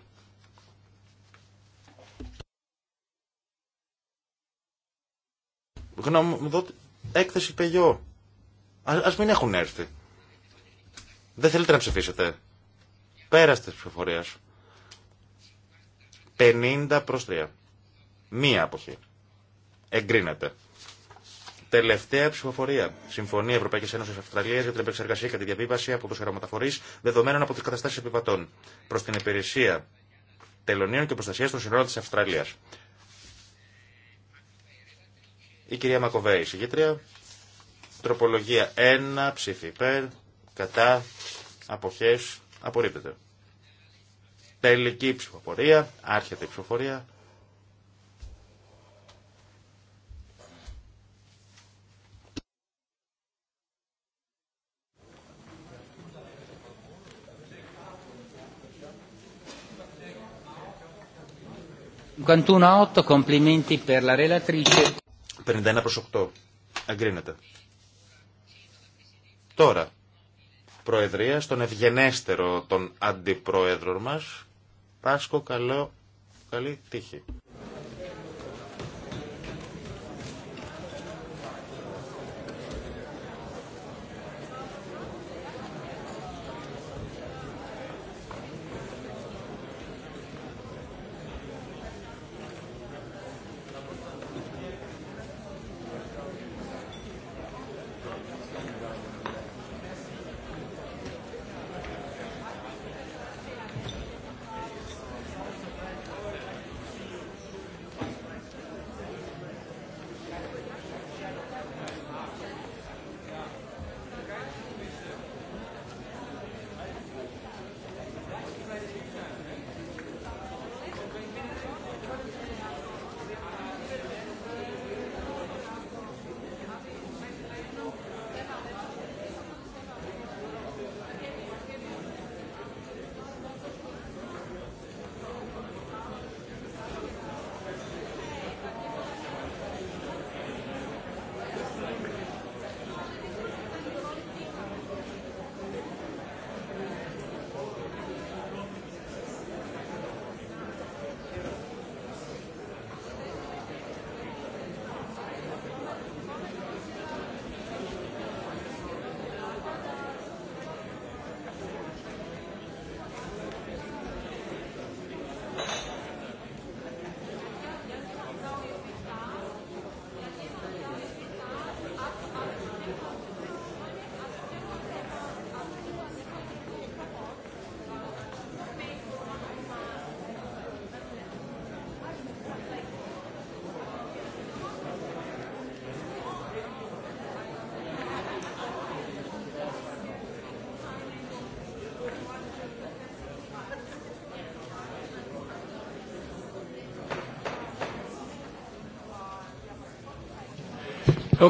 Γνώμη, δω, έκθεση παιδιό. Ας, ας μην έχουν έρθει. Δεν θέλετε να ψηφίσετε. Πέραστε τη ψηφοφορία. 50 προς 3. Μία αποχή. Εγκρίνεται. Τελευταία ψηφοφορία. Συμφωνία Ευρωπαϊκή Ένωση Αυστραλία για την επεξεργασία και τη διαβίβαση από του αερομεταφορεί δεδομένων από τι καταστάσει επιβατών προ την υπηρεσία τελωνίων και προστασία των συνόρων τη Αυστραλία. Η κυρία Μακοβέη, συγγήτρια. Τροπολογία 1, ψήφι υπέρ, κατά, αποχές, απορρίπτεται. Τελική ψηφοφορία, άρχεται η ψηφοφορία. 51-8, complimenti προς 8. Αγκρίνεται. Τώρα, Προεδρία, στον ευγενέστερο των αντιπρόεδρων μας, Πάσκο, καλό, καλή τύχη.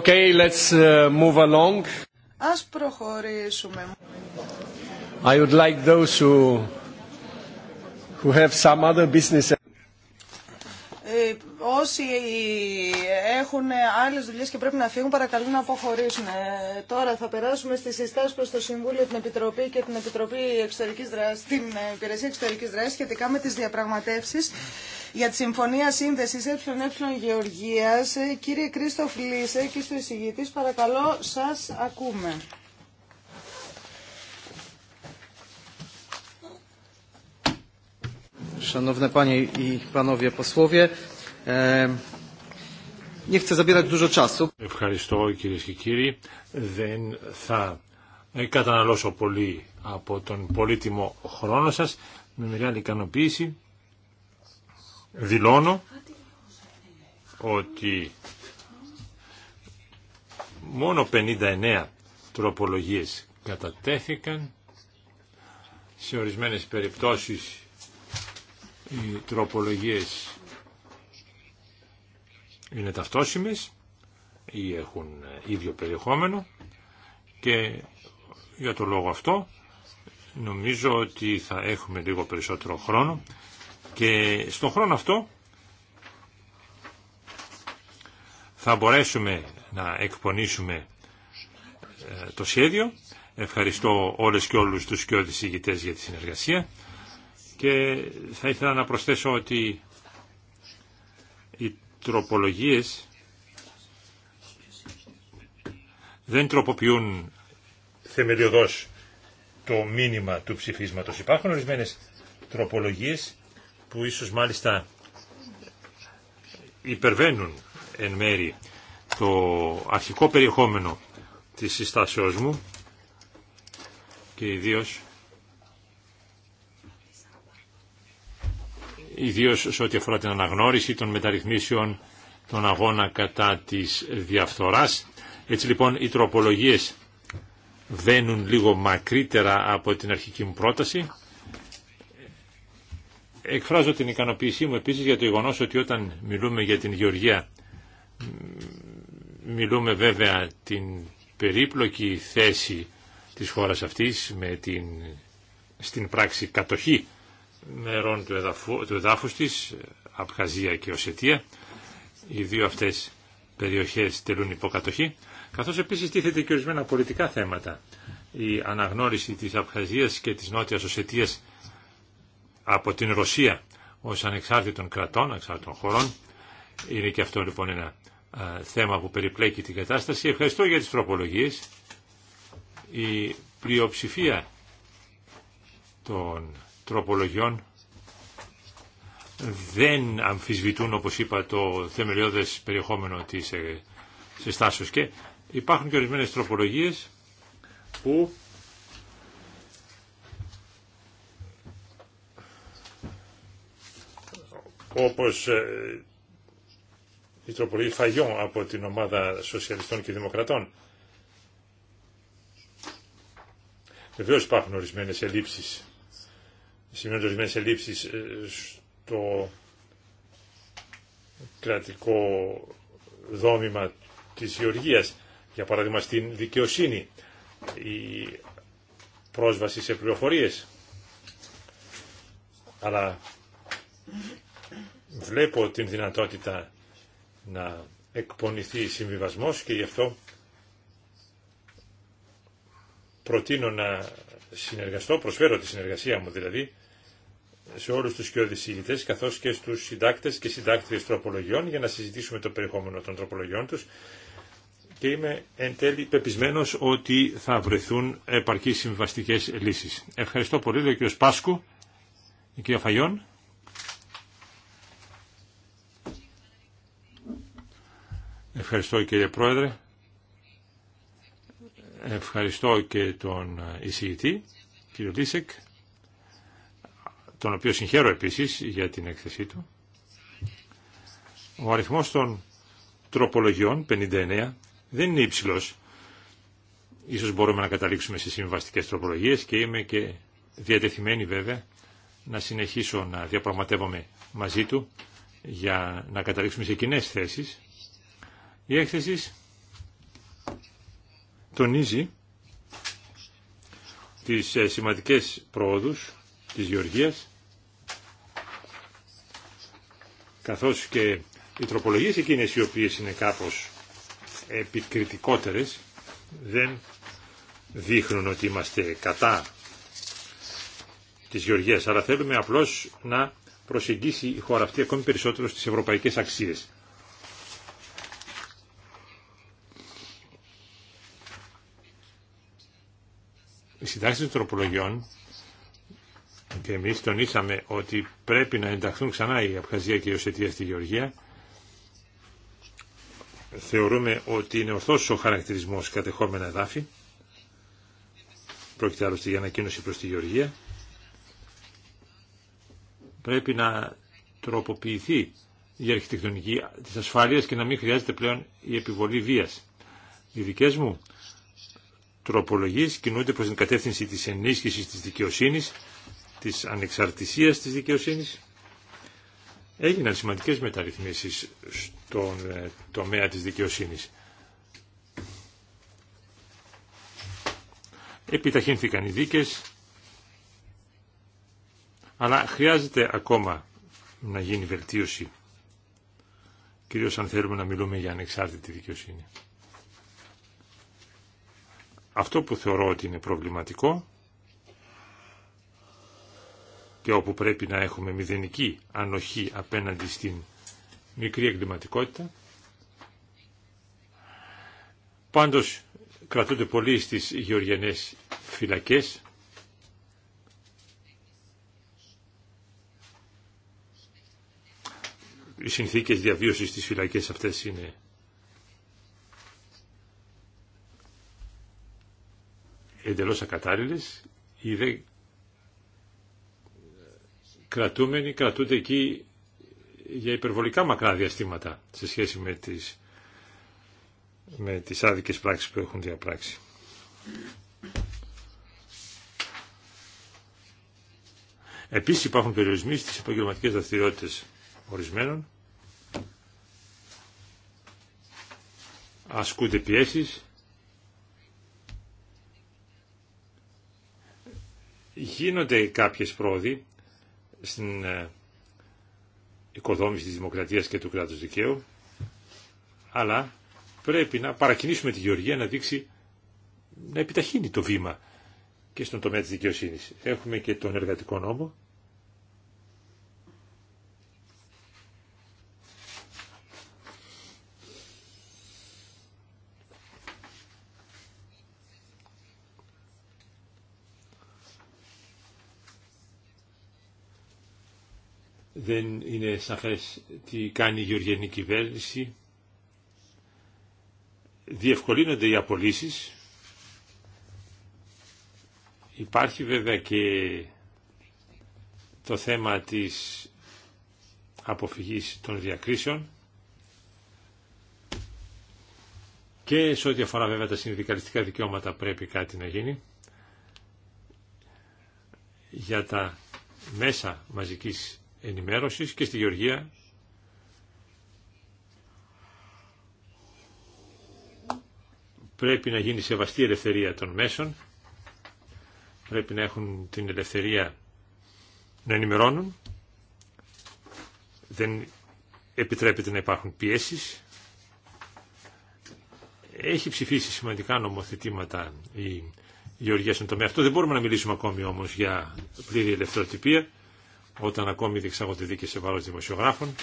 Okay, let's uh, move along. Ας προχωρήσουμε. I would like those who, who have some other business. Ε, όσοι έχουν άλλες δουλειές και πρέπει να φύγουν, παρακαλούν να αποχωρήσουν. Ε, τώρα θα περάσουμε στις συστάσεις προς το Συμβούλιο, την Επιτροπή και την Επιτροπή Εξωτερικής Δράσης, την ε, Υπηρεσία Εξωτερικής Δράσης σχετικά με τις διαπραγματεύσεις για τη Συμφωνία Σύνδεσης ΕΕ Γεωργίας. Ε, κύριε Κρίστοφ Λίσε και στο εισηγητή, παρακαλώ, σα ακούμε. Szanowne Panie i Panowie Posłowie, e, nie chcę zabierać Ευχαριστώ κυρίε και κύριοι. Δεν θα ε, καταναλώσω πολύ από τον πολύτιμο χρόνο σα Με μεγάλη ικανοποίηση δηλώνω ότι μόνο 59 τροπολογίες κατατέθηκαν σε ορισμένες περιπτώσεις οι τροπολογίες είναι ταυτόσιμες ή έχουν ίδιο περιεχόμενο και για το λόγο αυτό νομίζω ότι θα έχουμε λίγο περισσότερο χρόνο και στον χρόνο αυτό θα μπορέσουμε να εκπονήσουμε ε, το σχέδιο. Ευχαριστώ όλες και όλους τους και όλες για τη συνεργασία και θα ήθελα να προσθέσω ότι οι τροπολογίες δεν τροποποιούν θεμελιωδώς το μήνυμα του ψηφίσματος. Υπάρχουν ορισμένες τροπολογίες που ίσως μάλιστα υπερβαίνουν εν μέρη το αρχικό περιεχόμενο της συστάσεώς μου και ιδίως ιδίως σε ό,τι αφορά την αναγνώριση των μεταρρυθμίσεων των αγώνα κατά της διαφθοράς. Έτσι λοιπόν οι τροπολογίες βαίνουν λίγο μακρύτερα από την αρχική μου πρόταση Εκφράζω την ικανοποίησή μου επίσης για το γεγονό ότι όταν μιλούμε για την γεωργία μιλούμε βέβαια την περίπλοκη θέση της χώρας αυτής με την, στην πράξη κατοχή μερών του, εδαφού, του εδάφους της, Απχαζία και Οσετία. Οι δύο αυτές περιοχές τελούν υποκατοχή, καθώς επίσης τίθεται και ορισμένα πολιτικά θέματα. Η αναγνώριση της Απχαζίας και της Νότιας Οσετίας από την Ρωσία ως ανεξάρτητων κρατών, ανεξάρτητων χωρών. Είναι και αυτό λοιπόν ένα θέμα που περιπλέκει την κατάσταση. Ευχαριστώ για τις τροπολογίες. Η πλειοψηφία των τροπολογιών δεν αμφισβητούν, όπως είπα, το θεμελιώδες περιεχόμενο της ε, συστάσεως και υπάρχουν και ορισμένες τροπολογίες που όπως η ε, τροπολογία Φαγιόν από την ομάδα Σοσιαλιστών και Δημοκρατών. Βεβαίω υπάρχουν ορισμένε ελλείψεις Σημαίνονται ορισμένε ελλείψει ε, στο κρατικό δόμημα της Γεωργίας, για παράδειγμα στην δικαιοσύνη, η πρόσβαση σε πληροφορίες. Αλλά βλέπω την δυνατότητα να εκπονηθεί συμβιβασμός και γι' αυτό προτείνω να συνεργαστώ, προσφέρω τη συνεργασία μου δηλαδή σε όλους τους κοιοδησίγητες, καθώς και στους συντάκτες και συντάκτριες τροπολογιών για να συζητήσουμε το περιεχόμενο των τροπολογιών τους και είμαι εν τέλει πεπισμένος ότι θα βρεθούν επαρκείς συμβαστικές λύσεις. Ευχαριστώ πολύ, λέει ο κ. Πάσκου, η κ. Φαγιών. Ευχαριστώ κύριε Πρόεδρε. Ευχαριστώ και τον εισηγητή, κύριο Λίσεκ, τον οποίο συγχαίρω επίσης για την έκθεσή του. Ο αριθμός των τροπολογιών, 59, δεν είναι υψηλός. Ίσως μπορούμε να καταλήξουμε σε συμβαστικές τροπολογίες και είμαι και διατεθειμένη βέβαια να συνεχίσω να διαπραγματεύομαι μαζί του για να καταλήξουμε σε κοινέ θέσεις η έκθεση τονίζει τις ε, σημαντικές προόδους της Γεωργίας καθώς και οι τροπολογίες εκείνες οι οποίες είναι κάπως επικριτικότερες δεν δείχνουν ότι είμαστε κατά της Γεωργίας αλλά θέλουμε απλώς να προσεγγίσει η χώρα αυτή ακόμη περισσότερο στις ευρωπαϊκές αξίες. συντάξει των τροπολογιών και εμείς τονίσαμε ότι πρέπει να ενταχθούν ξανά η Απχαζία και η Οσετία στη Γεωργία θεωρούμε ότι είναι ορθός ο χαρακτηρισμός κατεχόμενα εδάφη πρόκειται άλλωστε για ανακοίνωση προς τη Γεωργία πρέπει να τροποποιηθεί η αρχιτεκτονική της ασφάλειας και να μην χρειάζεται πλέον η επιβολή βίας. Οι δικές μου τροπολογίες κινούνται προς την κατεύθυνση της ενίσχυσης της δικαιοσύνης, της ανεξαρτησίας της δικαιοσύνης. Έγιναν σημαντικές μεταρρυθμίσεις στον ε, τομέα της δικαιοσύνης. Επιταχύνθηκαν οι δίκες, αλλά χρειάζεται ακόμα να γίνει βελτίωση, κυρίως αν θέλουμε να μιλούμε για ανεξάρτητη δικαιοσύνη. Αυτό που θεωρώ ότι είναι προβληματικό και όπου πρέπει να έχουμε μηδενική ανοχή απέναντι στην μικρή εγκληματικότητα. Πάντως κρατούνται πολλοί στις γεωργιανές φυλακές. Οι συνθήκες διαβίωσης στις φυλακές αυτές είναι εντελώς ακατάλληλες, ή δε κρατούμενοι κρατούνται εκεί για υπερβολικά μακρά διαστήματα σε σχέση με τις, με τις άδικες πράξεις που έχουν διαπράξει. Επίσης υπάρχουν περιορισμοί στις επαγγελματικές δραστηριότητες ορισμένων. Ασκούνται πιέσεις Γίνονται κάποιες πρόοδοι στην ε, οικοδόμηση της δημοκρατίας και του κράτους δικαίου, αλλά πρέπει να παρακινήσουμε τη Γεωργία να δείξει να επιταχύνει το βήμα και στον τομέα της δικαιοσύνης. Έχουμε και τον εργατικό νόμο, δεν είναι σαφές τι κάνει η γεωργιανή κυβέρνηση. Διευκολύνονται οι απολύσει. Υπάρχει βέβαια και το θέμα της αποφυγής των διακρίσεων και σε ό,τι αφορά βέβαια τα συνδικαλιστικά δικαιώματα πρέπει κάτι να γίνει για τα μέσα μαζικής ενημέρωσης και στη Γεωργία πρέπει να γίνει σεβαστή η ελευθερία των μέσων, πρέπει να έχουν την ελευθερία να ενημερώνουν, δεν επιτρέπεται να υπάρχουν πιέσεις. Έχει ψηφίσει σημαντικά νομοθετήματα η Γεωργία στον τομέα. Αυτό δεν μπορούμε να μιλήσουμε ακόμη όμως για πλήρη ελευθεροτυπία όταν ακόμη διεξάγονται δίκη σε βάρος δημοσιογράφων.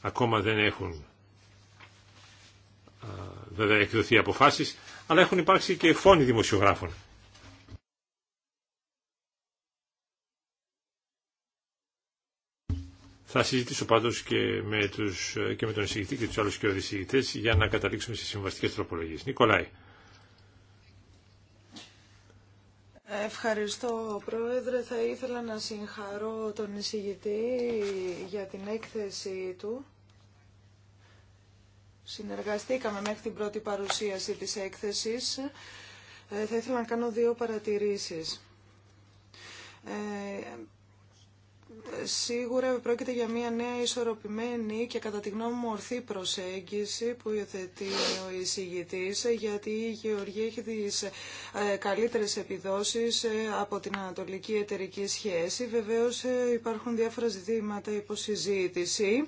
Ακόμα δεν έχουν βέβαια εκδοθεί αποφάσεις, αλλά έχουν υπάρξει και φόνοι δημοσιογράφων. Θα συζητήσω πάντω και με, και με τον εισηγητή και του άλλου και οδησηγητές για να καταλήξουμε σε συμβαστικέ τροπολογίε. Νικολάη. Ευχαριστώ, Πρόεδρε. Θα ήθελα να συγχαρώ τον εισηγητή για την έκθεση του. Συνεργαστήκαμε μέχρι την πρώτη παρουσίαση της έκθεσης. Ε, θα ήθελα να κάνω δύο παρατηρήσεις. Ε, Σίγουρα πρόκειται για μια νέα ισορροπημένη και κατά τη γνώμη μου ορθή προσέγγιση που υιοθετεί ο εισηγητής γιατί η Γεωργία έχει τις ε, καλύτερες επιδόσεις ε, από την ανατολική εταιρική σχέση. Βεβαίως ε, υπάρχουν διάφορα ζητήματα υποσυζήτηση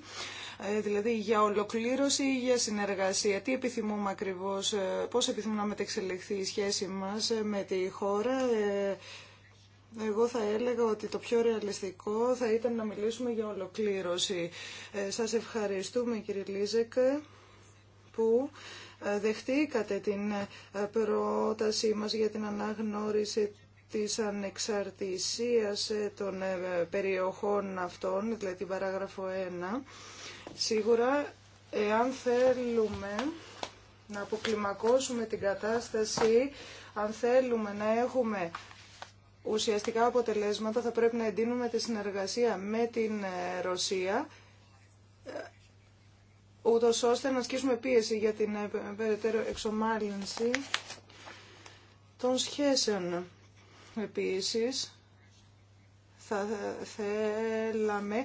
δηλαδή για ολοκλήρωση ή για συνεργασία. Τι επιθυμούμε ακριβώς, πώς επιθυμούμε να μετεξελιχθεί η σχέση μας με τη χώρα εγώ θα έλεγα ότι το πιο ρεαλιστικό θα ήταν να μιλήσουμε για ολοκλήρωση. Ε, σας ευχαριστούμε κύριε Λίζεκ που ε, δεχτήκατε την ε, πρότασή μας για την αναγνώριση της ανεξαρτησίας των περιοχών αυτών, δηλαδή την παράγραφο 1. Σίγουρα, εάν θέλουμε να αποκλιμακώσουμε την κατάσταση, αν θέλουμε να έχουμε ουσιαστικά αποτελέσματα θα πρέπει να εντείνουμε τη συνεργασία με την ε, Ρωσία ε, ούτως ώστε να ασκήσουμε πίεση για την ε, περαιτέρω εξομάλυνση των σχέσεων. Επίσης, θα θέλαμε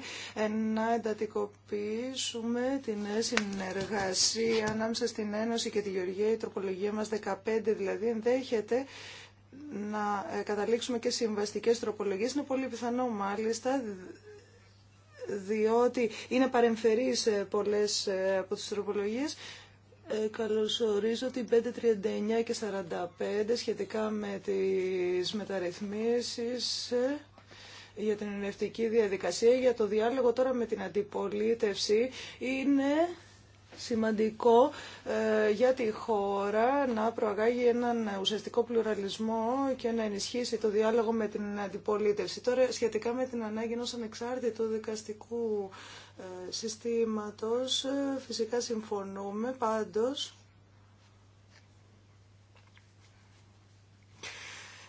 να εντατικοποιήσουμε την συνεργασία ανάμεσα στην Ένωση και τη Γεωργία. Η τροπολογία μας 15 δηλαδή ενδέχεται να ε, καταλήξουμε και συμβαστικές τροπολογίες. Είναι πολύ πιθανό μάλιστα, διότι είναι παρεμφερείς ε, πολλές ε, από τις τροπολογίες. Καλωσορίζω την 539 και 45 σχετικά με τις μεταρρυθμίσεις για την ενευτική διαδικασία, για το διάλογο τώρα με την αντιπολίτευση. Είναι σημαντικό ε, για τη χώρα να προαγάγει έναν ουσιαστικό πλουραλισμό και να ενισχύσει το διάλογο με την αντιπολίτευση. Τώρα, σχετικά με την ανάγκη ενός ανεξάρτητου δικαστικού ε, συστήματος, ε, φυσικά συμφωνούμε πάντως.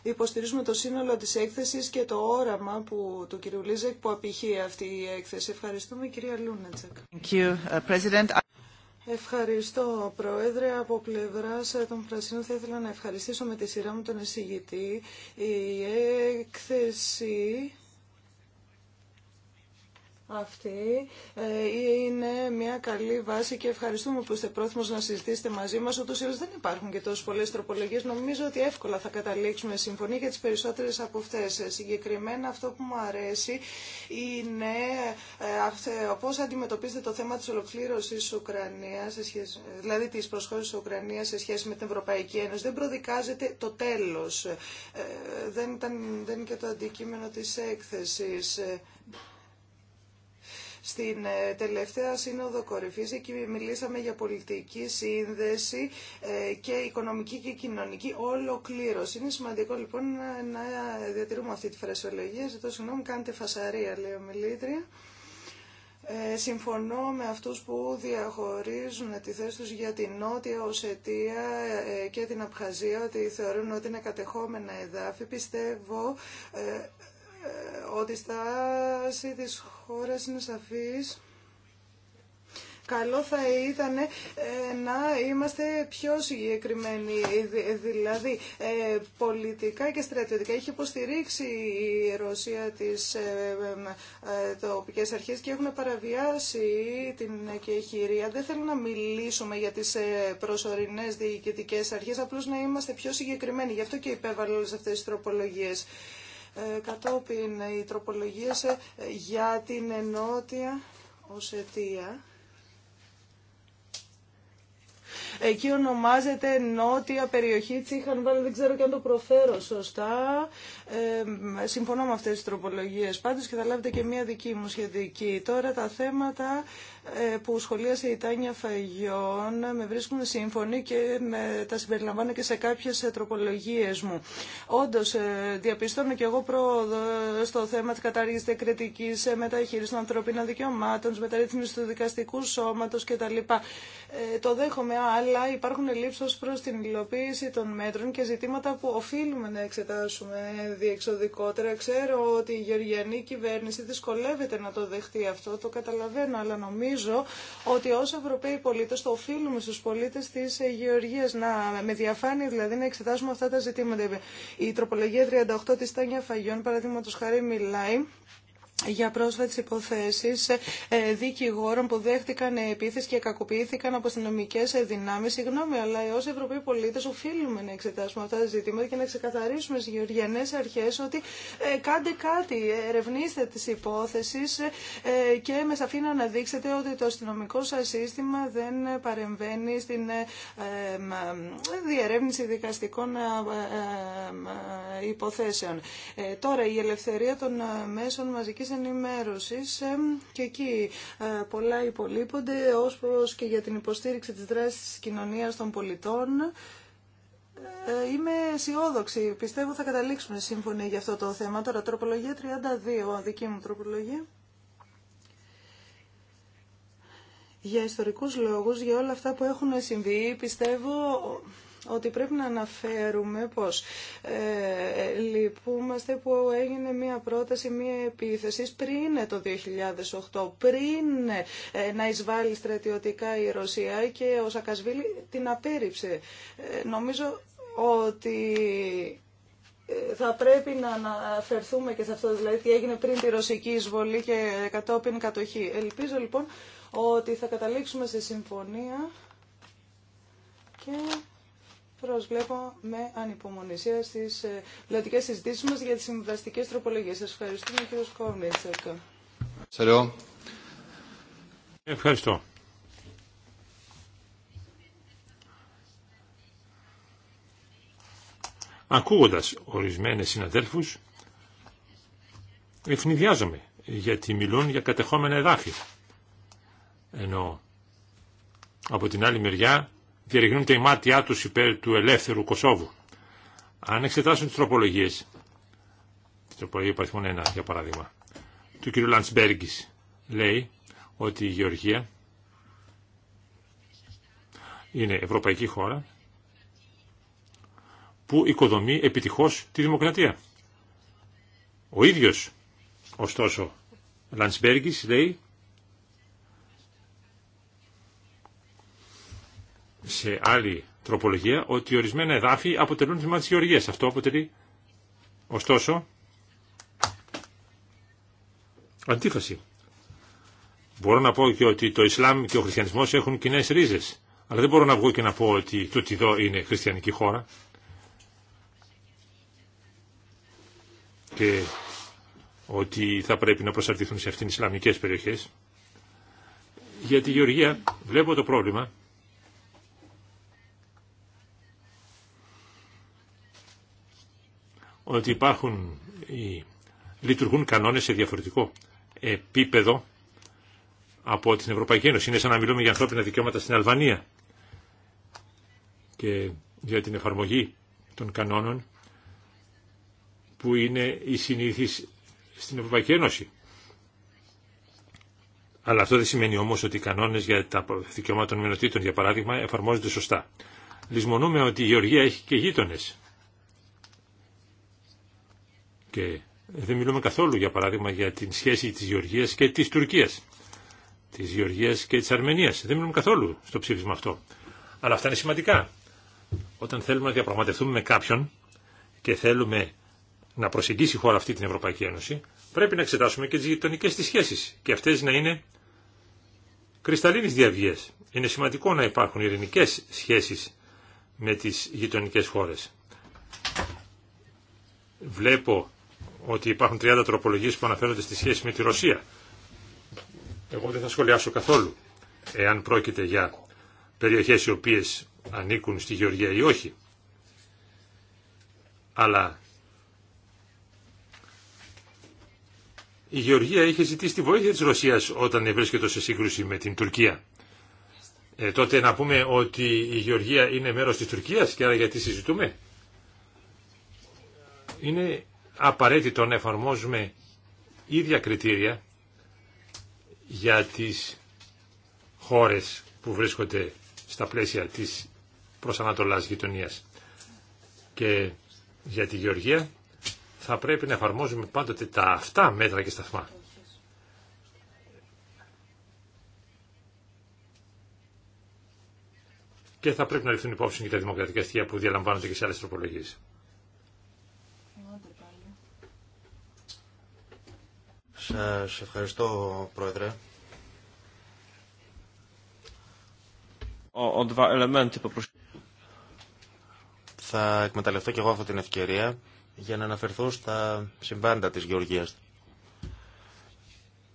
Υποστηρίζουμε το σύνολο της έκθεσης και το όραμα που, του κ. Λίζεκ που απηχεί αυτή η έκθεση. Ευχαριστούμε κυρία Λούνετσεκ. Uh, Ευχαριστώ, Πρόεδρε. Από πλευρά των Πρασίνων θα ήθελα να ευχαριστήσω με τη σειρά μου τον εισηγητή. Η έκθεση αυτή ε, είναι μια καλή βάση και ευχαριστούμε που είστε πρόθυμος να συζητήσετε μαζί μας. Ούτως ή δεν υπάρχουν και τόσο πολλές τροπολογίες. Νομίζω ότι εύκολα θα καταλήξουμε συμφωνία για τις περισσότερες από αυτές. Ε, συγκεκριμένα αυτό που μου αρέσει είναι ε, πώς αντιμετωπίζετε το θέμα της ολοκλήρωσης Ουκρανίας, δηλαδή της προσχώρησης Ουκρανίας σε σχέση με την Ευρωπαϊκή Ένωση. Δεν προδικάζεται το τέλος. Δεν, ήταν, δεν είναι και το αντικείμενο της έκθεσης. Στην ε, τελευταία σύνοδο κορυφής εκεί μιλήσαμε για πολιτική σύνδεση ε, και οικονομική και κοινωνική ολοκλήρωση. Είναι σημαντικό λοιπόν να διατηρούμε αυτή τη φρασιολογία. Ζητώ συγγνώμη, κάντε φασαρία, λέει Μιλήτρια. Ε, συμφωνώ με αυτούς που διαχωρίζουν τη θέση τους για την Νότια Οσετία και την Απχαζία ότι θεωρούν ότι είναι κατεχόμενα εδάφη. Πιστεύω ε, ότι η στάση της χώρας είναι σαφής. Καλό θα ήταν ε, να είμαστε πιο συγκεκριμένοι, δηλαδή ε, πολιτικά και στρατιωτικά. έχει υποστηρίξει η Ρωσία τις τοπικές αρχές και έχουν παραβιάσει την κεχηρία. Δεν θέλω να μιλήσουμε για τις προσωρινές διοικητικές αρχές, απλώς να είμαστε πιο συγκεκριμένοι. Γι' αυτό και υπέβαλα όλες αυτές τις τροπολογίες. Ε, κατόπιν οι σε για την ενότια ως αιτία Εκεί ονομάζεται νότια περιοχή Τσίχαν βάλει, δεν ξέρω και αν το προφέρω σωστά. Ε, συμφωνώ με αυτές τις τροπολογίες πάντως και θα λάβετε και μία δική μου σχετική. Τώρα τα θέματα ε, που σχολίασε η Τάνια Φαγιών με βρίσκουν σύμφωνοι και με, τα συμπεριλαμβάνω και σε κάποιες ε, τροπολογίες μου. Όντως, ε, διαπιστώνω και εγώ πρόοδο στο θέμα της κατάργησης κριτικής μεταχείρισης των ανθρωπίνων δικαιωμάτων, της μεταρρύθμισης του δικαστικού σώματος κτλ. Ε, το δέχομαι, αλλά αλλά υπάρχουν ω προς την υλοποίηση των μέτρων και ζητήματα που οφείλουμε να εξετάσουμε διεξοδικότερα. Ξέρω ότι η γεωργιανή κυβέρνηση δυσκολεύεται να το δεχτεί αυτό, το καταλαβαίνω, αλλά νομίζω ότι ως Ευρωπαίοι πολίτες το οφείλουμε στους πολίτες της γεωργίας να με διαφάνει δηλαδή να εξετάσουμε αυτά τα ζητήματα. Η τροπολογία 38 της Τάνια Φαγιών, παραδείγματος χάρη, μιλάει για πρόσφατες υποθέσεις ε, ε, δικηγόρων που δέχτηκαν επίθεση και κακοποιήθηκαν από αστυνομικέ δυνάμεις. Συγγνώμη, αλλά ως Ευρωπαίοι πολίτες οφείλουμε να εξετάσουμε αυτά τα ζητήματα και να ξεκαθαρίσουμε στις γεωργιανές αρχές ότι ε, κάντε κάτι, ερευνήστε τις υπόθεσεις και με σαφή να αναδείξετε ότι το αστυνομικό σας σύστημα δεν παρεμβαίνει στην διερεύνηση δικαστικών υποθέσεων. Τώρα, η ελευθερία των μέσων μαζικής ενημέρωσης και εκεί ε, πολλά υπολείπονται ως προς και για την υποστήριξη της δράσης τη κοινωνίας των πολιτών. Ε, είμαι αισιόδοξη. Πιστεύω θα καταλήξουμε σύμφωνοι για αυτό το θέμα. Τώρα, τροπολογία 32, δική μου τροπολογία. Για ιστορικούς λόγους, για όλα αυτά που έχουν συμβεί, πιστεύω ότι πρέπει να αναφέρουμε πως ε, λυπούμαστε που έγινε μία πρόταση, μία επίθεση πριν το 2008, πριν ε, να εισβάλλει στρατιωτικά η Ρωσία και ο Σακασβίλη την απέριψε. Ε, νομίζω ότι ε, θα πρέπει να αναφερθούμε και σε αυτό, δηλαδή τι έγινε πριν τη ρωσική εισβολή και κατόπιν κατοχή. Ελπίζω λοιπόν ότι θα καταλήξουμε σε συμφωνία και Προσβλέπω με ανυπομονησία στις ε, λατικές συζητήσεις μας για τις συμβαστικές τροπολογίες. Σας ευχαριστούμε κύριο Σκόρνιτσεκ. Ευχαριστώ. Ακούγοντας ορισμένες συναδέλφους, ευνηδιάζομαι γιατί μιλούν για κατεχόμενα εδάφη. Ενώ από την άλλη μεριά διαρριγνούν τα μάτια τους υπέρ του ελεύθερου Κωσόβου. Αν εξετάσουν τις τροπολογίες, την τροπολογία παριθμών ένα, για παράδειγμα, του κ. Λαντσμπέργκης λέει ότι η Γεωργία είναι ευρωπαϊκή χώρα που οικοδομεί επιτυχώς τη δημοκρατία. Ο ίδιος, ωστόσο, Λαντσμπέργκης λέει σε άλλη τροπολογία ότι ορισμένα εδάφη αποτελούν θυμά της γεωργίας. Αυτό αποτελεί ωστόσο αντίφαση. Μπορώ να πω και ότι το Ισλάμ και ο χριστιανισμός έχουν κοινέ ρίζες. Αλλά δεν μπορώ να βγω και να πω ότι το Τιδό είναι χριστιανική χώρα. Και ότι θα πρέπει να προσαρτηθούν σε αυτήν οι Ισλαμικές περιοχές. Για τη Γεωργία βλέπω το πρόβλημα ότι υπάρχουν, λειτουργούν κανόνες σε διαφορετικό επίπεδο από την Ευρωπαϊκή Ένωση. Είναι σαν να μιλούμε για ανθρώπινα δικαιώματα στην Αλβανία και για την εφαρμογή των κανόνων που είναι η συνήθι στην Ευρωπαϊκή Ένωση. Αλλά αυτό δεν σημαίνει όμως ότι οι κανόνες για τα δικαιώματα των μειονοτήτων, για παράδειγμα, εφαρμόζονται σωστά. Λυσμονούμε ότι η Γεωργία έχει και γείτονες και δεν μιλούμε καθόλου, για παράδειγμα, για την σχέση της Γεωργίας και της Τουρκίας, της Γεωργίας και της Αρμενίας. Δεν μιλούμε καθόλου στο ψήφισμα αυτό. Αλλά αυτά είναι σημαντικά. Όταν θέλουμε να διαπραγματευτούμε με κάποιον και θέλουμε να προσεγγίσει η χώρα αυτή την Ευρωπαϊκή Ένωση, πρέπει να εξετάσουμε και τις γειτονικέ της σχέσεις και αυτές να είναι κρυσταλλίνες διαβιές. Είναι σημαντικό να υπάρχουν ειρηνικέ σχέσεις με τις γειτονικέ χώρες. Βλέπω ότι υπάρχουν 30 τροπολογίες που αναφέρονται στη σχέση με τη Ρωσία. Εγώ δεν θα σχολιάσω καθόλου εάν πρόκειται για περιοχές οι οποίες ανήκουν στη Γεωργία ή όχι. Αλλά η Γεωργία είχε ζητήσει τη βοήθεια της Ρωσίας όταν βρίσκεται σε σύγκρουση με την Τουρκία. Ε, τότε να πούμε ότι η Γεωργία είναι μέρος της Τουρκίας και άρα γιατί συζητούμε. Είναι απαραίτητο να εφαρμόζουμε ίδια κριτήρια για τις χώρες που βρίσκονται στα πλαίσια της προσανατολάς γειτονίας. Και για τη Γεωργία θα πρέπει να εφαρμόζουμε πάντοτε τα αυτά μέτρα και σταθμά. Και θα πρέπει να ληφθούν υπόψη και τα δημοκρατικά στοιχεία που διαλαμβάνονται και σε άλλες τροπολογίες. Σας ευχαριστώ, Πρόεδρε. Θα εκμεταλλευτώ και εγώ αυτή την ευκαιρία για να αναφερθώ στα συμβάντα της Γεωργίας.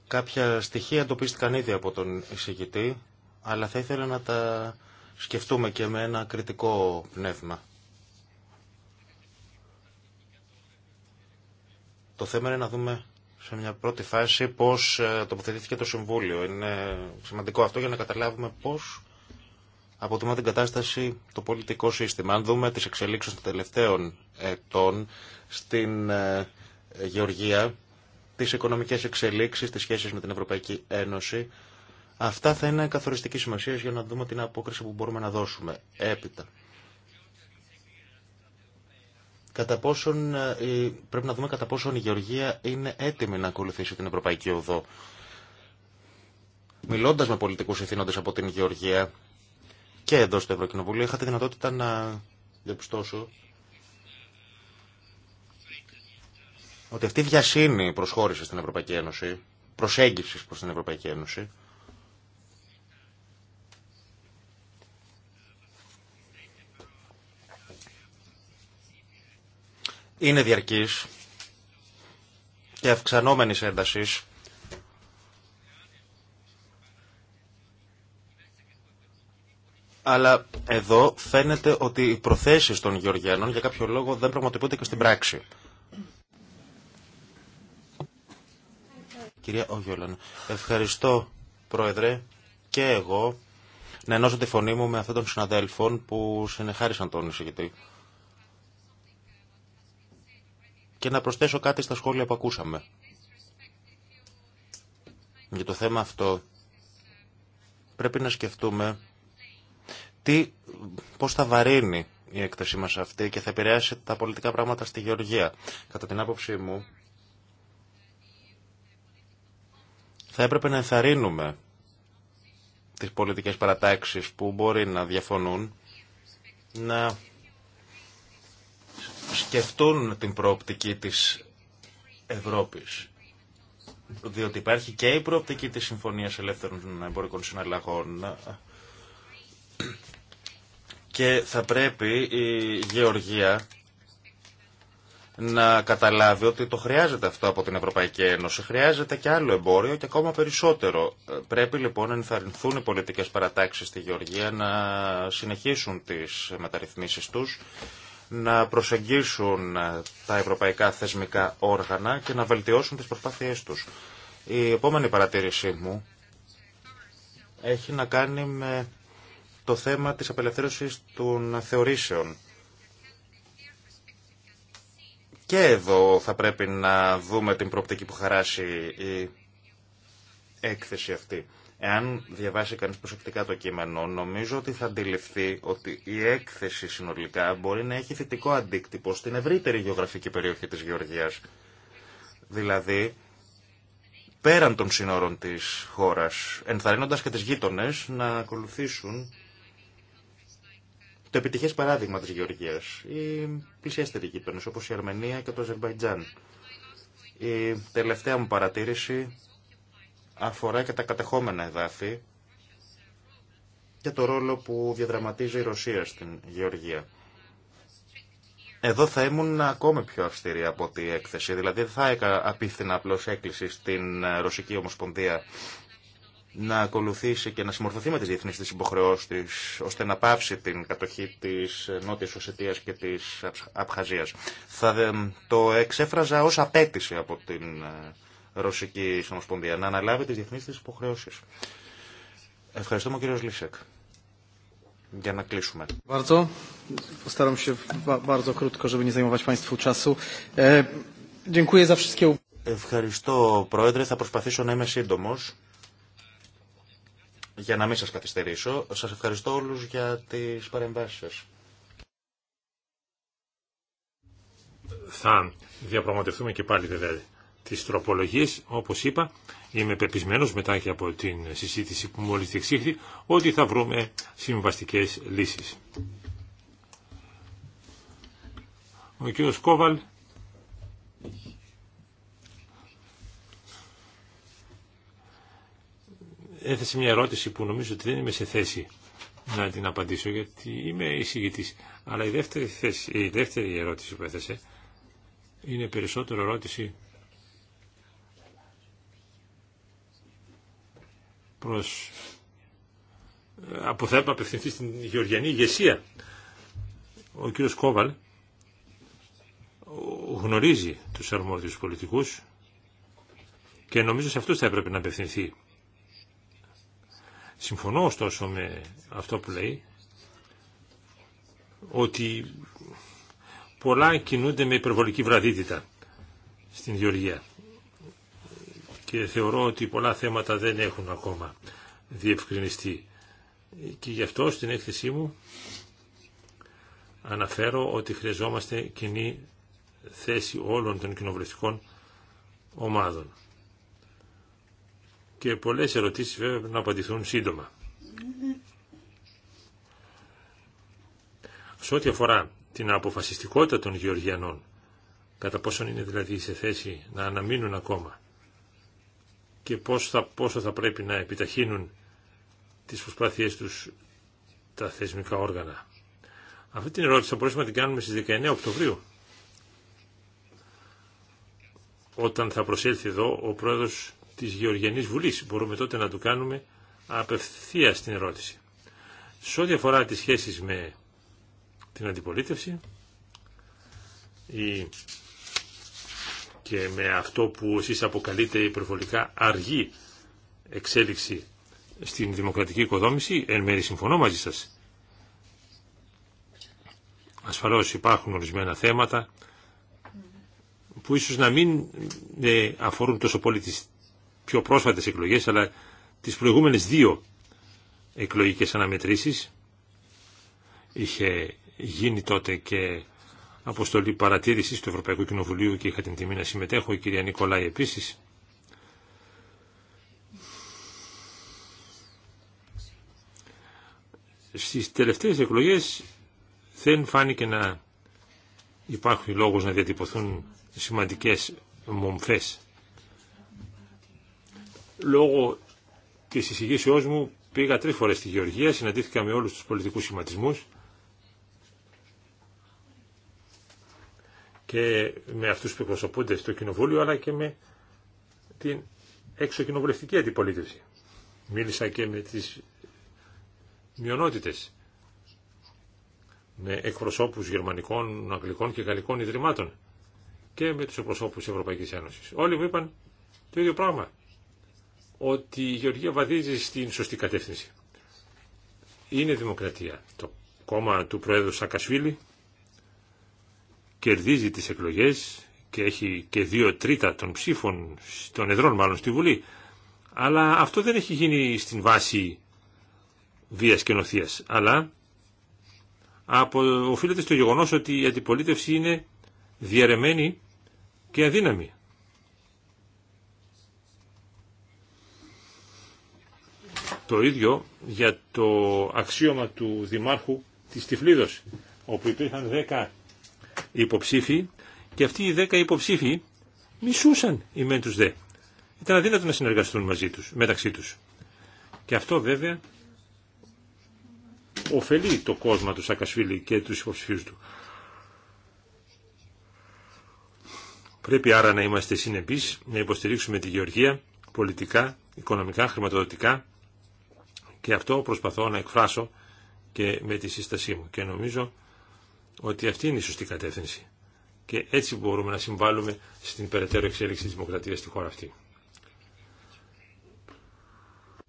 Κάποια στοιχεία εντοπίστηκαν ήδη από τον εισηγητή, αλλά θα ήθελα να τα σκεφτούμε και με ένα κριτικό πνεύμα. Το θέμα είναι να δούμε σε μια πρώτη φάση πώς ε, τοποθετήθηκε το Συμβούλιο. Είναι σημαντικό αυτό για να καταλάβουμε πώς αποτιμά την κατάσταση το πολιτικό σύστημα. Αν δούμε τις εξελίξεις των τελευταίων ετών στην ε, Γεωργία, τις οικονομικές εξελίξεις, τις σχέσεις με την Ευρωπαϊκή Ένωση, αυτά θα είναι καθοριστική σημασία για να δούμε την απόκριση που μπορούμε να δώσουμε έπειτα. Κατά πόσον, ε, πρέπει να δούμε κατά πόσον η Γεωργία είναι έτοιμη να ακολουθήσει την Ευρωπαϊκή Οδό. Μιλώντα με πολιτικού ευθύνοντε από την Γεωργία και εδώ στο Ευρωκοινοβούλιο, είχα τη δυνατότητα να διαπιστώσω ότι αυτή η διασύνη προσχώρησε στην Ευρωπαϊκή Ένωση, προσέγγιση προ την Ευρωπαϊκή Ένωση, είναι διαρκής και αυξανόμενης έντασης αλλά εδώ φαίνεται ότι οι προθέσεις των Γεωργιανών για κάποιο λόγο δεν πραγματοποιούνται και στην πράξη. Κυρία Όγιολαν, ευχαριστώ Πρόεδρε και εγώ να ενώσω τη φωνή μου με αυτών των συναδέλφων που συνεχάρισαν τον εισηγητή. Και να προσθέσω κάτι στα σχόλια που ακούσαμε. Για το θέμα αυτό πρέπει να σκεφτούμε τι, πώς θα βαρύνει η έκθεσή μας αυτή και θα επηρεάσει τα πολιτικά πράγματα στη Γεωργία. Κατά την άποψή μου, θα έπρεπε να ενθαρρύνουμε τις πολιτικές παρατάξεις που μπορεί να διαφωνούν, να σκεφτούν την προοπτική της Ευρώπης. Διότι υπάρχει και η προοπτική της Συμφωνίας Ελεύθερων Εμπορικών Συναλλαγών και θα πρέπει η Γεωργία να καταλάβει ότι το χρειάζεται αυτό από την Ευρωπαϊκή Ένωση. Χρειάζεται και άλλο εμπόριο και ακόμα περισσότερο. Πρέπει λοιπόν να ενθαρρυνθούν οι πολιτικέ παρατάξει στη Γεωργία να συνεχίσουν τις μεταρρυθμίσεις τους να προσεγγίσουν ε, τα ευρωπαϊκά θεσμικά όργανα και να βελτιώσουν τις προσπάθειές τους. Η επόμενη παρατήρησή μου έχει να κάνει με το θέμα της απελευθέρωσης των θεωρήσεων. Και εδώ θα πρέπει να δούμε την προοπτική που χαράσει η έκθεση αυτή. Εάν διαβάσει κανείς προσεκτικά το κείμενο, νομίζω ότι θα αντιληφθεί ότι η έκθεση συνολικά μπορεί να έχει θετικό αντίκτυπο στην ευρύτερη γεωγραφική περιοχή της Γεωργίας. Δηλαδή, πέραν των σύνορων της χώρας, ενθαρρύνοντας και τις γείτονες να ακολουθήσουν το επιτυχές παράδειγμα της Γεωργίας, οι πλησιέστεροι γείτονες όπως η Αρμενία και το Αζερβαϊτζάν. Η τελευταία μου παρατήρηση αφορά και τα κατεχόμενα εδάφη και το ρόλο που διαδραματίζει η Ρωσία στην Γεωργία. Εδώ θα ήμουν ακόμη πιο αυστηρή από τη έκθεση. Δηλαδή δεν θα έκανα απίθυνα απλώ έκκληση στην Ρωσική Ομοσπονδία να ακολουθήσει και να συμμορφωθεί με τις διεθνείς της υποχρεώσεις ώστε να πάψει την κατοχή της Νότιας Οσετίας και της Απχαζίας. Θα το εξέφραζα ως απέτηση από την ε, Ρωσική Ομοσπονδία να αναλάβει τι διεθνεί τη υποχρεώσει. Ευχαριστούμε, κύριο Λίσεκ. Για να κλείσουμε. Ε, ευχαριστώ, Πρόεδρε. Θα προσπαθήσω να είμαι σύντομο για να μην σα καθυστερήσω. Σα ευχαριστώ όλου για τι παρεμβάσει. σα. Θα διαπραγματευτούμε και πάλι βέβαια τις τροπολογίες, όπως είπα, είμαι πεπισμένος μετά και από την συζήτηση που μόλις διεξήχθη, ότι θα βρούμε συμβαστικές λύσεις. Ο κ. Κόβαλ έθεσε μια ερώτηση που νομίζω ότι δεν είμαι σε θέση να την απαντήσω γιατί είμαι εισηγητής. Αλλά η δεύτερη, θέση, η δεύτερη ερώτηση που έθεσε είναι περισσότερο ερώτηση προς, που θα έπρεπε απευθυνθεί στην Γεωργιανή ηγεσία. Ο κύριος Κόβαλ γνωρίζει τους αρμόδιους πολιτικούς και νομίζω σε αυτούς θα έπρεπε να απευθυνθεί. Συμφωνώ ωστόσο με αυτό που λέει ότι πολλά κινούνται με υπερβολική βραδίτητα στην Γεωργία και θεωρώ ότι πολλά θέματα δεν έχουν ακόμα διευκρινιστεί. Και γι' αυτό στην έκθεσή μου αναφέρω ότι χρειαζόμαστε κοινή θέση όλων των κοινοβουλευτικών ομάδων. Και πολλές ερωτήσεις βέβαια να απαντηθούν σύντομα. Σε ό,τι αφορά την αποφασιστικότητα των Γεωργιανών, κατά πόσον είναι δηλαδή σε θέση να αναμείνουν ακόμα και πώς θα, πόσο θα πρέπει να επιταχύνουν τις προσπάθειές τους τα θεσμικά όργανα. Αυτή την ερώτηση θα μπορέσουμε να την κάνουμε στις 19 Οκτωβρίου όταν θα προσέλθει εδώ ο πρόεδρος της Γεωργιανής Βουλής. Μπορούμε τότε να του κάνουμε απευθεία την ερώτηση. Σε ό,τι αφορά τις σχέσεις με την αντιπολίτευση, η και με αυτό που εσείς αποκαλείτε υπερβολικά αργή εξέλιξη στην δημοκρατική οικοδόμηση, εν μέρει συμφωνώ μαζί σας. Ασφαλώς υπάρχουν ορισμένα θέματα που ίσως να μην ε, αφορούν τόσο πολύ τις πιο πρόσφατες εκλογές, αλλά τις προηγούμενες δύο εκλογικές αναμετρήσεις είχε γίνει τότε και αποστολή παρατήρηση του Ευρωπαϊκού Κοινοβουλίου και είχα την τιμή να συμμετέχω, η κυρία Νικολάη επίσης. Στις τελευταίες εκλογές δεν φάνηκε να υπάρχει λόγο να διατυπωθούν σημαντικές μομφέ. Λόγω τη εισηγήσεώ μου πήγα τρει φορές στη Γεωργία, συναντήθηκα με όλους τους πολιτικού σχηματισμού. και με αυτούς που εκπροσωπούνται στο Κοινοβούλιο αλλά και με την εξοκοινοβουλευτική αντιπολίτευση. Μίλησα και με τις μειονότητες, με εκπροσώπους γερμανικών, αγγλικών και γαλλικών ιδρυμάτων και με τους εκπροσώπους της Ευρωπαϊκής Ένωσης. Όλοι μου είπαν το ίδιο πράγμα, ότι η Γεωργία βαδίζει στην σωστή κατεύθυνση. Είναι δημοκρατία. Το κόμμα του Προέδρου Σακασβίλη κερδίζει τις εκλογές και έχει και δύο τρίτα των ψήφων, των εδρών μάλλον στη Βουλή. Αλλά αυτό δεν έχει γίνει στην βάση βίας και νοθείας. Αλλά από, οφείλεται στο γεγονός ότι η αντιπολίτευση είναι διαρεμένη και αδύναμη. Το ίδιο για το αξίωμα του Δημάρχου της Τυφλίδος, όπου υπήρχαν 10 υποψήφοι και αυτοί οι δέκα υποψήφοι μισούσαν οι μεν τους δε. Ήταν αδύνατο να συνεργαστούν μαζί τους, μεταξύ τους. Και αυτό βέβαια ωφελεί το κόσμο του Σακασφίλη και τους υποψηφίους του. Πρέπει άρα να είμαστε συνεπείς, να υποστηρίξουμε τη γεωργία πολιτικά, οικονομικά, χρηματοδοτικά και αυτό προσπαθώ να εκφράσω και με τη σύστασή μου. Και νομίζω ότι αυτή είναι η σωστή κατεύθυνση και έτσι μπορούμε να συμβάλλουμε στην περαιτέρω εξέλιξη της δημοκρατίας στη χώρα αυτή.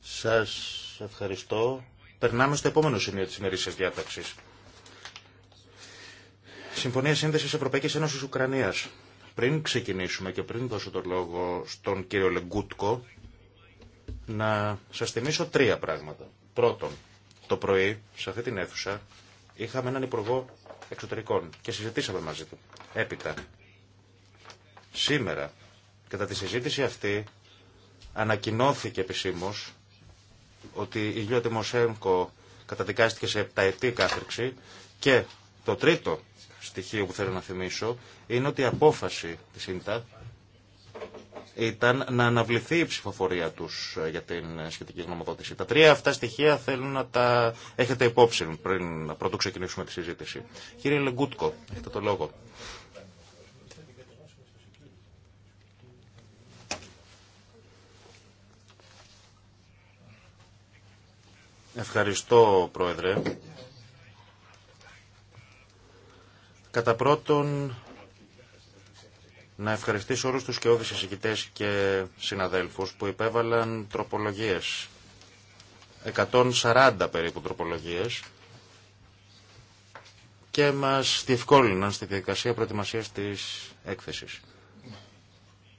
Σας ευχαριστώ. Περνάμε στο επόμενο σημείο της ημερήσιας διάταξης. Συμφωνία Σύνδεσης Ευρωπαϊκής Ένωσης Ουκρανίας. Πριν ξεκινήσουμε και πριν δώσω το λόγο στον κύριο Λεγκούτκο, να σας θυμίσω τρία πράγματα. Πρώτον, το πρωί, σε αυτή την αίθουσα, είχαμε έναν υπουργό Εξωτερικών και συζητήσαμε μαζί του. Έπειτα, σήμερα, κατά τη συζήτηση αυτή, ανακοινώθηκε επισήμω ότι η Γιώτη Μοσέμκο καταδικάστηκε σε επταετή κάθριξη και το τρίτο στοιχείο που θέλω να θυμίσω είναι ότι η απόφαση της ΙΝΤΑ ήταν να αναβληθεί η ψηφοφορία τους ε, για την ε, σχετική γνωμοδότηση. Τα τρία αυτά στοιχεία θέλουν να τα έχετε υπόψη πριν πρώτο ξεκινήσουμε τη συζήτηση. Κύριε Λεγκούτκο, έχετε το λόγο. Ευχαριστώ, Πρόεδρε. Κατά πρώτον, να ευχαριστήσω όλους τους και εισηγητές και συναδέλφους που υπέβαλαν τροπολογίες. 140 περίπου τροπολογίες και μας διευκόλυναν στη διαδικασία προετοιμασίας της έκθεσης.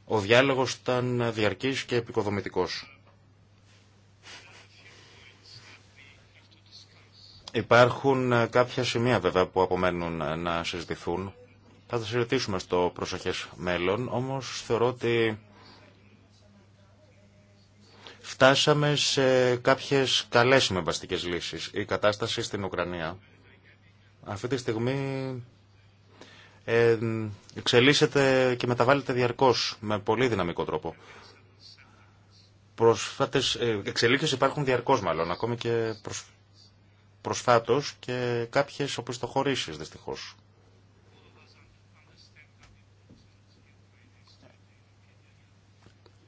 Ο διάλογος ήταν διαρκής και επικοδομητικός. Υπάρχουν κάποια σημεία βέβαια που απομένουν να συζητηθούν. Θα το συζητήσουμε στο προσοχές μέλλον, όμως θεωρώ ότι φτάσαμε σε κάποιες καλές συμμεμπαστικές λύσεις. Η κατάσταση στην Ουκρανία αυτή τη στιγμή ε, εξελίσσεται και μεταβάλλεται διαρκώς με πολύ δυναμικό τρόπο. Προσφάτες, ε, εξελίξεις υπάρχουν διαρκώς μάλλον, ακόμη και προσ, προσφάτως και κάποιες οπισθοχωρήσεις δυστυχώς.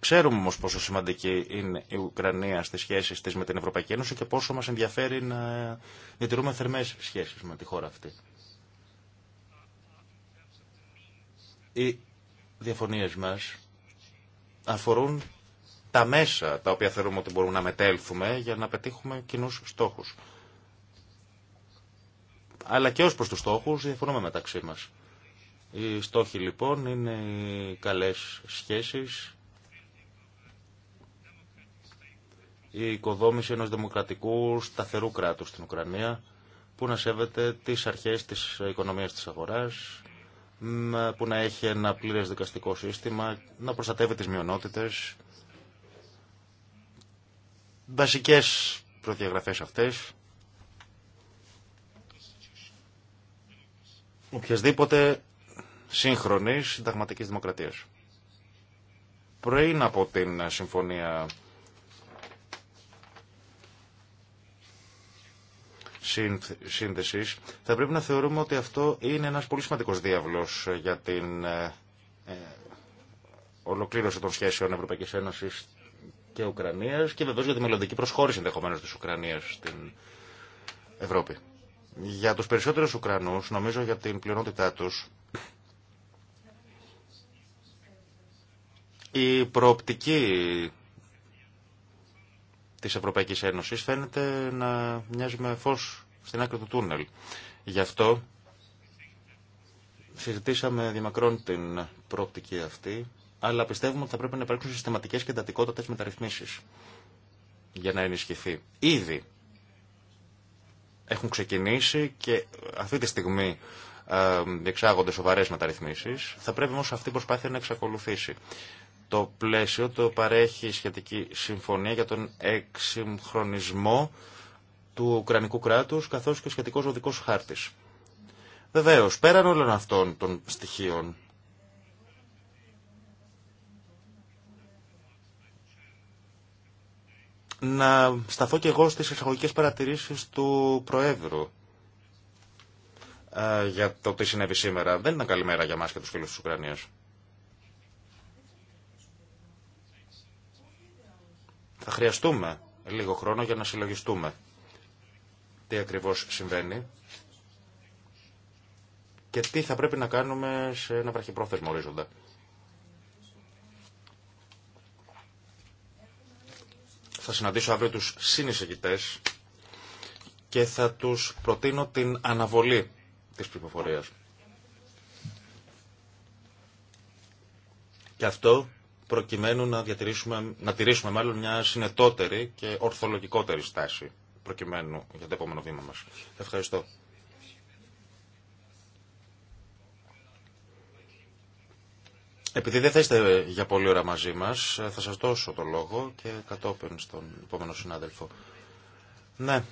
Ξέρουμε όμω πόσο σημαντική είναι η Ουκρανία στι σχέσει τη με την Ευρωπαϊκή Ένωση και πόσο μα ενδιαφέρει να διατηρούμε θερμέ σχέσει με τη χώρα αυτή. Οι διαφωνίε μα αφορούν τα μέσα τα οποία θεωρούμε ότι μπορούμε να μετέλθουμε για να πετύχουμε κοινού στόχου. Αλλά και ω προ του στόχου διαφωνούμε μεταξύ μα. Οι στόχοι λοιπόν είναι οι καλές σχέσεις η οικοδόμηση ενός δημοκρατικού σταθερού κράτους στην Ουκρανία που να σέβεται τις αρχές της οικονομίας της αγοράς, που να έχει ένα πλήρες δικαστικό σύστημα, να προστατεύει τις μειονότητες. Βασικές προδιαγραφές αυτές. Οποιασδήποτε σύγχρονης συνταγματικής δημοκρατίας. Πριν από την συμφωνία σύνδεσης, θα πρέπει να θεωρούμε ότι αυτό είναι ένας πολύ σημαντικός διάβλος για την ε, ε, ολοκλήρωση των σχέσεων Ευρωπαϊκής Ένωσης και Ουκρανίας και βεβαίως για τη μελλοντική προσχώρηση ενδεχομένω της Ουκρανίας στην Ευρώπη. Για τους περισσότερους Ουκρανούς, νομίζω για την πλειονότητά τους, η προοπτική τη Ευρωπαϊκή Ένωση φαίνεται να μοιάζει με φως στην άκρη του τούνελ. Γι' αυτό συζητήσαμε διαμακρών την πρόπτικη αυτή, αλλά πιστεύουμε ότι θα πρέπει να υπάρξουν συστηματικές και εντατικότατε μεταρρυθμίσεις για να ενισχυθεί. Ήδη έχουν ξεκινήσει και αυτή τη στιγμή ε, εξάγονται σοβαρές μεταρρυθμίσεις. Θα πρέπει όμως αυτή η προσπάθεια να εξακολουθήσει. Το πλαίσιο το παρέχει η σχετική συμφωνία για τον εξυγχρονισμό του Ουκρανικού κράτους καθώς και ο σχετικός οδικός χάρτης. Βεβαίως, πέραν όλων αυτών των στοιχείων, να σταθώ και εγώ στις εισαγωγικές παρατηρήσεις του Προέδρου ε, για το τι συνέβη σήμερα. Δεν ήταν καλή μέρα για μας και τους φίλους της Ουκρανίας. Θα χρειαστούμε λίγο χρόνο για να συλλογιστούμε τι ακριβώς συμβαίνει και τι θα πρέπει να κάνουμε σε ένα βραχυπρόθεσμο ορίζοντα. Θα συναντήσω αύριο τους συνεισηγητές και θα τους προτείνω την αναβολή της πληροφορία. Και αυτό προκειμένου να, διατηρήσουμε, να τηρήσουμε μάλλον μια συνετότερη και ορθολογικότερη στάση προκειμένου για το επόμενο βήμα μας. Ευχαριστώ. Επειδή δεν θα είστε για πολλή ώρα μαζί μας, θα σας δώσω το λόγο και κατόπιν στον επόμενο συνάδελφο. Ναι,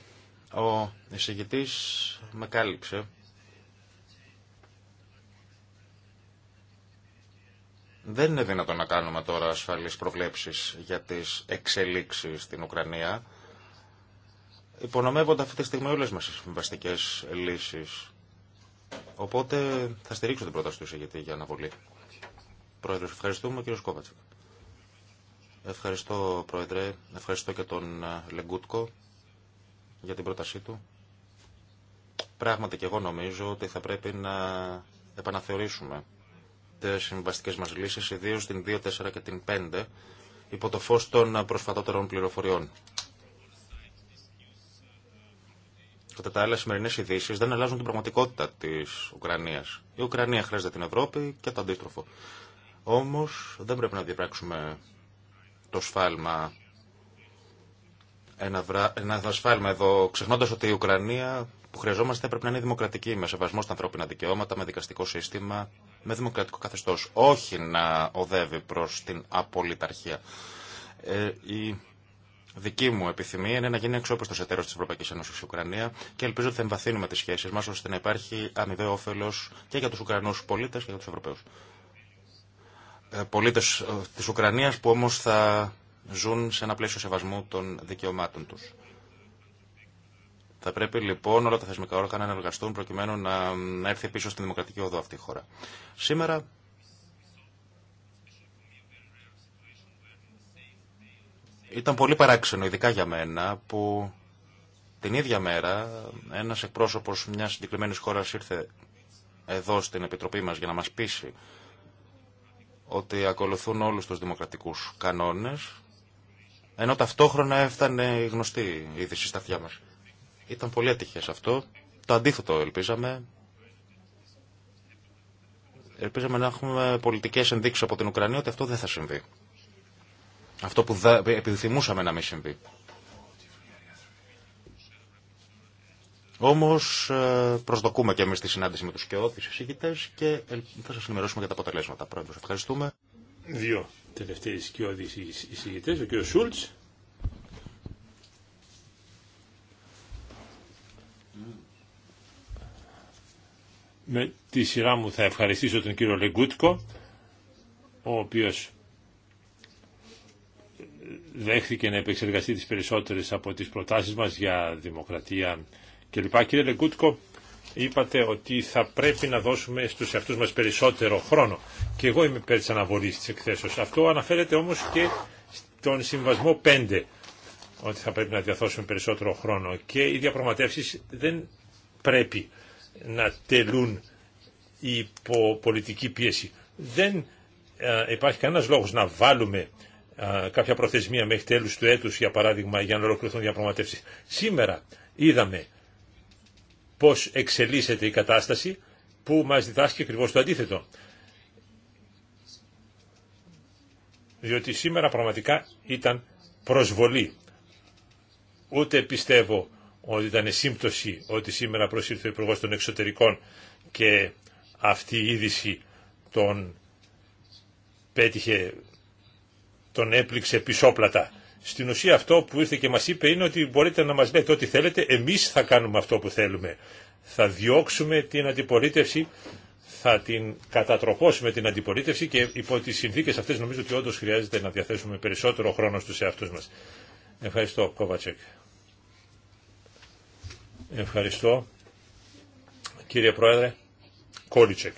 ο εισηγητής με κάλυψε Δεν είναι δυνατόν να κάνουμε τώρα ασφαλείς προβλέψεις για τις εξελίξεις στην Ουκρανία. Υπονομεύονται αυτή τη στιγμή όλες μας οι συμβαστικές λύσεις. Οπότε θα στηρίξω την πρόταση του εισηγητή για αναβολή. Προέδρε, ευχαριστούμε. Κύριο Κόβατσεκ. Ευχαριστώ, Πρόεδρε. Ευχαριστώ και τον ε, Λεγκούτκο για την πρότασή του. Πράγματι και εγώ νομίζω ότι θα πρέπει να επαναθεωρήσουμε τις συμβαστικές μας λύσεις, ιδίως την 2, 4 και την 5, υπό το φω των προσφατότερων πληροφοριών. Κατά τα άλλα, σημερινέ ειδήσει δεν αλλάζουν την πραγματικότητα τη Ουκρανία. Η Ουκρανία χρειάζεται την Ευρώπη και το αντίστροφο. Όμω δεν πρέπει να διαπράξουμε το σφάλμα. Ένα, βρα... Ένα σφάλμα εδώ, ξεχνώντα ότι η Ουκρανία που χρειαζόμαστε πρέπει να είναι δημοκρατική, με σεβασμό στα ανθρώπινα δικαιώματα, με δικαστικό σύστημα, με δημοκρατικό καθεστώ. όχι να οδεύει προς την απολυταρχία. Ε, η δική μου επιθυμία είναι να γίνει εξόπιστο εταίρο τη Ευρωπαϊκή Ένωση η Ουκρανία και ελπίζω ότι θα εμβαθύνουμε τι σχέσει μα ώστε να υπάρχει αμοιβαίο όφελο και για του Ουκρανού πολίτε και για του Ευρωπαίου. Ε, πολίτε ε, τη Ουκρανία που όμω θα ζουν σε ένα πλαίσιο σεβασμού των δικαιωμάτων τους. Θα πρέπει λοιπόν όλα τα θεσμικά όργανα να εργαστούν προκειμένου να, να έρθει πίσω στην δημοκρατική οδό αυτή η χώρα. Σήμερα ήταν πολύ παράξενο, ειδικά για μένα, που την ίδια μέρα ένας εκπρόσωπος μιας συγκεκριμένη χώρας ήρθε εδώ στην Επιτροπή μας για να μας πείσει ότι ακολουθούν όλους τους δημοκρατικούς κανόνες, ενώ ταυτόχρονα έφτανε η γνωστή είδηση στα αυτιά μας. Ήταν πολύ ατυχές αυτό. Το αντίθετο ελπίζαμε. Ελπίζαμε να έχουμε πολιτικές ενδείξεις από την Ουκρανία ότι αυτό δεν θα συμβεί. Αυτό που επιθυμούσαμε να μην συμβεί. Όμω ε, προσδοκούμε και εμεί τη συνάντηση με του σκεώδει εισηγητέ και θα σα ενημερώσουμε για τα αποτελέσματα. Πρώτα. ευχαριστούμε. Δύο τελευταίοι εισηγητές. ο κ. Σούλτ Με τη σειρά μου θα ευχαριστήσω τον κύριο Λεγκούτκο, ο οποίος δέχθηκε να επεξεργαστεί τις περισσότερες από τις προτάσεις μας για δημοκρατία κλπ. Κύριε Λεγκούτκο, είπατε ότι θα πρέπει να δώσουμε στους εαυτούς μας περισσότερο χρόνο. Και εγώ είμαι υπέρ της αναβολής της εκθέσεως. Αυτό αναφέρεται όμως και στον Συμβασμό 5, ότι θα πρέπει να διαθώσουμε περισσότερο χρόνο. Και οι διαπραγματεύσει δεν πρέπει να τελούν υπό πολιτική πίεση. Δεν ε, υπάρχει κανένας λόγος να βάλουμε ε, κάποια προθεσμία μέχρι τέλους του έτους, για παράδειγμα, για να ολοκληρωθούν διαπραγματεύσεις. Σήμερα είδαμε πώς εξελίσσεται η κατάσταση που μας διδάσκει ακριβώ το αντίθετο. Διότι σήμερα πραγματικά ήταν προσβολή. Ούτε πιστεύω ότι ήταν σύμπτωση ότι σήμερα προσήρθε ο Υπουργό των Εξωτερικών και αυτή η είδηση τον πέτυχε, τον έπληξε πισόπλατα. Στην ουσία αυτό που ήρθε και μας είπε είναι ότι μπορείτε να μας λέτε ό,τι θέλετε, εμείς θα κάνουμε αυτό που θέλουμε. Θα διώξουμε την αντιπολίτευση, θα την κατατροπώσουμε την αντιπολίτευση και υπό τις συνθήκες αυτές νομίζω ότι όντως χρειάζεται να διαθέσουμε περισσότερο χρόνο στους εαυτούς μας. Ευχαριστώ Κόβατσεκ. Ευχαριστώ. Κύριε Πρόεδρε, Κόλιτσεκ.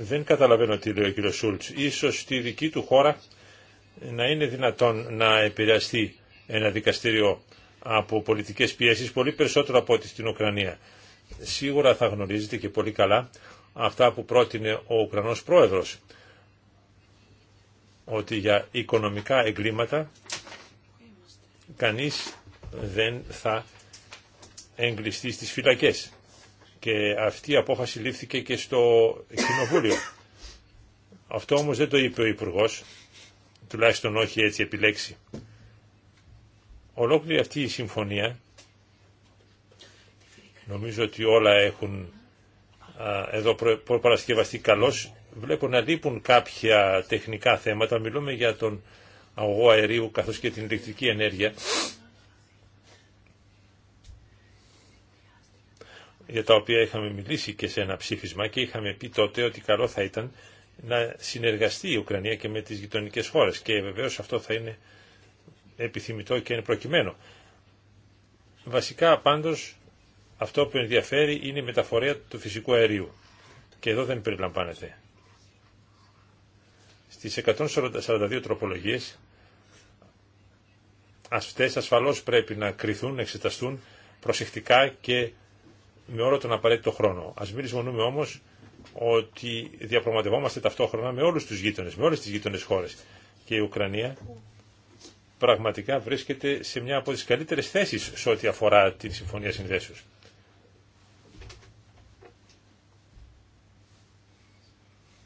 Δεν καταλαβαίνω τι λέει ο κύριος Σούλτς. Ίσως στη δική του χώρα να είναι δυνατόν να επηρεαστεί ένα δικαστήριο από πολιτικές πιέσεις πολύ περισσότερο από ό,τι στην Ουκρανία. Σίγουρα θα γνωρίζετε και πολύ καλά αυτά που πρότεινε ο Ουκρανός Πρόεδρος ότι για οικονομικά εγκλήματα κανείς δεν θα εγκλειστεί στις φυλακές. Και αυτή η απόφαση λήφθηκε και στο Κοινοβούλιο. Αυτό όμως δεν το είπε ο υπουργό, τουλάχιστον όχι έτσι επιλέξει. Ολόκληρη αυτή η συμφωνία, νομίζω ότι όλα έχουν α, εδώ προπαρασκευαστεί καλώς, βλέπω να λείπουν κάποια τεχνικά θέματα, μιλούμε για τον αγωγό αερίου καθώς και την ηλεκτρική ενέργεια για τα οποία είχαμε μιλήσει και σε ένα ψήφισμα και είχαμε πει τότε ότι καλό θα ήταν να συνεργαστεί η Ουκρανία και με τις γειτονικές χώρες και βεβαίως αυτό θα είναι επιθυμητό και είναι προκειμένο. Βασικά πάντως αυτό που ενδιαφέρει είναι η μεταφορία του φυσικού αερίου και εδώ δεν περιλαμβάνεται. Στις 142 τροπολογίες αυτές ασφαλώς πρέπει να κρυθούν, να εξεταστούν προσεκτικά και με όλο τον απαραίτητο χρόνο. Ας μην λησμονούμε όμως ότι διαπραγματευόμαστε ταυτόχρονα με όλους τους γείτονες, με όλες τις γείτονες χώρες. Και η Ουκρανία πραγματικά βρίσκεται σε μια από τις καλύτερες θέσεις σε ό,τι αφορά την Συμφωνία Συνδέσεως.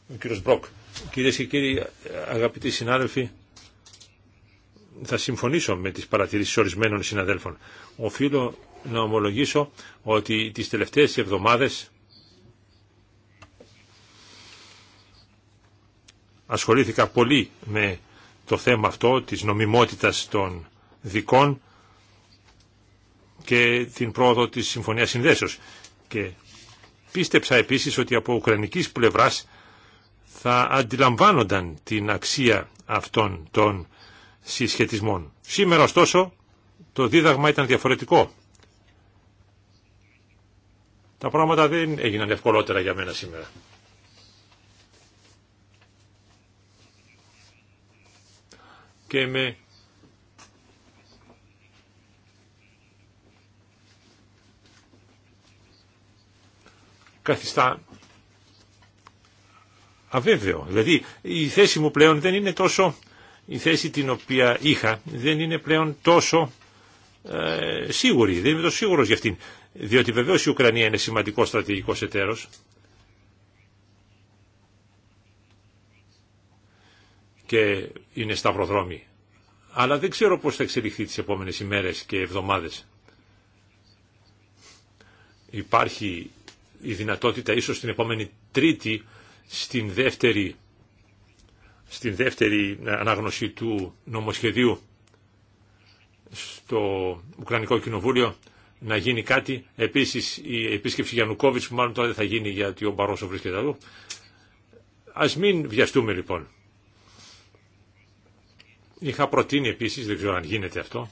Ο κύριος και κύριοι αγαπητοί συνάδελφοι, θα συμφωνήσω με τις παρατηρήσεις ορισμένων συναδέλφων. Οφείλω να ομολογήσω ότι τις τελευταίες εβδομάδες ασχολήθηκα πολύ με το θέμα αυτό της νομιμότητας των δικών και την πρόοδο της Συμφωνίας Συνδέσεως. Και πίστεψα επίσης ότι από ουκρανικής πλευράς θα αντιλαμβάνονταν την αξία αυτών των συσχετισμών. Σήμερα ωστόσο το δίδαγμα ήταν διαφορετικό. Τα πράγματα δεν έγιναν ευκολότερα για μένα σήμερα. Και με καθιστά αβέβαιο. Δηλαδή η θέση μου πλέον δεν είναι τόσο η θέση την οποία είχα δεν είναι πλέον τόσο ε, σίγουρη, δεν είμαι τόσο σίγουρος για αυτήν. Διότι βεβαίως η Ουκρανία είναι σημαντικό στρατηγικός εταίρος. και είναι σταυροδρόμοι. Αλλά δεν ξέρω πώς θα εξελιχθεί τις επόμενες ημέρες και εβδομάδες. Υπάρχει η δυνατότητα ίσως την επόμενη Τρίτη στην δεύτερη στην δεύτερη ε, ανάγνωση του νομοσχεδίου στο Ουκρανικό Κοινοβούλιο να γίνει κάτι. Επίσης η επίσκεψη Γιαννουκόβιτς που μάλλον τώρα δεν θα γίνει γιατί ο Μπαρόσο βρίσκεται εδώ. Ας μην βιαστούμε λοιπόν. Είχα προτείνει επίσης, δεν ξέρω αν γίνεται αυτό,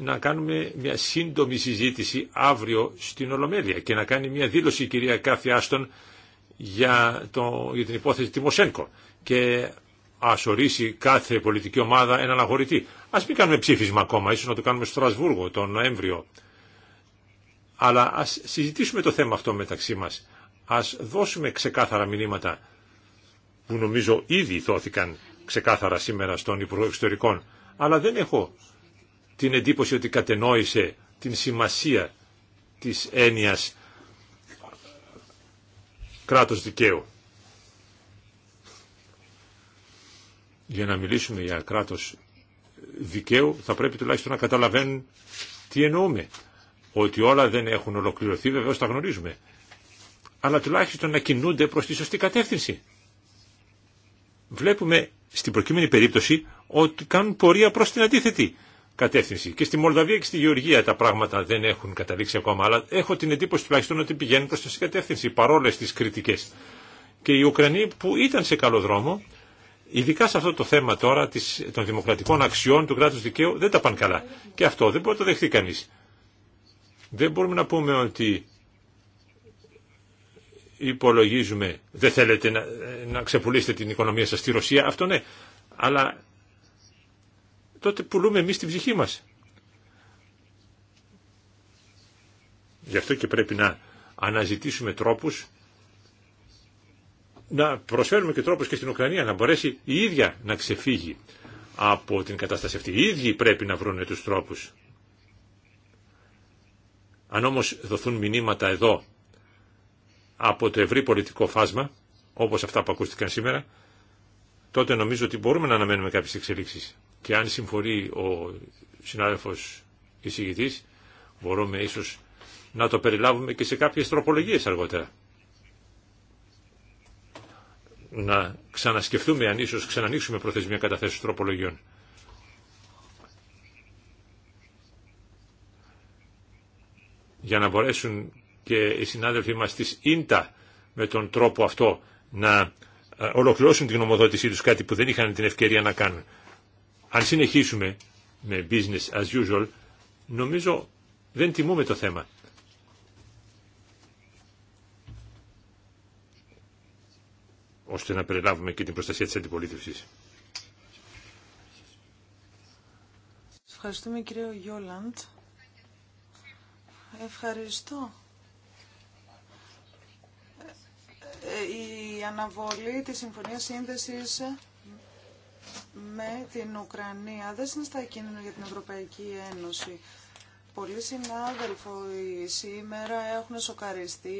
να κάνουμε μια σύντομη συζήτηση αύριο στην Ολομέλεια και να κάνει μια δήλωση η κυρία Κάθη Άστον για, το, για την υπόθεση Τιμοσένκο και α ορίσει κάθε πολιτική ομάδα έναν αγορητή. Α μην κάνουμε ψήφισμα ακόμα, ίσω να το κάνουμε στο Στρασβούργο τον Νοέμβριο. Αλλά α συζητήσουμε το θέμα αυτό μεταξύ μα. Α δώσουμε ξεκάθαρα μηνύματα που νομίζω ήδη δόθηκαν ξεκάθαρα σήμερα στον Υπουργό Εξωτερικών. Αλλά δεν έχω την εντύπωση ότι κατενόησε την σημασία της έννοιας κράτος δικαίου. Για να μιλήσουμε για κράτος δικαίου θα πρέπει τουλάχιστον να καταλαβαίνουν τι εννοούμε. Ότι όλα δεν έχουν ολοκληρωθεί βεβαίως τα γνωρίζουμε. Αλλά τουλάχιστον να κινούνται προς τη σωστή κατεύθυνση. Βλέπουμε στην προκειμένη περίπτωση ότι κάνουν πορεία προς την αντίθετη κατεύθυνση. Και στη Μολδαβία και στη Γεωργία τα πράγματα δεν έχουν καταλήξει ακόμα, αλλά έχω την εντύπωση τουλάχιστον ότι πηγαίνουν προς την κατεύθυνση παρόλε τι κριτικέ. Και οι Ουκρανοί που ήταν σε καλό δρόμο, ειδικά σε αυτό το θέμα τώρα της, των δημοκρατικών αξιών του κράτου δικαίου, δεν τα πάνε καλά. Και αυτό δεν μπορεί να το δεχτεί κανεί. Δεν μπορούμε να πούμε ότι υπολογίζουμε, δεν θέλετε να, να ξεπουλήσετε την οικονομία σας στη Ρωσία, αυτό ναι, αλλά τότε πουλούμε εμείς την ψυχή μας. Γι' αυτό και πρέπει να αναζητήσουμε τρόπους, να προσφέρουμε και τρόπους και στην Ουκρανία να μπορέσει η ίδια να ξεφύγει από την κατάσταση αυτή. Οι ίδιοι πρέπει να βρουν τους τρόπους. Αν όμως δοθούν μηνύματα εδώ από το ευρύ πολιτικό φάσμα, όπως αυτά που ακούστηκαν σήμερα, τότε νομίζω ότι μπορούμε να αναμένουμε κάποιες εξελίξεις. Και αν συμφωνεί ο συνάδελφος εισηγητής, μπορούμε ίσως να το περιλάβουμε και σε κάποιες τροπολογίε αργότερα. Να ξανασκεφτούμε αν ίσως ξανανοίξουμε προθεσμία καταθέσεων τροπολογιών. Για να μπορέσουν και οι συνάδελφοί μας της ΙΝΤΑ με τον τρόπο αυτό να ε, ολοκληρώσουν την γνωμοδότησή τους κάτι που δεν είχαν την ευκαιρία να κάνουν. Αν συνεχίσουμε με business as usual, νομίζω δεν τιμούμε το θέμα. ώστε να περιλάβουμε και την προστασία της αντιπολίτευσης. Ευχαριστούμε κύριο Γιόλαντ. Ευχαριστώ. Ε, η αναβολή της Συμφωνίας Σύνδεσης με την Ουκρανία δεν συνιστά κίνδυνο για την Ευρωπαϊκή Ένωση. Πολλοί συνάδελφοι σήμερα έχουν σοκαριστεί,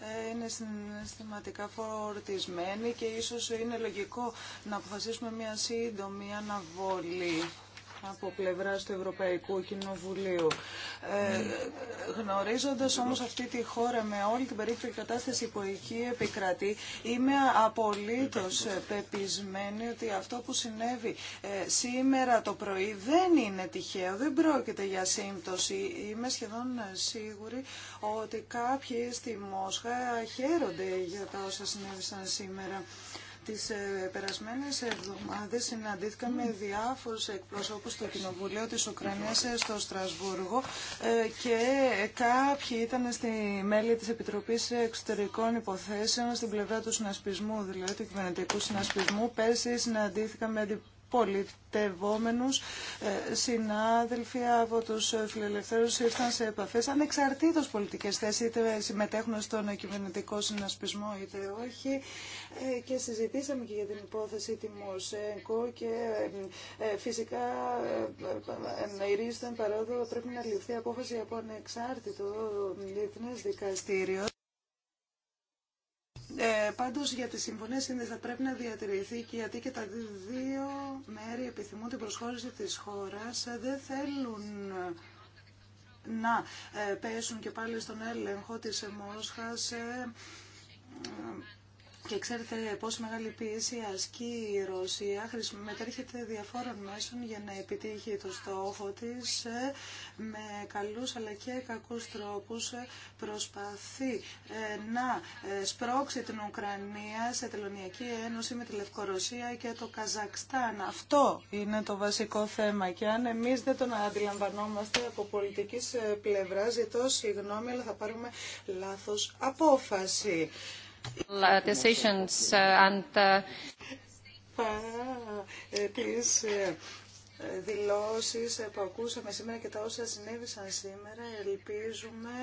ε, είναι συναισθηματικά φορτισμένοι και ίσως είναι λογικό να αποφασίσουμε μια σύντομη αναβολή από πλευρά του Ευρωπαϊκού Κοινοβουλίου. Ε, Γνωρίζοντα όμω αυτή τη χώρα με όλη την περίπτωση κατάσταση που εκεί επικρατεί, είμαι απολύτω πεπισμένη ότι αυτό που συνέβη ε, σήμερα το πρωί δεν είναι τυχαίο, δεν πρόκειται για σύμπτωση. Είμαι σχεδόν σίγουρη ότι κάποιοι στη Μόσχα χαίρονται για τα όσα συνέβησαν σήμερα. Τις ε, περασμένες εβδομάδες συναντήθηκαν με διάφορους εκπροσώπους στο Κοινοβουλίο της Ουκρανίας ε, στο Στρασβούργο ε, και κάποιοι ήταν στη μέλη της Επιτροπής Εξωτερικών Υποθέσεων στην πλευρά του συνασπισμού, δηλαδή του κυβερνητικού συνασπισμού. Πέρσι συναντήθηκα με πολιτευόμενους συνάδελφοι από τους φιλελευθέρους ήρθαν σε επαφές ανεξαρτήτως πολιτικές θέσεις είτε συμμετέχουν στον κυβερνητικό συνασπισμό είτε όχι ε, και συζητήσαμε και για την υπόθεση Τιμοσέγκο και ε, ε, φυσικά ε, παρόδο πρέπει να ληφθεί απόφαση από ανεξάρτητο διεθνές δικαστήριο. Ε, Πάντω για τι συμφωνίε σύνδεση θα πρέπει να διατηρηθεί και γιατί και τα δύο μέρη επιθυμούν την προσχώρηση της χώρας Δεν θέλουν να πέσουν και πάλι στον έλεγχο της Μόσχας και ξέρετε πόσο μεγάλη πίεση ασκεί η Ρωσία, μετέρχεται διαφόρων μέσων για να επιτύχει το στόχο της ε, με καλούς αλλά και κακούς τρόπους ε, προσπαθεί ε, να σπρώξει την Ουκρανία σε τελωνιακή ένωση με τη Λευκορωσία και το Καζακστάν. Αυτό είναι το βασικό θέμα και αν εμείς δεν τον αντιλαμβανόμαστε από πολιτικής πλευρά ζητώ συγγνώμη αλλά θα πάρουμε λάθος απόφαση. Decisions uh, and... Uh, ε, τις ε, δηλώσεις που ακούσαμε σήμερα και τα όσα συνέβησαν σήμερα, ελπίζουμε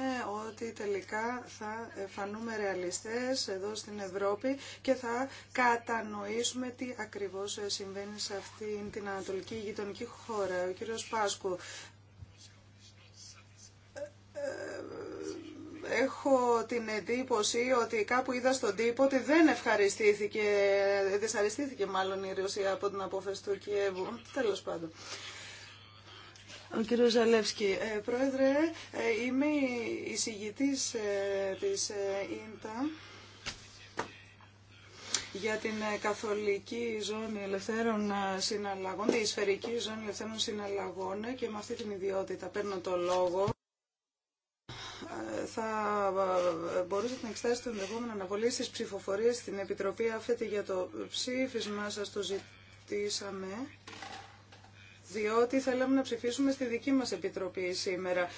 ότι τελικά θα φανούμε ρεαλιστές εδώ στην Ευρώπη και θα κατανοήσουμε τι ακριβώς συμβαίνει σε αυτή την ανατολική γειτονική χώρα. Ο κύριος Πάσκου την εντύπωση ότι κάπου είδα στον τύπο ότι δεν ευχαριστήθηκε, δυσαρεστήθηκε μάλλον η Ρωσία από την απόφαση του Κιέβου. Τέλος πάντων. Ο κύριος Ζαλεύσκη, ε, πρόεδρε, ε, είμαι εισηγητής ε, της ε, ΙΝΤΑ για την καθολική ζώνη ελευθέρων συναλλαγών, τη σφαιρική ζώνη ελευθέρων συναλλαγών και με αυτή την ιδιότητα παίρνω το λόγο θα ε, μπορούσατε να εξετάσετε τον ενδεχόμενο αναβολή στις ψηφοφορίες στην Επιτροπή Αφέτη για το ψήφισμα σας το ζητήσαμε διότι θέλαμε να ψηφίσουμε στη δική μας Επιτροπή σήμερα.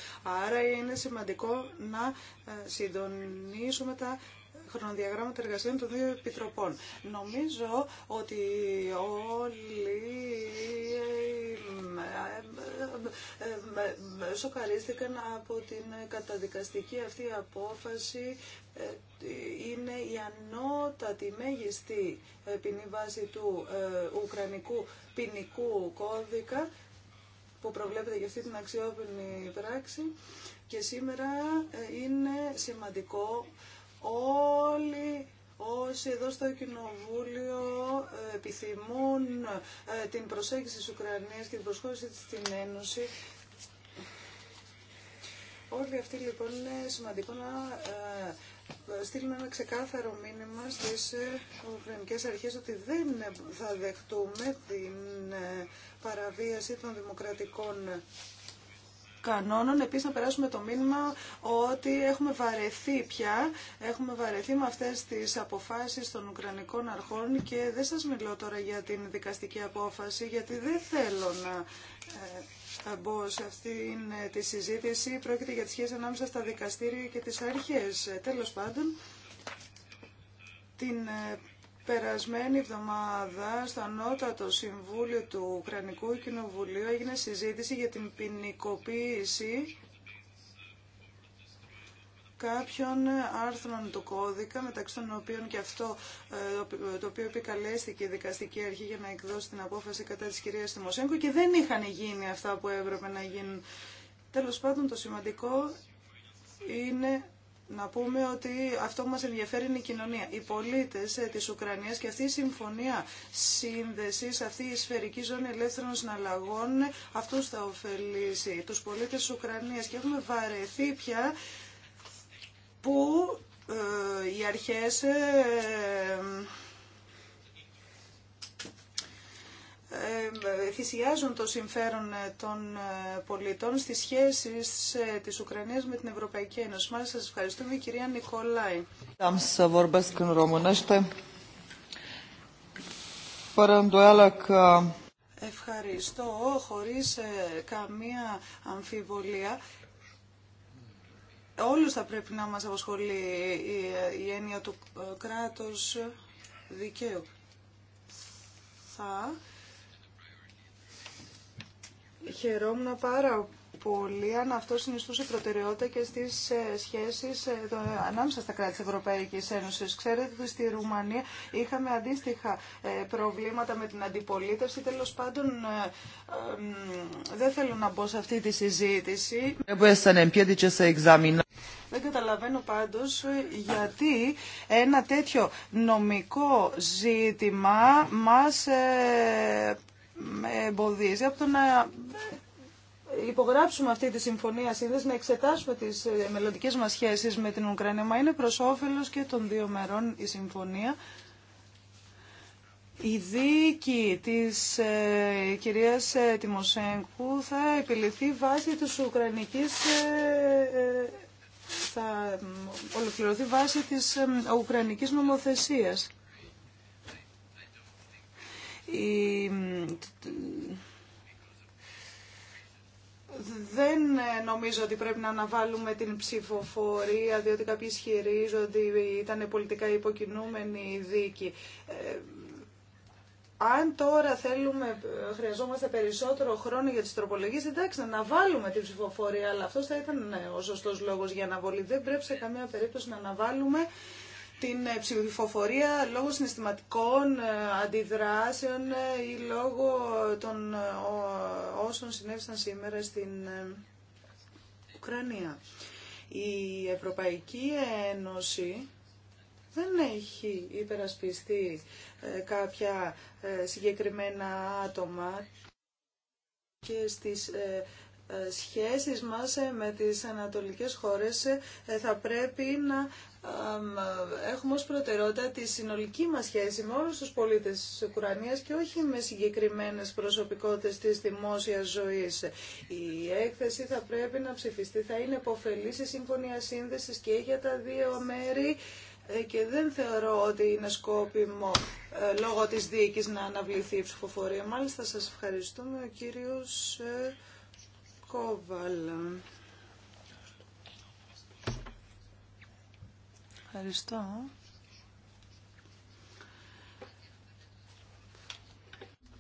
Άρα είναι σημαντικό να ε, συντονίσουμε τα χρονοδιαγράμματα εργασίων των δύο επιτροπών. Νομίζω ότι όλοι σοκαρίστηκαν από την καταδικαστική αυτή απόφαση ε, είναι η ανώτατη μέγιστη ποινή βάση του ε, Ουκρανικού ποινικού κώδικα που προβλέπεται για αυτή την αξιόπινη πράξη και σήμερα ε, είναι σημαντικό όλοι όσοι εδώ στο Κοινοβούλιο ε, επιθυμούν ε, την προσέγγιση της Ουκρανίας και την προσχώρηση της στην Ένωση. Όλοι αυτοί λοιπόν είναι σημαντικό να ε, στείλουμε ένα ξεκάθαρο μήνυμα στις Ουκρανικές αρχές ότι δεν θα δεχτούμε την παραβίαση των δημοκρατικών κανόνων. Επίσης να περάσουμε το μήνυμα ότι έχουμε βαρεθεί πια, έχουμε βαρεθεί με αυτές τις αποφάσεις των Ουκρανικών αρχών και δεν σας μιλώ τώρα για την δικαστική απόφαση γιατί δεν θέλω να ε, μπω σε αυτή ε, τη συζήτηση. Πρόκειται για τη σχέση ανάμεσα στα δικαστήρια και τις αρχές. Ε, τέλος πάντων, την περασμένη εβδομάδα στο Ανώτατο Συμβούλιο του Ουκρανικού Κοινοβουλίου έγινε συζήτηση για την ποινικοποίηση κάποιων άρθρων του κώδικα, μεταξύ των οποίων και αυτό ε, το οποίο επικαλέστηκε η δικαστική αρχή για να εκδώσει την απόφαση κατά της κυρίας Τιμοσέγκου και δεν είχαν γίνει αυτά που έπρεπε να γίνουν. Τέλος πάντων, το σημαντικό είναι να πούμε ότι αυτό που μας ενδιαφέρει είναι η κοινωνία. Οι πολίτες ε, της Ουκρανίας και αυτή η συμφωνία σύνδεσης, αυτή η σφαιρική ζώνη ελεύθερων συναλλαγών, αυτούς θα ωφελήσει τους πολίτες της Ουκρανίας. Και έχουμε βαρεθεί πια που ε, οι αρχές ε, Ε, θυσιάζουν το συμφέρον ε, των ε, πολιτών στις σχέσεις της Ουκρανίας με την Ευρωπαϊκή Ένωση. Μάλιστα σας ευχαριστούμε κυρία Νικολάη. Ευχαριστώ χωρίς καμία αμφιβολία. Όλους θα πρέπει να μας απασχολεί η έννοια του κράτους δικαίου. Θα Χαιρόμουν πάρα πολύ αν αυτό συνιστούσε προτεραιότητα και στις ε, σχέσεις ε, ε, ανάμεσα στα κράτη τη Ευρωπαϊκή Ένωση. Ξέρετε ότι στη Ρουμανία είχαμε αντίστοιχα προβλήματα με την αντιπολίτευση. Τέλος πάντων, δεν θέλω να μπω σε αυτή τη συζήτηση. Δεν καταλαβαίνω πάντως γιατί ένα τέτοιο νομικό ζήτημα μας με εμποδίζει από το να υπογράψουμε αυτή τη συμφωνία σύνδεση, να εξετάσουμε τι ε, μελλοντικέ μα σχέσει με την Ουκρανία. Μα είναι προ όφελο και των δύο μερών η συμφωνία. Η δίκη της ε, κυρίας ε, Τιμοσέγκου θα επιληθεί βάσει της Ουκρανικής... Ε, ε θα ολοκληρωθεί βάσει της ε, Ουκρανικής νομοθεσίας. Δεν νομίζω ότι πρέπει να αναβάλουμε την ψηφοφορία, διότι κάποιοι ισχυρίζονται ότι ήταν πολιτικά υποκινούμενη η δίκη. Ε, αν τώρα θέλουμε, χρειαζόμαστε περισσότερο χρόνο για τις τροπολογίες, εντάξει, να βάλουμε την ψηφοφορία, αλλά αυτός θα ήταν ε, ο σωστός λόγος για αναβολή. Δεν πρέπει σε καμία περίπτωση να αναβάλουμε την ε, ψηφοφορία λόγω συναισθηματικών ε, αντιδράσεων ε, ή λόγω των όσων συνέβησαν σήμερα στην Ουκρανία. Η Ευρωπαϊκή Ένωση δεν έχει υπερασπιστεί κάποια συγκεκριμένα άτομα και στις σχέσεις μας με τις ανατολικές χώρες θα πρέπει να έχουμε ως προτεραιότητα τη συνολική μας σχέση με όλους τους πολίτες της Ουκρανίας και όχι με συγκεκριμένες προσωπικότητες της δημόσιας ζωής. Η έκθεση θα πρέπει να ψηφιστεί, θα είναι υποφελή η Σύμφωνια Σύνδεσης και για τα δύο μέρη ε, και δεν θεωρώ ότι είναι σκόπιμο ε, λόγω της δίκης να αναβληθεί η ψηφοφορία. Μάλιστα σας ευχαριστούμε ο κύριος ε, Κόβαλ. Ευχαριστώ.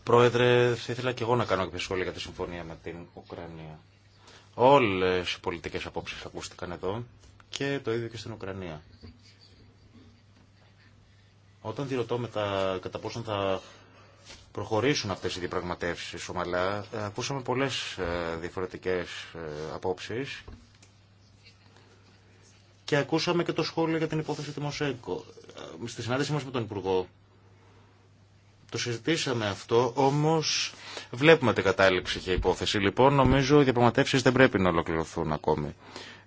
Πρόεδρε, θα ήθελα και εγώ να κάνω κάποια σχόλια για τη συμφωνία με την Ουκρανία. Όλες οι πολιτικές απόψεις ακούστηκαν εδώ και το ίδιο και στην Ουκρανία. Όταν διρωτώ με τα, κατά πόσον θα προχωρήσουν αυτές οι διαπραγματεύσεις ομαλά, ε, ακούσαμε πολλές ε, διαφορετικές ε, απόψεις και ακούσαμε και το σχόλιο για την υπόθεση του Μοσέγκο ε, Στη συνάντησή μας με τον Υπουργό το συζητήσαμε αυτό, όμω βλέπουμε την κατάληξη και υπόθεση. Λοιπόν, νομίζω οι διαπραγματεύσει δεν πρέπει να ολοκληρωθούν ακόμη.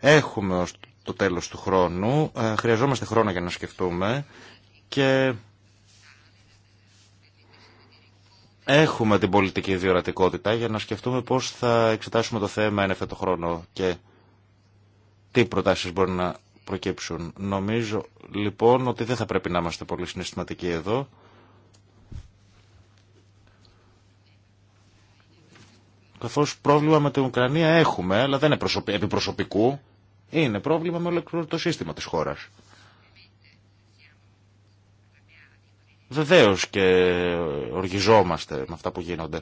Έχουμε ω το τέλο του χρόνου, ε, χρειαζόμαστε χρόνο για να σκεφτούμε και έχουμε την πολιτική διορατικότητα για να σκεφτούμε πώ θα εξετάσουμε το θέμα εν ευθέτω χρόνο και τι προτάσει μπορεί να προκύψουν. Νομίζω λοιπόν ότι δεν θα πρέπει να είμαστε πολύ συναισθηματικοί εδώ. Καθώς πρόβλημα με την Ουκρανία έχουμε, αλλά δεν είναι επιπροσωπικού, είναι πρόβλημα με όλο το σύστημα της χώρας. Βεβαίως και οργιζόμαστε με αυτά που γίνονται.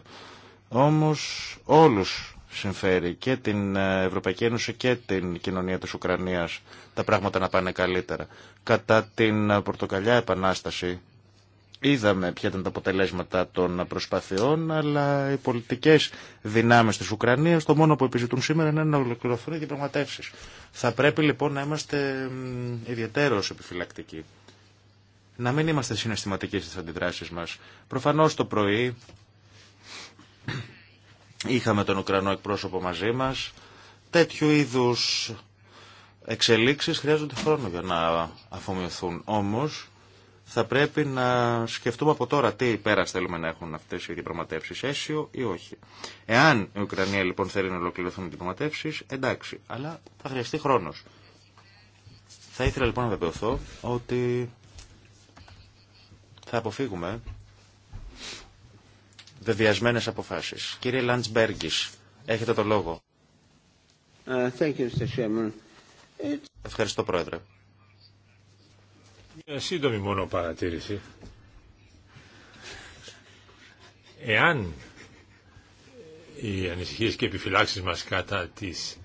Όμως όλους συμφέρει και την ε, Ευρωπαϊκή Ένωση και την κοινωνία της Ουκρανίας τα πράγματα να πάνε καλύτερα. Κατά την ε, Πορτοκαλιά Επανάσταση είδαμε ποια ήταν τα αποτελέσματα των προσπαθειών, αλλά οι πολιτικές δυνάμεις της Ουκρανίας το μόνο που επιζητούν σήμερα είναι να ολοκληρωθούν οι διπραγματεύσεις. Θα πρέπει λοιπόν να είμαστε ιδιαίτερως επιφυλακτικοί. Να μην είμαστε συναισθηματικοί στις αντιδράσεις μας. Προφανώς το πρωί Είχαμε τον Ουκρανό εκπρόσωπο μαζί μας. Τέτοιου είδους εξελίξεις χρειάζονται χρόνο για να αφομοιωθούν. Όμως θα πρέπει να σκεφτούμε από τώρα τι πέρα θέλουμε να έχουν αυτές οι διαπραγματεύσει αίσιο ή όχι. Εάν η Ουκρανία λοιπόν θέλει να ολοκληρωθούν οι διαπραγματεύσει, εντάξει, αλλά θα χρειαστεί χρόνος. Θα ήθελα λοιπόν να βεβαιωθώ ότι θα αποφύγουμε βεβαιασμένες αποφάσεις. Κύριε Λαντσμπέργκης, έχετε το λόγο. Ε, Ευχαριστώ, Πρόεδρε. Μια σύντομη μόνο παρατήρηση. Εάν οι ανησυχίες και επιφυλάξεις μας κατά της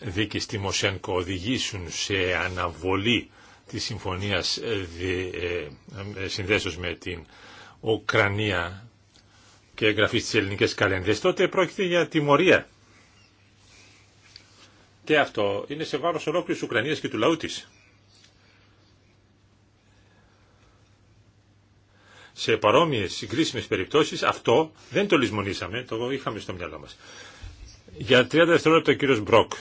δίκης Τιμοσένκο οδηγήσουν σε αναβολή της συμφωνίας ε, ε, συνδέσεως με την Ουκρανία και εγγραφή στις ελληνικές καλένδες, τότε πρόκειται για τιμωρία. Και αυτό είναι σε βάρος ολόκληρης Ουκρανίας και του λαού της. Σε παρόμοιες συγκρίσιμες περιπτώσεις αυτό δεν το λησμονήσαμε, το είχαμε στο μυαλό μας. Για 30 δευτερόλεπτα ο κύριος Μπροκ.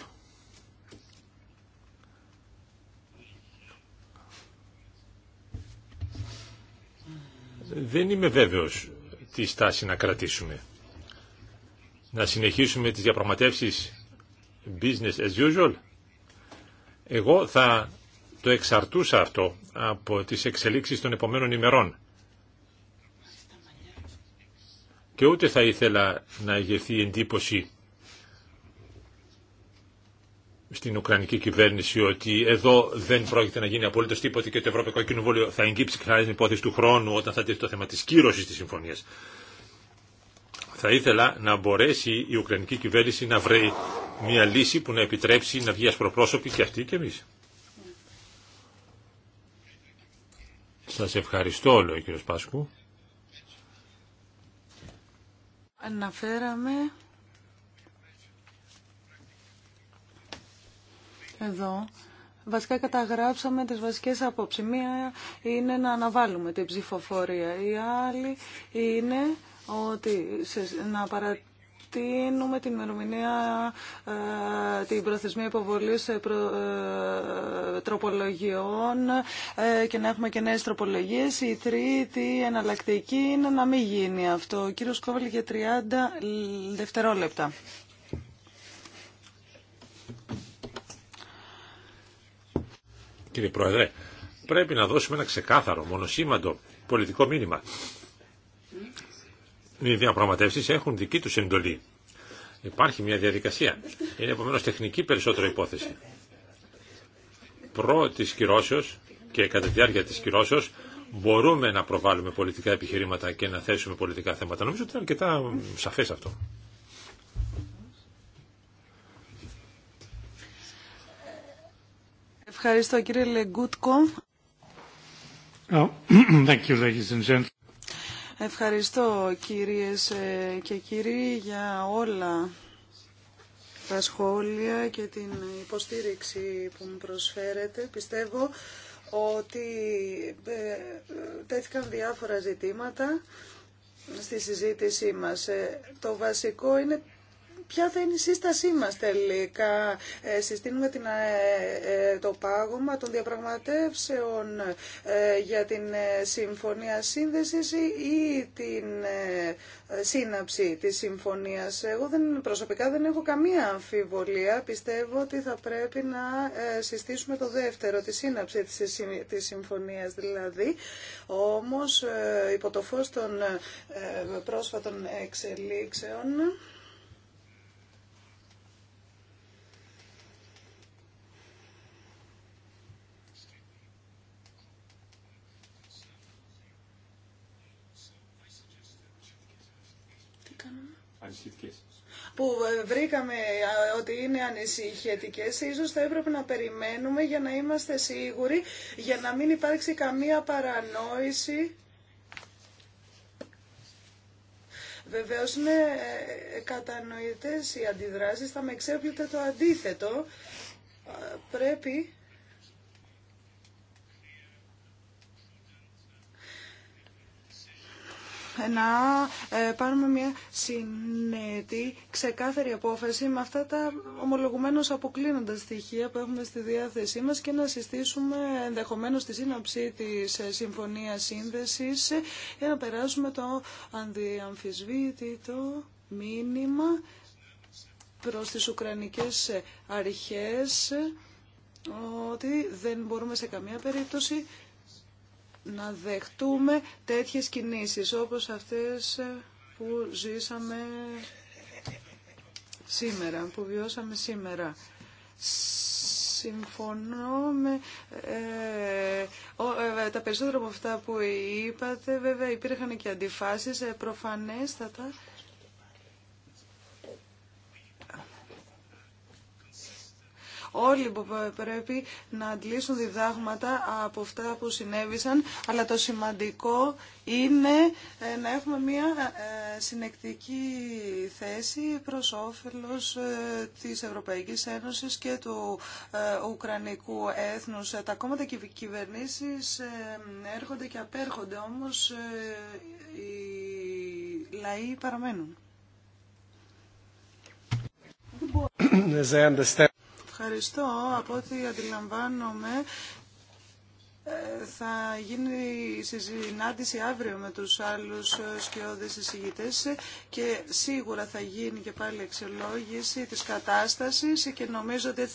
δεν είμαι βέβαιος τι στάση να κρατήσουμε. Να συνεχίσουμε τις διαπραγματεύσεις business as usual. Εγώ θα το εξαρτούσα αυτό από τις εξελίξεις των επομένων ημερών. Και ούτε θα ήθελα να ηγεθεί εντύπωση στην Ουκρανική κυβέρνηση ότι εδώ δεν πρόκειται να γίνει απολύτω τίποτα και το Ευρωπαϊκό Κοινοβούλιο θα εγκύψει ξανά την υπόθεση του χρόνου όταν θα τεθεί το θέμα τη κύρωση τη συμφωνία. Θα ήθελα να μπορέσει η Ουκρανική κυβέρνηση να βρει μια λύση που να επιτρέψει να βγει ασπροπρόσωπη και αυτή και εμεί. Σα ευχαριστώ, λέει ο Πάσκου. Αναφέραμε εδώ. Βασικά καταγράψαμε τις βασικές απόψεις. Μία είναι να αναβάλουμε την ψηφοφορία. Η άλλη είναι ότι να παρατείνουμε την ημερομηνία, ε, την προθεσμία υποβολή ε, ε, τροπολογιών και να έχουμε και νέες τροπολογίες. Η τρίτη εναλλακτική είναι να μην γίνει αυτό. Ο κύριο Κόβελ για 30 δευτερόλεπτα. Κύριε Πρόεδρε, πρέπει να δώσουμε ένα ξεκάθαρο, μονοσήμαντο πολιτικό μήνυμα. Οι διαπραγματεύσει έχουν δική του εντολή. Υπάρχει μια διαδικασία. Είναι επομένω τεχνική περισσότερο υπόθεση. Προ τη κυρώσεω και κατά τη διάρκεια τη κυρώσεω μπορούμε να προβάλλουμε πολιτικά επιχειρήματα και να θέσουμε πολιτικά θέματα. Νομίζω ότι είναι αρκετά σαφέ αυτό. Ευχαριστώ κύριε Λεγκούτκο. Oh, Ευχαριστώ κυρίες ε, και κύριοι για όλα τα σχόλια και την υποστήριξη που μου προσφέρετε. Πιστεύω ότι ε, τέθηκαν διάφορα ζητήματα στη συζήτησή μας. Ε, το βασικό είναι Ποια θα είναι η σύστασή μα τελικά. Ε, συστήνουμε την, ε, ε, το πάγωμα των διαπραγματεύσεων για την συμφωνία σύνδεσης ή την σύναψη της συμφωνίας. Εγώ δεν, προσωπικά δεν έχω καμία αμφιβολία. Πιστεύω ότι θα πρέπει να συστήσουμε το δεύτερο, τη σύναψη της συμφωνίας δηλαδή. Όμως υπό το φω των πρόσφατων εξελίξεων που ε, βρήκαμε ότι είναι ανησυχητικές, ίσως θα έπρεπε να περιμένουμε για να είμαστε σίγουροι, για να μην υπάρξει καμία παρανόηση. Βεβαίω είναι ε, κατανοητές οι αντιδράσεις, θα με εξέπλητε το αντίθετο. Πρέπει να ε, πάρουμε μια συνέτη, ξεκάθαρη απόφαση με αυτά τα ομολογουμένως αποκλίνοντα στοιχεία που έχουμε στη διάθεσή μας και να συστήσουμε ενδεχομένως τη σύναψή της ε, Συμφωνίας Σύνδεσης ε, για να περάσουμε το αντιαμφισβήτητο μήνυμα προς τις Ουκρανικές αρχές ότι δεν μπορούμε σε καμία περίπτωση να δεχτούμε τέτοιες κινήσεις όπως αυτές που ζήσαμε σήμερα, που βιώσαμε σήμερα. Συμφωνώ με ε, ε τα περισσότερα από αυτά που είπατε. Βέβαια υπήρχαν και αντιφάσεις ε, προφανέστατα. Όλοι πρέπει να αντλήσουν διδάγματα από αυτά που συνέβησαν, αλλά το σημαντικό είναι ε, να έχουμε μια ε, συνεκτική θέση προς όφελος ε, της Ευρωπαϊκής Ένωσης και του Ουκρανικού έθνους. Τα κόμματα και οι κυβερνήσεις έρχονται και απέρχονται, όμως οι λαοί παραμένουν ευχαριστώ. Από ό,τι αντιλαμβάνομαι, ε, θα γίνει η συνάντηση αύριο με τους άλλους ε, σκιώδες εισηγητές και σίγουρα θα γίνει και πάλι εξελόγηση της κατάστασης και νομίζω ότι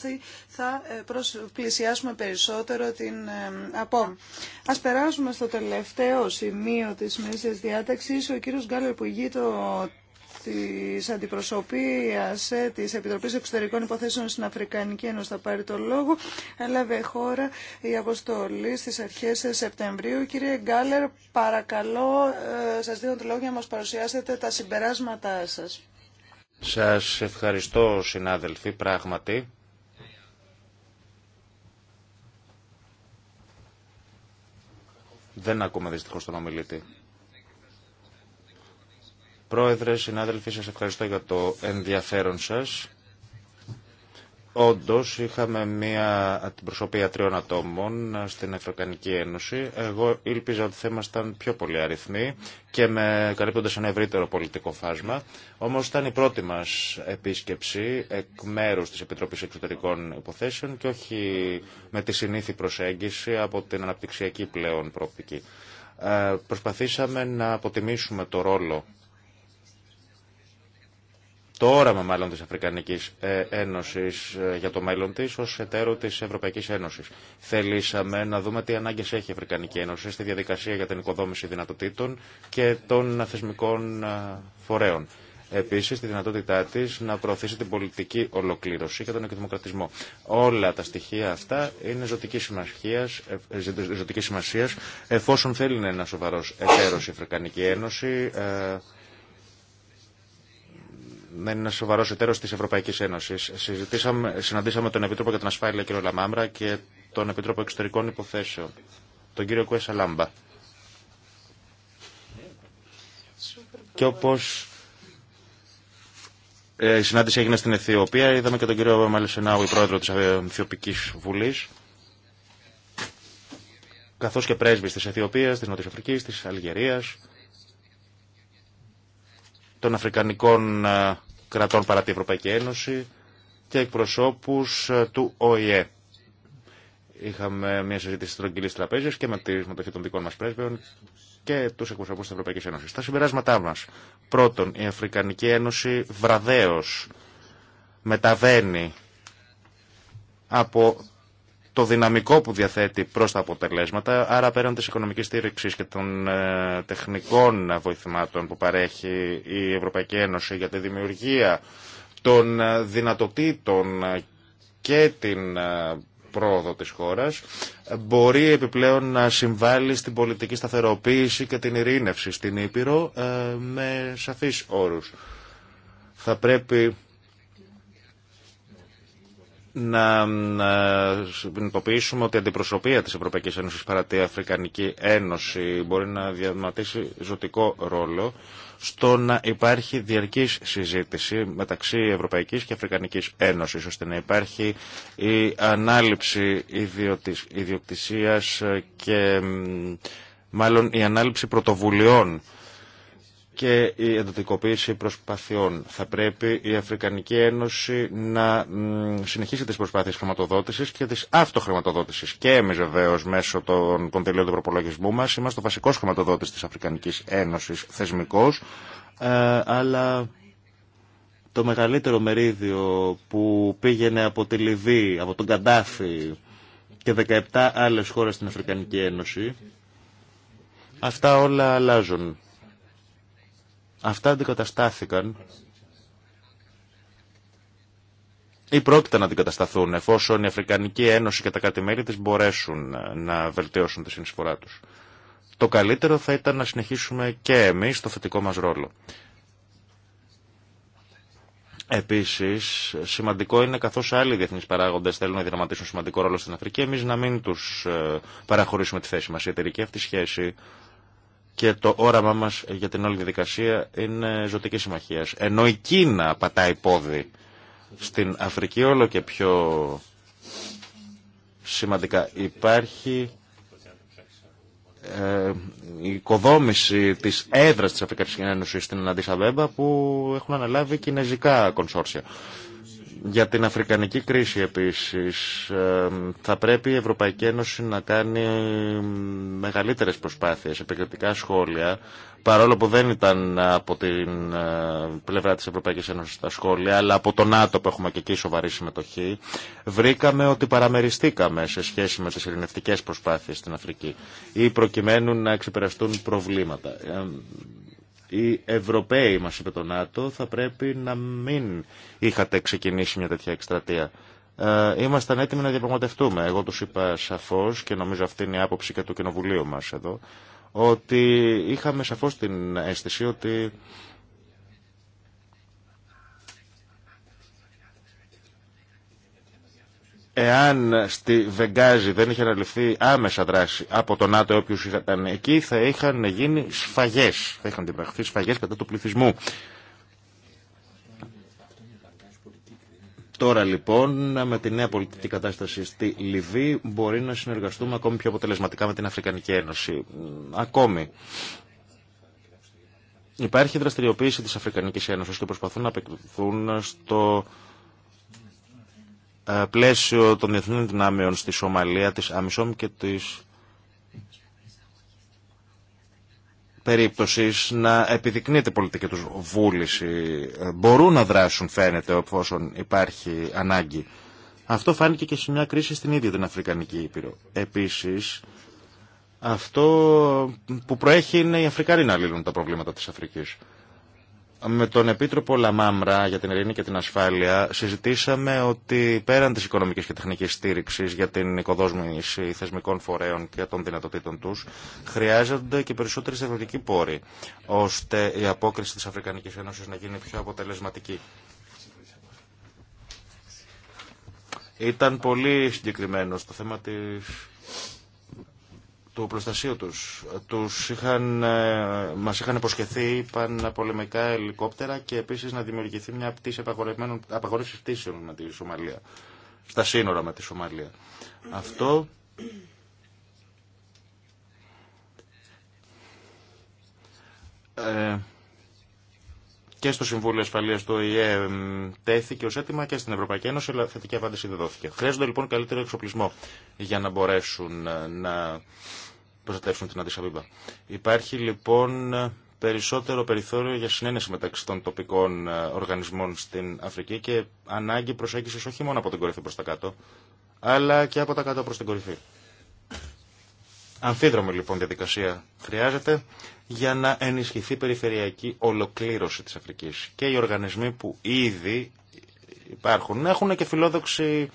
θα ε, πλησιάσουμε περισσότερο την από Ας περάσουμε στο τελευταίο σημείο της μέσης διάταξης. Ο κύριος Γκάλερ που της αντιπροσωπείας ε, της Επιτροπής Εξωτερικών Υποθέσεων στην Αφρικανική Ένωση θα πάρει το λόγο. Έλαβε χώρα η αποστολή στις αρχές Σεπτεμβρίου. Κύριε Γκάλερ, παρακαλώ, ε, σας δίνω το λόγο για να μας παρουσιάσετε τα συμπεράσματά σας. Σας ευχαριστώ, συνάδελφοι, πράγματι. Δεν ακούμε δυστυχώς τον ομιλητή. Πρόεδρε, συνάδελφοι, σας ευχαριστώ για το ενδιαφέρον σας. Όντω είχαμε μια αντιπροσωπεία τριών ατόμων στην Αφρικανική Ένωση. Εγώ ήλπιζα ότι θα ήμασταν πιο πολλοί αριθμοί και με καλύπτοντας ένα ευρύτερο πολιτικό φάσμα. Όμως ήταν η πρώτη μας επίσκεψη εκ μέρους της Επιτροπής Εξωτερικών Υποθέσεων και όχι με τη συνήθη προσέγγιση από την αναπτυξιακή πλέον πρόπτικη. Ε, προσπαθήσαμε να αποτιμήσουμε το ρόλο το όραμα μάλλον της Αφρικανικής ε, Ένωσης ε, για το μέλλον της ως εταίρο της Ευρωπαϊκής Ένωσης. Θελήσαμε να δούμε τι ανάγκες έχει η Αφρικανική Ένωση στη διαδικασία για την οικοδόμηση δυνατοτήτων και των θεσμικών ε, φορέων. Επίση, τη δυνατότητά τη να προωθήσει την πολιτική ολοκλήρωση και τον εκδημοκρατισμό. Όλα τα στοιχεία αυτά είναι ζωτική σημασία, σημασίας, εφόσον θέλει να είναι ένα σοβαρό εταίρο η Αφρικανική Ένωση, να είναι ένα σοβαρό εταίρο τη Ευρωπαϊκή Ένωση. Συναντήσαμε τον Επίτροπο για την Ασφάλεια, κύριο Λαμάμπρα, και τον Επίτροπο Εξωτερικών Υποθέσεων, τον κύριο Κουέσα Λάμπα. Και όπω ε, η συνάντηση έγινε στην Αιθιοπία, είδαμε και τον κύριο Μαλισενάου, πρόεδρο τη Αιθιοπική Βουλή, καθώ και πρέσβη τη Αιθιοπία, τη Νότια Αφρική, τη Αλγερία των Αφρικανικών ε, κρατών παρά την Ευρωπαϊκή Ένωση και εκπροσώπους ε, του ΟΗΕ. Είχαμε μια συζήτηση Τρογγυλή Τραπέζη και με τη συμμετοχή των δικών μα πρέσβεων και του εκπροσωπού τη Ευρωπαϊκή Ένωση. Τα συμπεράσματά μα. Πρώτον, η Αφρικανική Ένωση βραδέω μεταβαίνει από το δυναμικό που διαθέτει προ τα αποτελέσματα, άρα πέραν της οικονομικής στήριξη και των ε, τεχνικών βοηθημάτων που παρέχει η Ευρωπαϊκή Ένωση για τη δημιουργία των ε, δυνατοτήτων ε, και την πρόοδο της χώρας, μπορεί επιπλέον να συμβάλλει στην πολιτική σταθεροποίηση και την ειρήνευση στην Ήπειρο με σαφείς όρους. Θα πρέπει να, να συνειδητοποιήσουμε ότι η αντιπροσωπεία της Ευρωπαϊκής Ένωσης παρά τη Αφρικανική Ένωση μπορεί να διαδραματίσει ζωτικό ρόλο στο να υπάρχει διαρκής συζήτηση μεταξύ Ευρωπαϊκής και Αφρικανικής Ένωσης ώστε να υπάρχει η ανάληψη ιδιοκτησίας και μάλλον η ανάληψη πρωτοβουλειών και η εντατικοποίηση προσπαθειών. Θα πρέπει η Αφρικανική Ένωση να συνεχίσει τις προσπάθειες χρηματοδότησης και της αυτοχρηματοδότησης. Και εμείς βεβαίω μέσω των κοντελείων του προπολογισμού μας είμαστε ο βασικός χρηματοδότης της Αφρικανικής Ένωσης θεσμικός, ε, αλλά το μεγαλύτερο μερίδιο που πήγαινε από τη Λιβύη, από τον Καντάφη και 17 άλλες χώρες στην Αφρικανική Ένωση, αυτά όλα αλλάζουν αυτά αντικαταστάθηκαν ή πρόκειται να αντικατασταθούν εφόσον η Αφρικανική Ένωση και τα κάτι της μπορέσουν ε, να βελτιώσουν τη συνεισφορά τους. Το καλύτερο θα ήταν να συνεχίσουμε και εμείς το θετικό μας ρόλο. Επίσης, σημαντικό είναι καθώς άλλοι διεθνείς παράγοντες θέλουν να δραματίσουν σημαντικό ρόλο στην Αφρική, εμείς να μην τους ε, παραχωρήσουμε τη θέση μας. Η εταιρική αυτή σχέση και το όραμά μας για την όλη διαδικασία είναι ζωτική συμμαχία. Ενώ η Κίνα πατάει πόδι στην Αφρική όλο και πιο σημαντικά. Υπάρχει ε, η οικοδόμηση της έδρας της Αφρικανικής Ένωσης στην Αντίσα που έχουν αναλάβει κινέζικα κονσόρσια. Για την αφρικανική κρίση επίσης ε, θα πρέπει η Ευρωπαϊκή Ένωση να κάνει ε, μεγαλύτερες προσπάθειες, επικριτικά σχόλια, παρόλο που δεν ήταν από την ε, πλευρά της Ευρωπαϊκής Ένωσης τα σχόλια, αλλά από τον ΝΑΤΟ που έχουμε και εκεί σοβαρή συμμετοχή, βρήκαμε ότι παραμεριστήκαμε σε σχέση με τις ειρηνευτικές προσπάθειες στην Αφρική ή προκειμένου να εξυπηρεστούν προβλήματα οι Ευρωπαίοι, μας είπε το ΝΑΤΟ, θα πρέπει να μην είχατε ξεκινήσει μια τέτοια εκστρατεία. Ε, ήμασταν έτοιμοι να διαπραγματευτούμε. Εγώ τους είπα σαφώς και νομίζω αυτή είναι η άποψη και του Κοινοβουλίου μας εδώ ότι είχαμε σαφώς την αίσθηση ότι Εάν στη Βεγγάζη δεν είχε αναλυφθεί άμεσα δράση από τον ΝΑΤΟ όποιους ήταν εκεί, θα είχαν γίνει σφαγές, θα είχαν διπραχθεί σφαγές κατά του πληθυσμού. Τώρα λοιπόν με τη νέα πολιτική κατάσταση στη Λιβύη μπορεί να συνεργαστούμε ακόμη πιο αποτελεσματικά με την Αφρικανική Ένωση. Ακόμη. Υπάρχει δραστηριοποίηση της Αφρικανικής Ένωσης και προσπαθούν να στο ε, πλαίσιο των διεθνών δυνάμεων στη Σομαλία, της Αμισόμ και της περίπτωσης να επιδεικνύεται πολιτική τους βούληση. Ε, μπορούν να δράσουν φαίνεται εφόσον υπάρχει ανάγκη. Αυτό φάνηκε και σε μια κρίση στην ίδια την Αφρικανική Ήπειρο. Επίσης, αυτό που προέχει είναι οι Αφρικανοί να λύνουν τα προβλήματα της Αφρικής με τον Επίτροπο Λαμάμρα για την Ειρήνη και την Ασφάλεια συζητήσαμε ότι πέραν της οικονομικής και τεχνικής στήριξης για την οικοδόσμηση θεσμικών φορέων και των δυνατοτήτων τους χρειάζονται και περισσότεροι στρατιωτικοί πόροι ώστε η απόκριση της Αφρικανικής Ένωσης να γίνει πιο αποτελεσματική. Ήταν πολύ συγκεκριμένο το θέμα της του προστασίου τους. Τους είχαν, ε, μας είχαν υποσχεθεί πανεπολεμικά ελικόπτερα και επίσης να δημιουργηθεί μια πτήση απαγορεύσης πτήσεων με τη Σομαλία. Στα σύνορα με τη Σομαλία. Αυτό ε, και στο Συμβούλιο Ασφαλείας του ΟΗΕ ε, τέθηκε ως αίτημα και στην Ευρωπαϊκή Ένωση, αλλά θετική απάντηση δεν δόθηκε. Χρειάζονται λοιπόν καλύτερο εξοπλισμό για να μπορέσουν ε, να προστατεύσουν την Υπάρχει λοιπόν περισσότερο περιθώριο για συνένεση μεταξύ των τοπικών ε, οργανισμών στην Αφρική και ανάγκη προσέγγισης όχι μόνο από την κορυφή προς τα κάτω, αλλά και από τα κάτω προς την κορυφή. Αμφίδρομη λοιπόν διαδικασία χρειάζεται για να ενισχυθεί περιφερειακή ολοκλήρωση της Αφρικής. Και οι οργανισμοί που ήδη υπάρχουν έχουν και φιλόδοξη,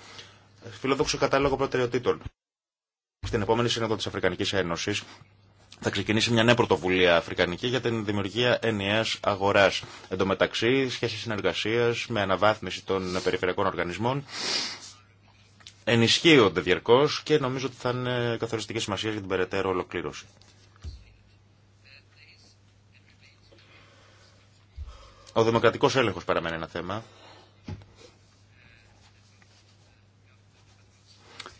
φιλόδοξο κατάλογο προτεραιοτήτων. Στην επόμενη σύνοδο της Αφρικανικής Ένωσης θα ξεκινήσει μια νέα πρωτοβουλία αφρικανική για την δημιουργία ενιαία αγορά. Εν τω μεταξύ, σχέσει συνεργασία με αναβάθμιση των περιφερειακών οργανισμών ενισχύονται διαρκώ και νομίζω ότι θα είναι καθοριστική σημασία για την περαιτέρω ολοκλήρωση. Ο δημοκρατικό έλεγχο παραμένει ένα θέμα.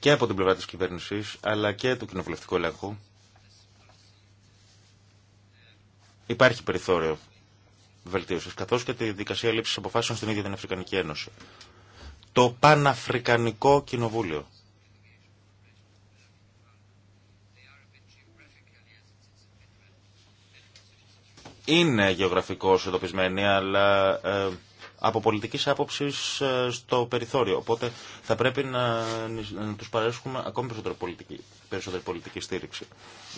και από την πλευρά της κυβέρνησης αλλά και του κοινοβουλευτικού ελέγχου υπάρχει περιθώριο βελτίωσης καθώς και τη δικασία λήψης αποφάσεων στην ίδια την Αφρικανική Ένωση. Το Παναφρικανικό Κοινοβούλιο. Είναι γεωγραφικώς εντοπισμένοι, αλλά ε, από πολιτική άποψη ε, στο περιθώριο. Οπότε θα πρέπει να, να τους παρέσχουμε ακόμη περισσότερη πολιτική, περισσότερη πολιτική στήριξη.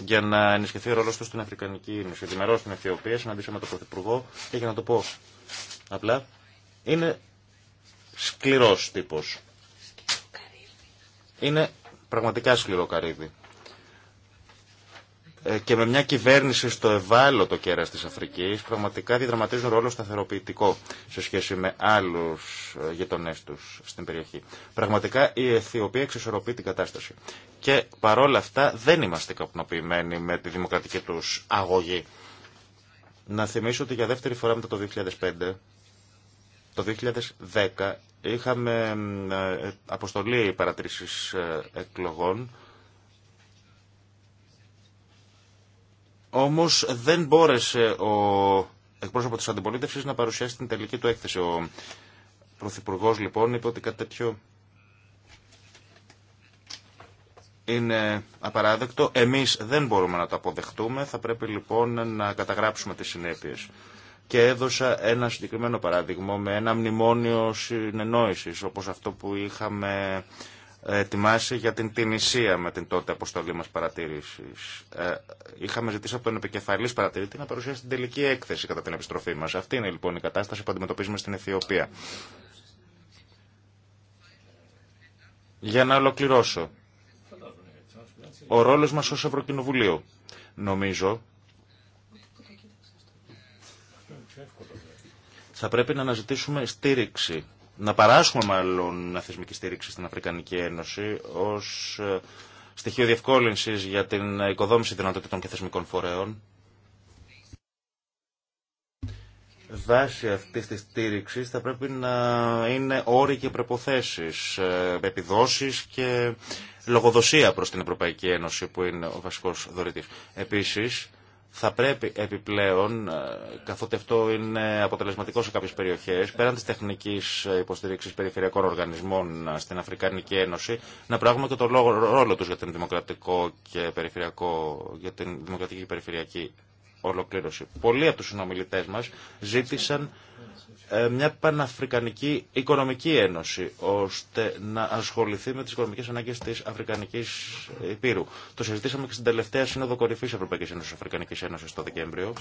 Για να ενισχυθεί ο ρόλος του στην Αφρικανική Ένωση. Δημερός στην Αιθιοπία συναντήσαμε τον Πρωθυπουργό και για να το πω απλά είναι σκληρός τύπος. Είναι πραγματικά σκληρό καρύδι. Ε, και με μια κυβέρνηση στο ευάλωτο κέρας της Αφρικής πραγματικά διδραματίζουν ρόλο σταθεροποιητικό σε σχέση με άλλους ε, γειτονές τους στην περιοχή. Πραγματικά η Αιθιοπία εξισορροπεί την κατάσταση. Και παρόλα αυτά δεν είμαστε καπνοποιημένοι με τη δημοκρατική τους αγωγή. Να θυμίσω ότι για δεύτερη φορά μετά το 2005, το 2010, είχαμε ε, αποστολή παρατήρησης εκλογών Όμως δεν μπόρεσε ο εκπρόσωπο της αντιπολίτευσης να παρουσιάσει την τελική του έκθεση. Ο Πρωθυπουργό λοιπόν είπε ότι κάτι τέτοιο είναι απαράδεκτο. Εμείς δεν μπορούμε να το αποδεχτούμε, θα πρέπει λοιπόν να καταγράψουμε τις συνέπειες. Και έδωσα ένα συγκεκριμένο παράδειγμα με ένα μνημόνιο συνεννόησης, όπως αυτό που είχαμε ετοιμάσει για την Τινησία με την τότε αποστολή μας παρατήρησης. Ε, είχαμε ζητήσει από τον επικεφαλής παρατηρητή να παρουσιάσει την τελική έκθεση κατά την επιστροφή μας. Αυτή είναι λοιπόν η κατάσταση που αντιμετωπίζουμε στην Αιθιοπία. Για να ολοκληρώσω. Ο ρόλος μας ως Ευρωκοινοβουλίου. Νομίζω θα πρέπει να αναζητήσουμε στήριξη να παράσχουμε μάλλον θεσμική στήριξη στην Αφρικανική Ένωση ως ε, στοιχείο διευκόλυνσης για την οικοδόμηση δυνατοτήτων και θεσμικών φορέων. Βάσει αυτή τη στήριξη θα πρέπει να είναι όροι και προποθέσει, ε, επιδόσει και λογοδοσία προ την Ευρωπαϊκή Ένωση που είναι ο βασικό δωρητή. Επίση, θα πρέπει επιπλέον, ε, καθότι αυτό είναι αποτελεσματικό σε κάποιες περιοχές, πέραν της τεχνικής ε, υποστήριξης περιφερειακών οργανισμών ε, στην Αφρικανική Ένωση, να πράγουμε και το ρόλο τους για την, δημοκρατικό και περιφερειακό, για την δημοκρατική και περιφερειακή ολοκλήρωση. Πολλοί από τους συνομιλητές μας ζήτησαν ε, μια παναφρικανική οικονομική ένωση ώστε να ασχοληθεί με τις οικονομικές ανάγκες της Αφρικανικής Υπήρου. Το συζητήσαμε και στην τελευταία Σύνοδο Κορυφής Ευρωπαϊκής Ένωσης Αφρικανικής Ένωσης το Δεκέμβριο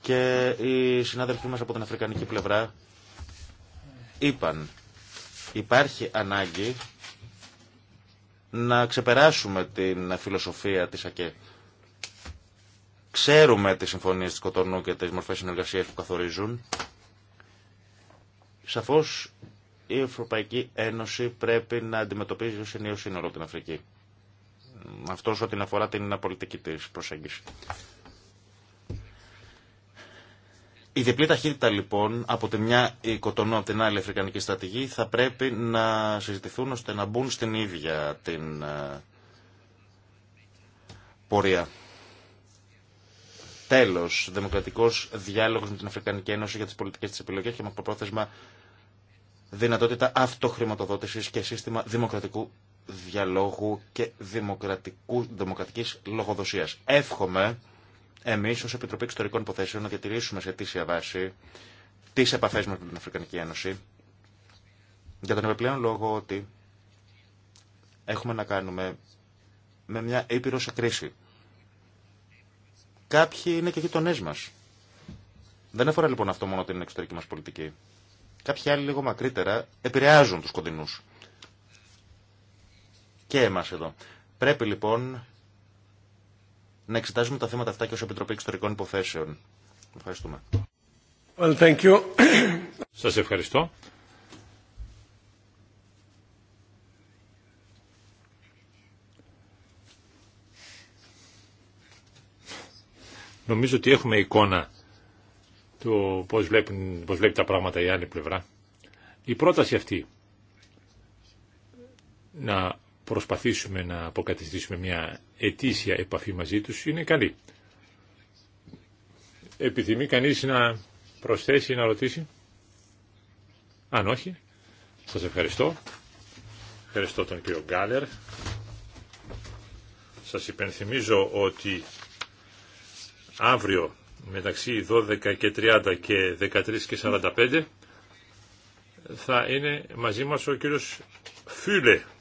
και οι συνάδελφοί μας από την Αφρικανική πλευρά είπαν υπάρχει ανάγκη να ξεπεράσουμε την φιλοσοφία της ΑΚΕ. Ξέρουμε τις συμφωνίες της Κοτονού και τις μορφές συνεργασίας που καθορίζουν Σαφώς η Ευρωπαϊκή Ένωση πρέπει να αντιμετωπίζει ως ενίο σύνολο την Αφρική. Αυτός ό,τι αφορά την πολιτική τη προσέγγιση. Η διπλή ταχύτητα λοιπόν από τη μια η κοτονού από την άλλη αφρικανική στρατηγή θα πρέπει να συζητηθούν ώστε να μπουν στην ίδια την ε, πορεία. Τέλος, δημοκρατικός διάλογος με την Αφρικανική Ένωση για τις πολιτικές της επιλογές και με προπρόθεσμα δυνατότητα αυτοχρηματοδότησης και σύστημα δημοκρατικού διαλόγου και δημοκρατικού, δημοκρατικής λογοδοσίας. Εύχομαι εμείς ως Επιτροπή Εξωτερικών Υποθέσεων να διατηρήσουμε σε αιτήσια βάση τις επαφές μας με την Αφρικανική Ένωση για τον επιπλέον λόγο ότι έχουμε να κάνουμε με μια ήπειρο σε κρίση. Κάποιοι είναι και γειτονέ μας. Δεν αφορά λοιπόν αυτό μόνο την εξωτερική μας πολιτική. Κάποιοι άλλοι λίγο μακρύτερα επηρεάζουν τους κοντινούς. Και εμάς εδώ. Πρέπει λοιπόν να εξετάζουμε τα θέματα αυτά και ως Επιτροπή Εξωτερικών Υποθέσεων. Ευχαριστούμε. Well, thank you. Σας ευχαριστώ. Νομίζω ότι έχουμε εικόνα το πώς, βλέπουν, πώς βλέπει τα πράγματα η άλλη πλευρά. Η πρόταση αυτή να προσπαθήσουμε να αποκατηστήσουμε μια ετήσια επαφή μαζί τους είναι καλή. Επιθυμεί κανείς να προσθέσει ή να ρωτήσει. Αν όχι, σας ευχαριστώ. Ευχαριστώ τον κύριο Γκάλερ. Σας υπενθυμίζω ότι αύριο μεταξύ 12 και 30 και 13 και 45 θα είναι μαζί μας ο κύριος Φίλε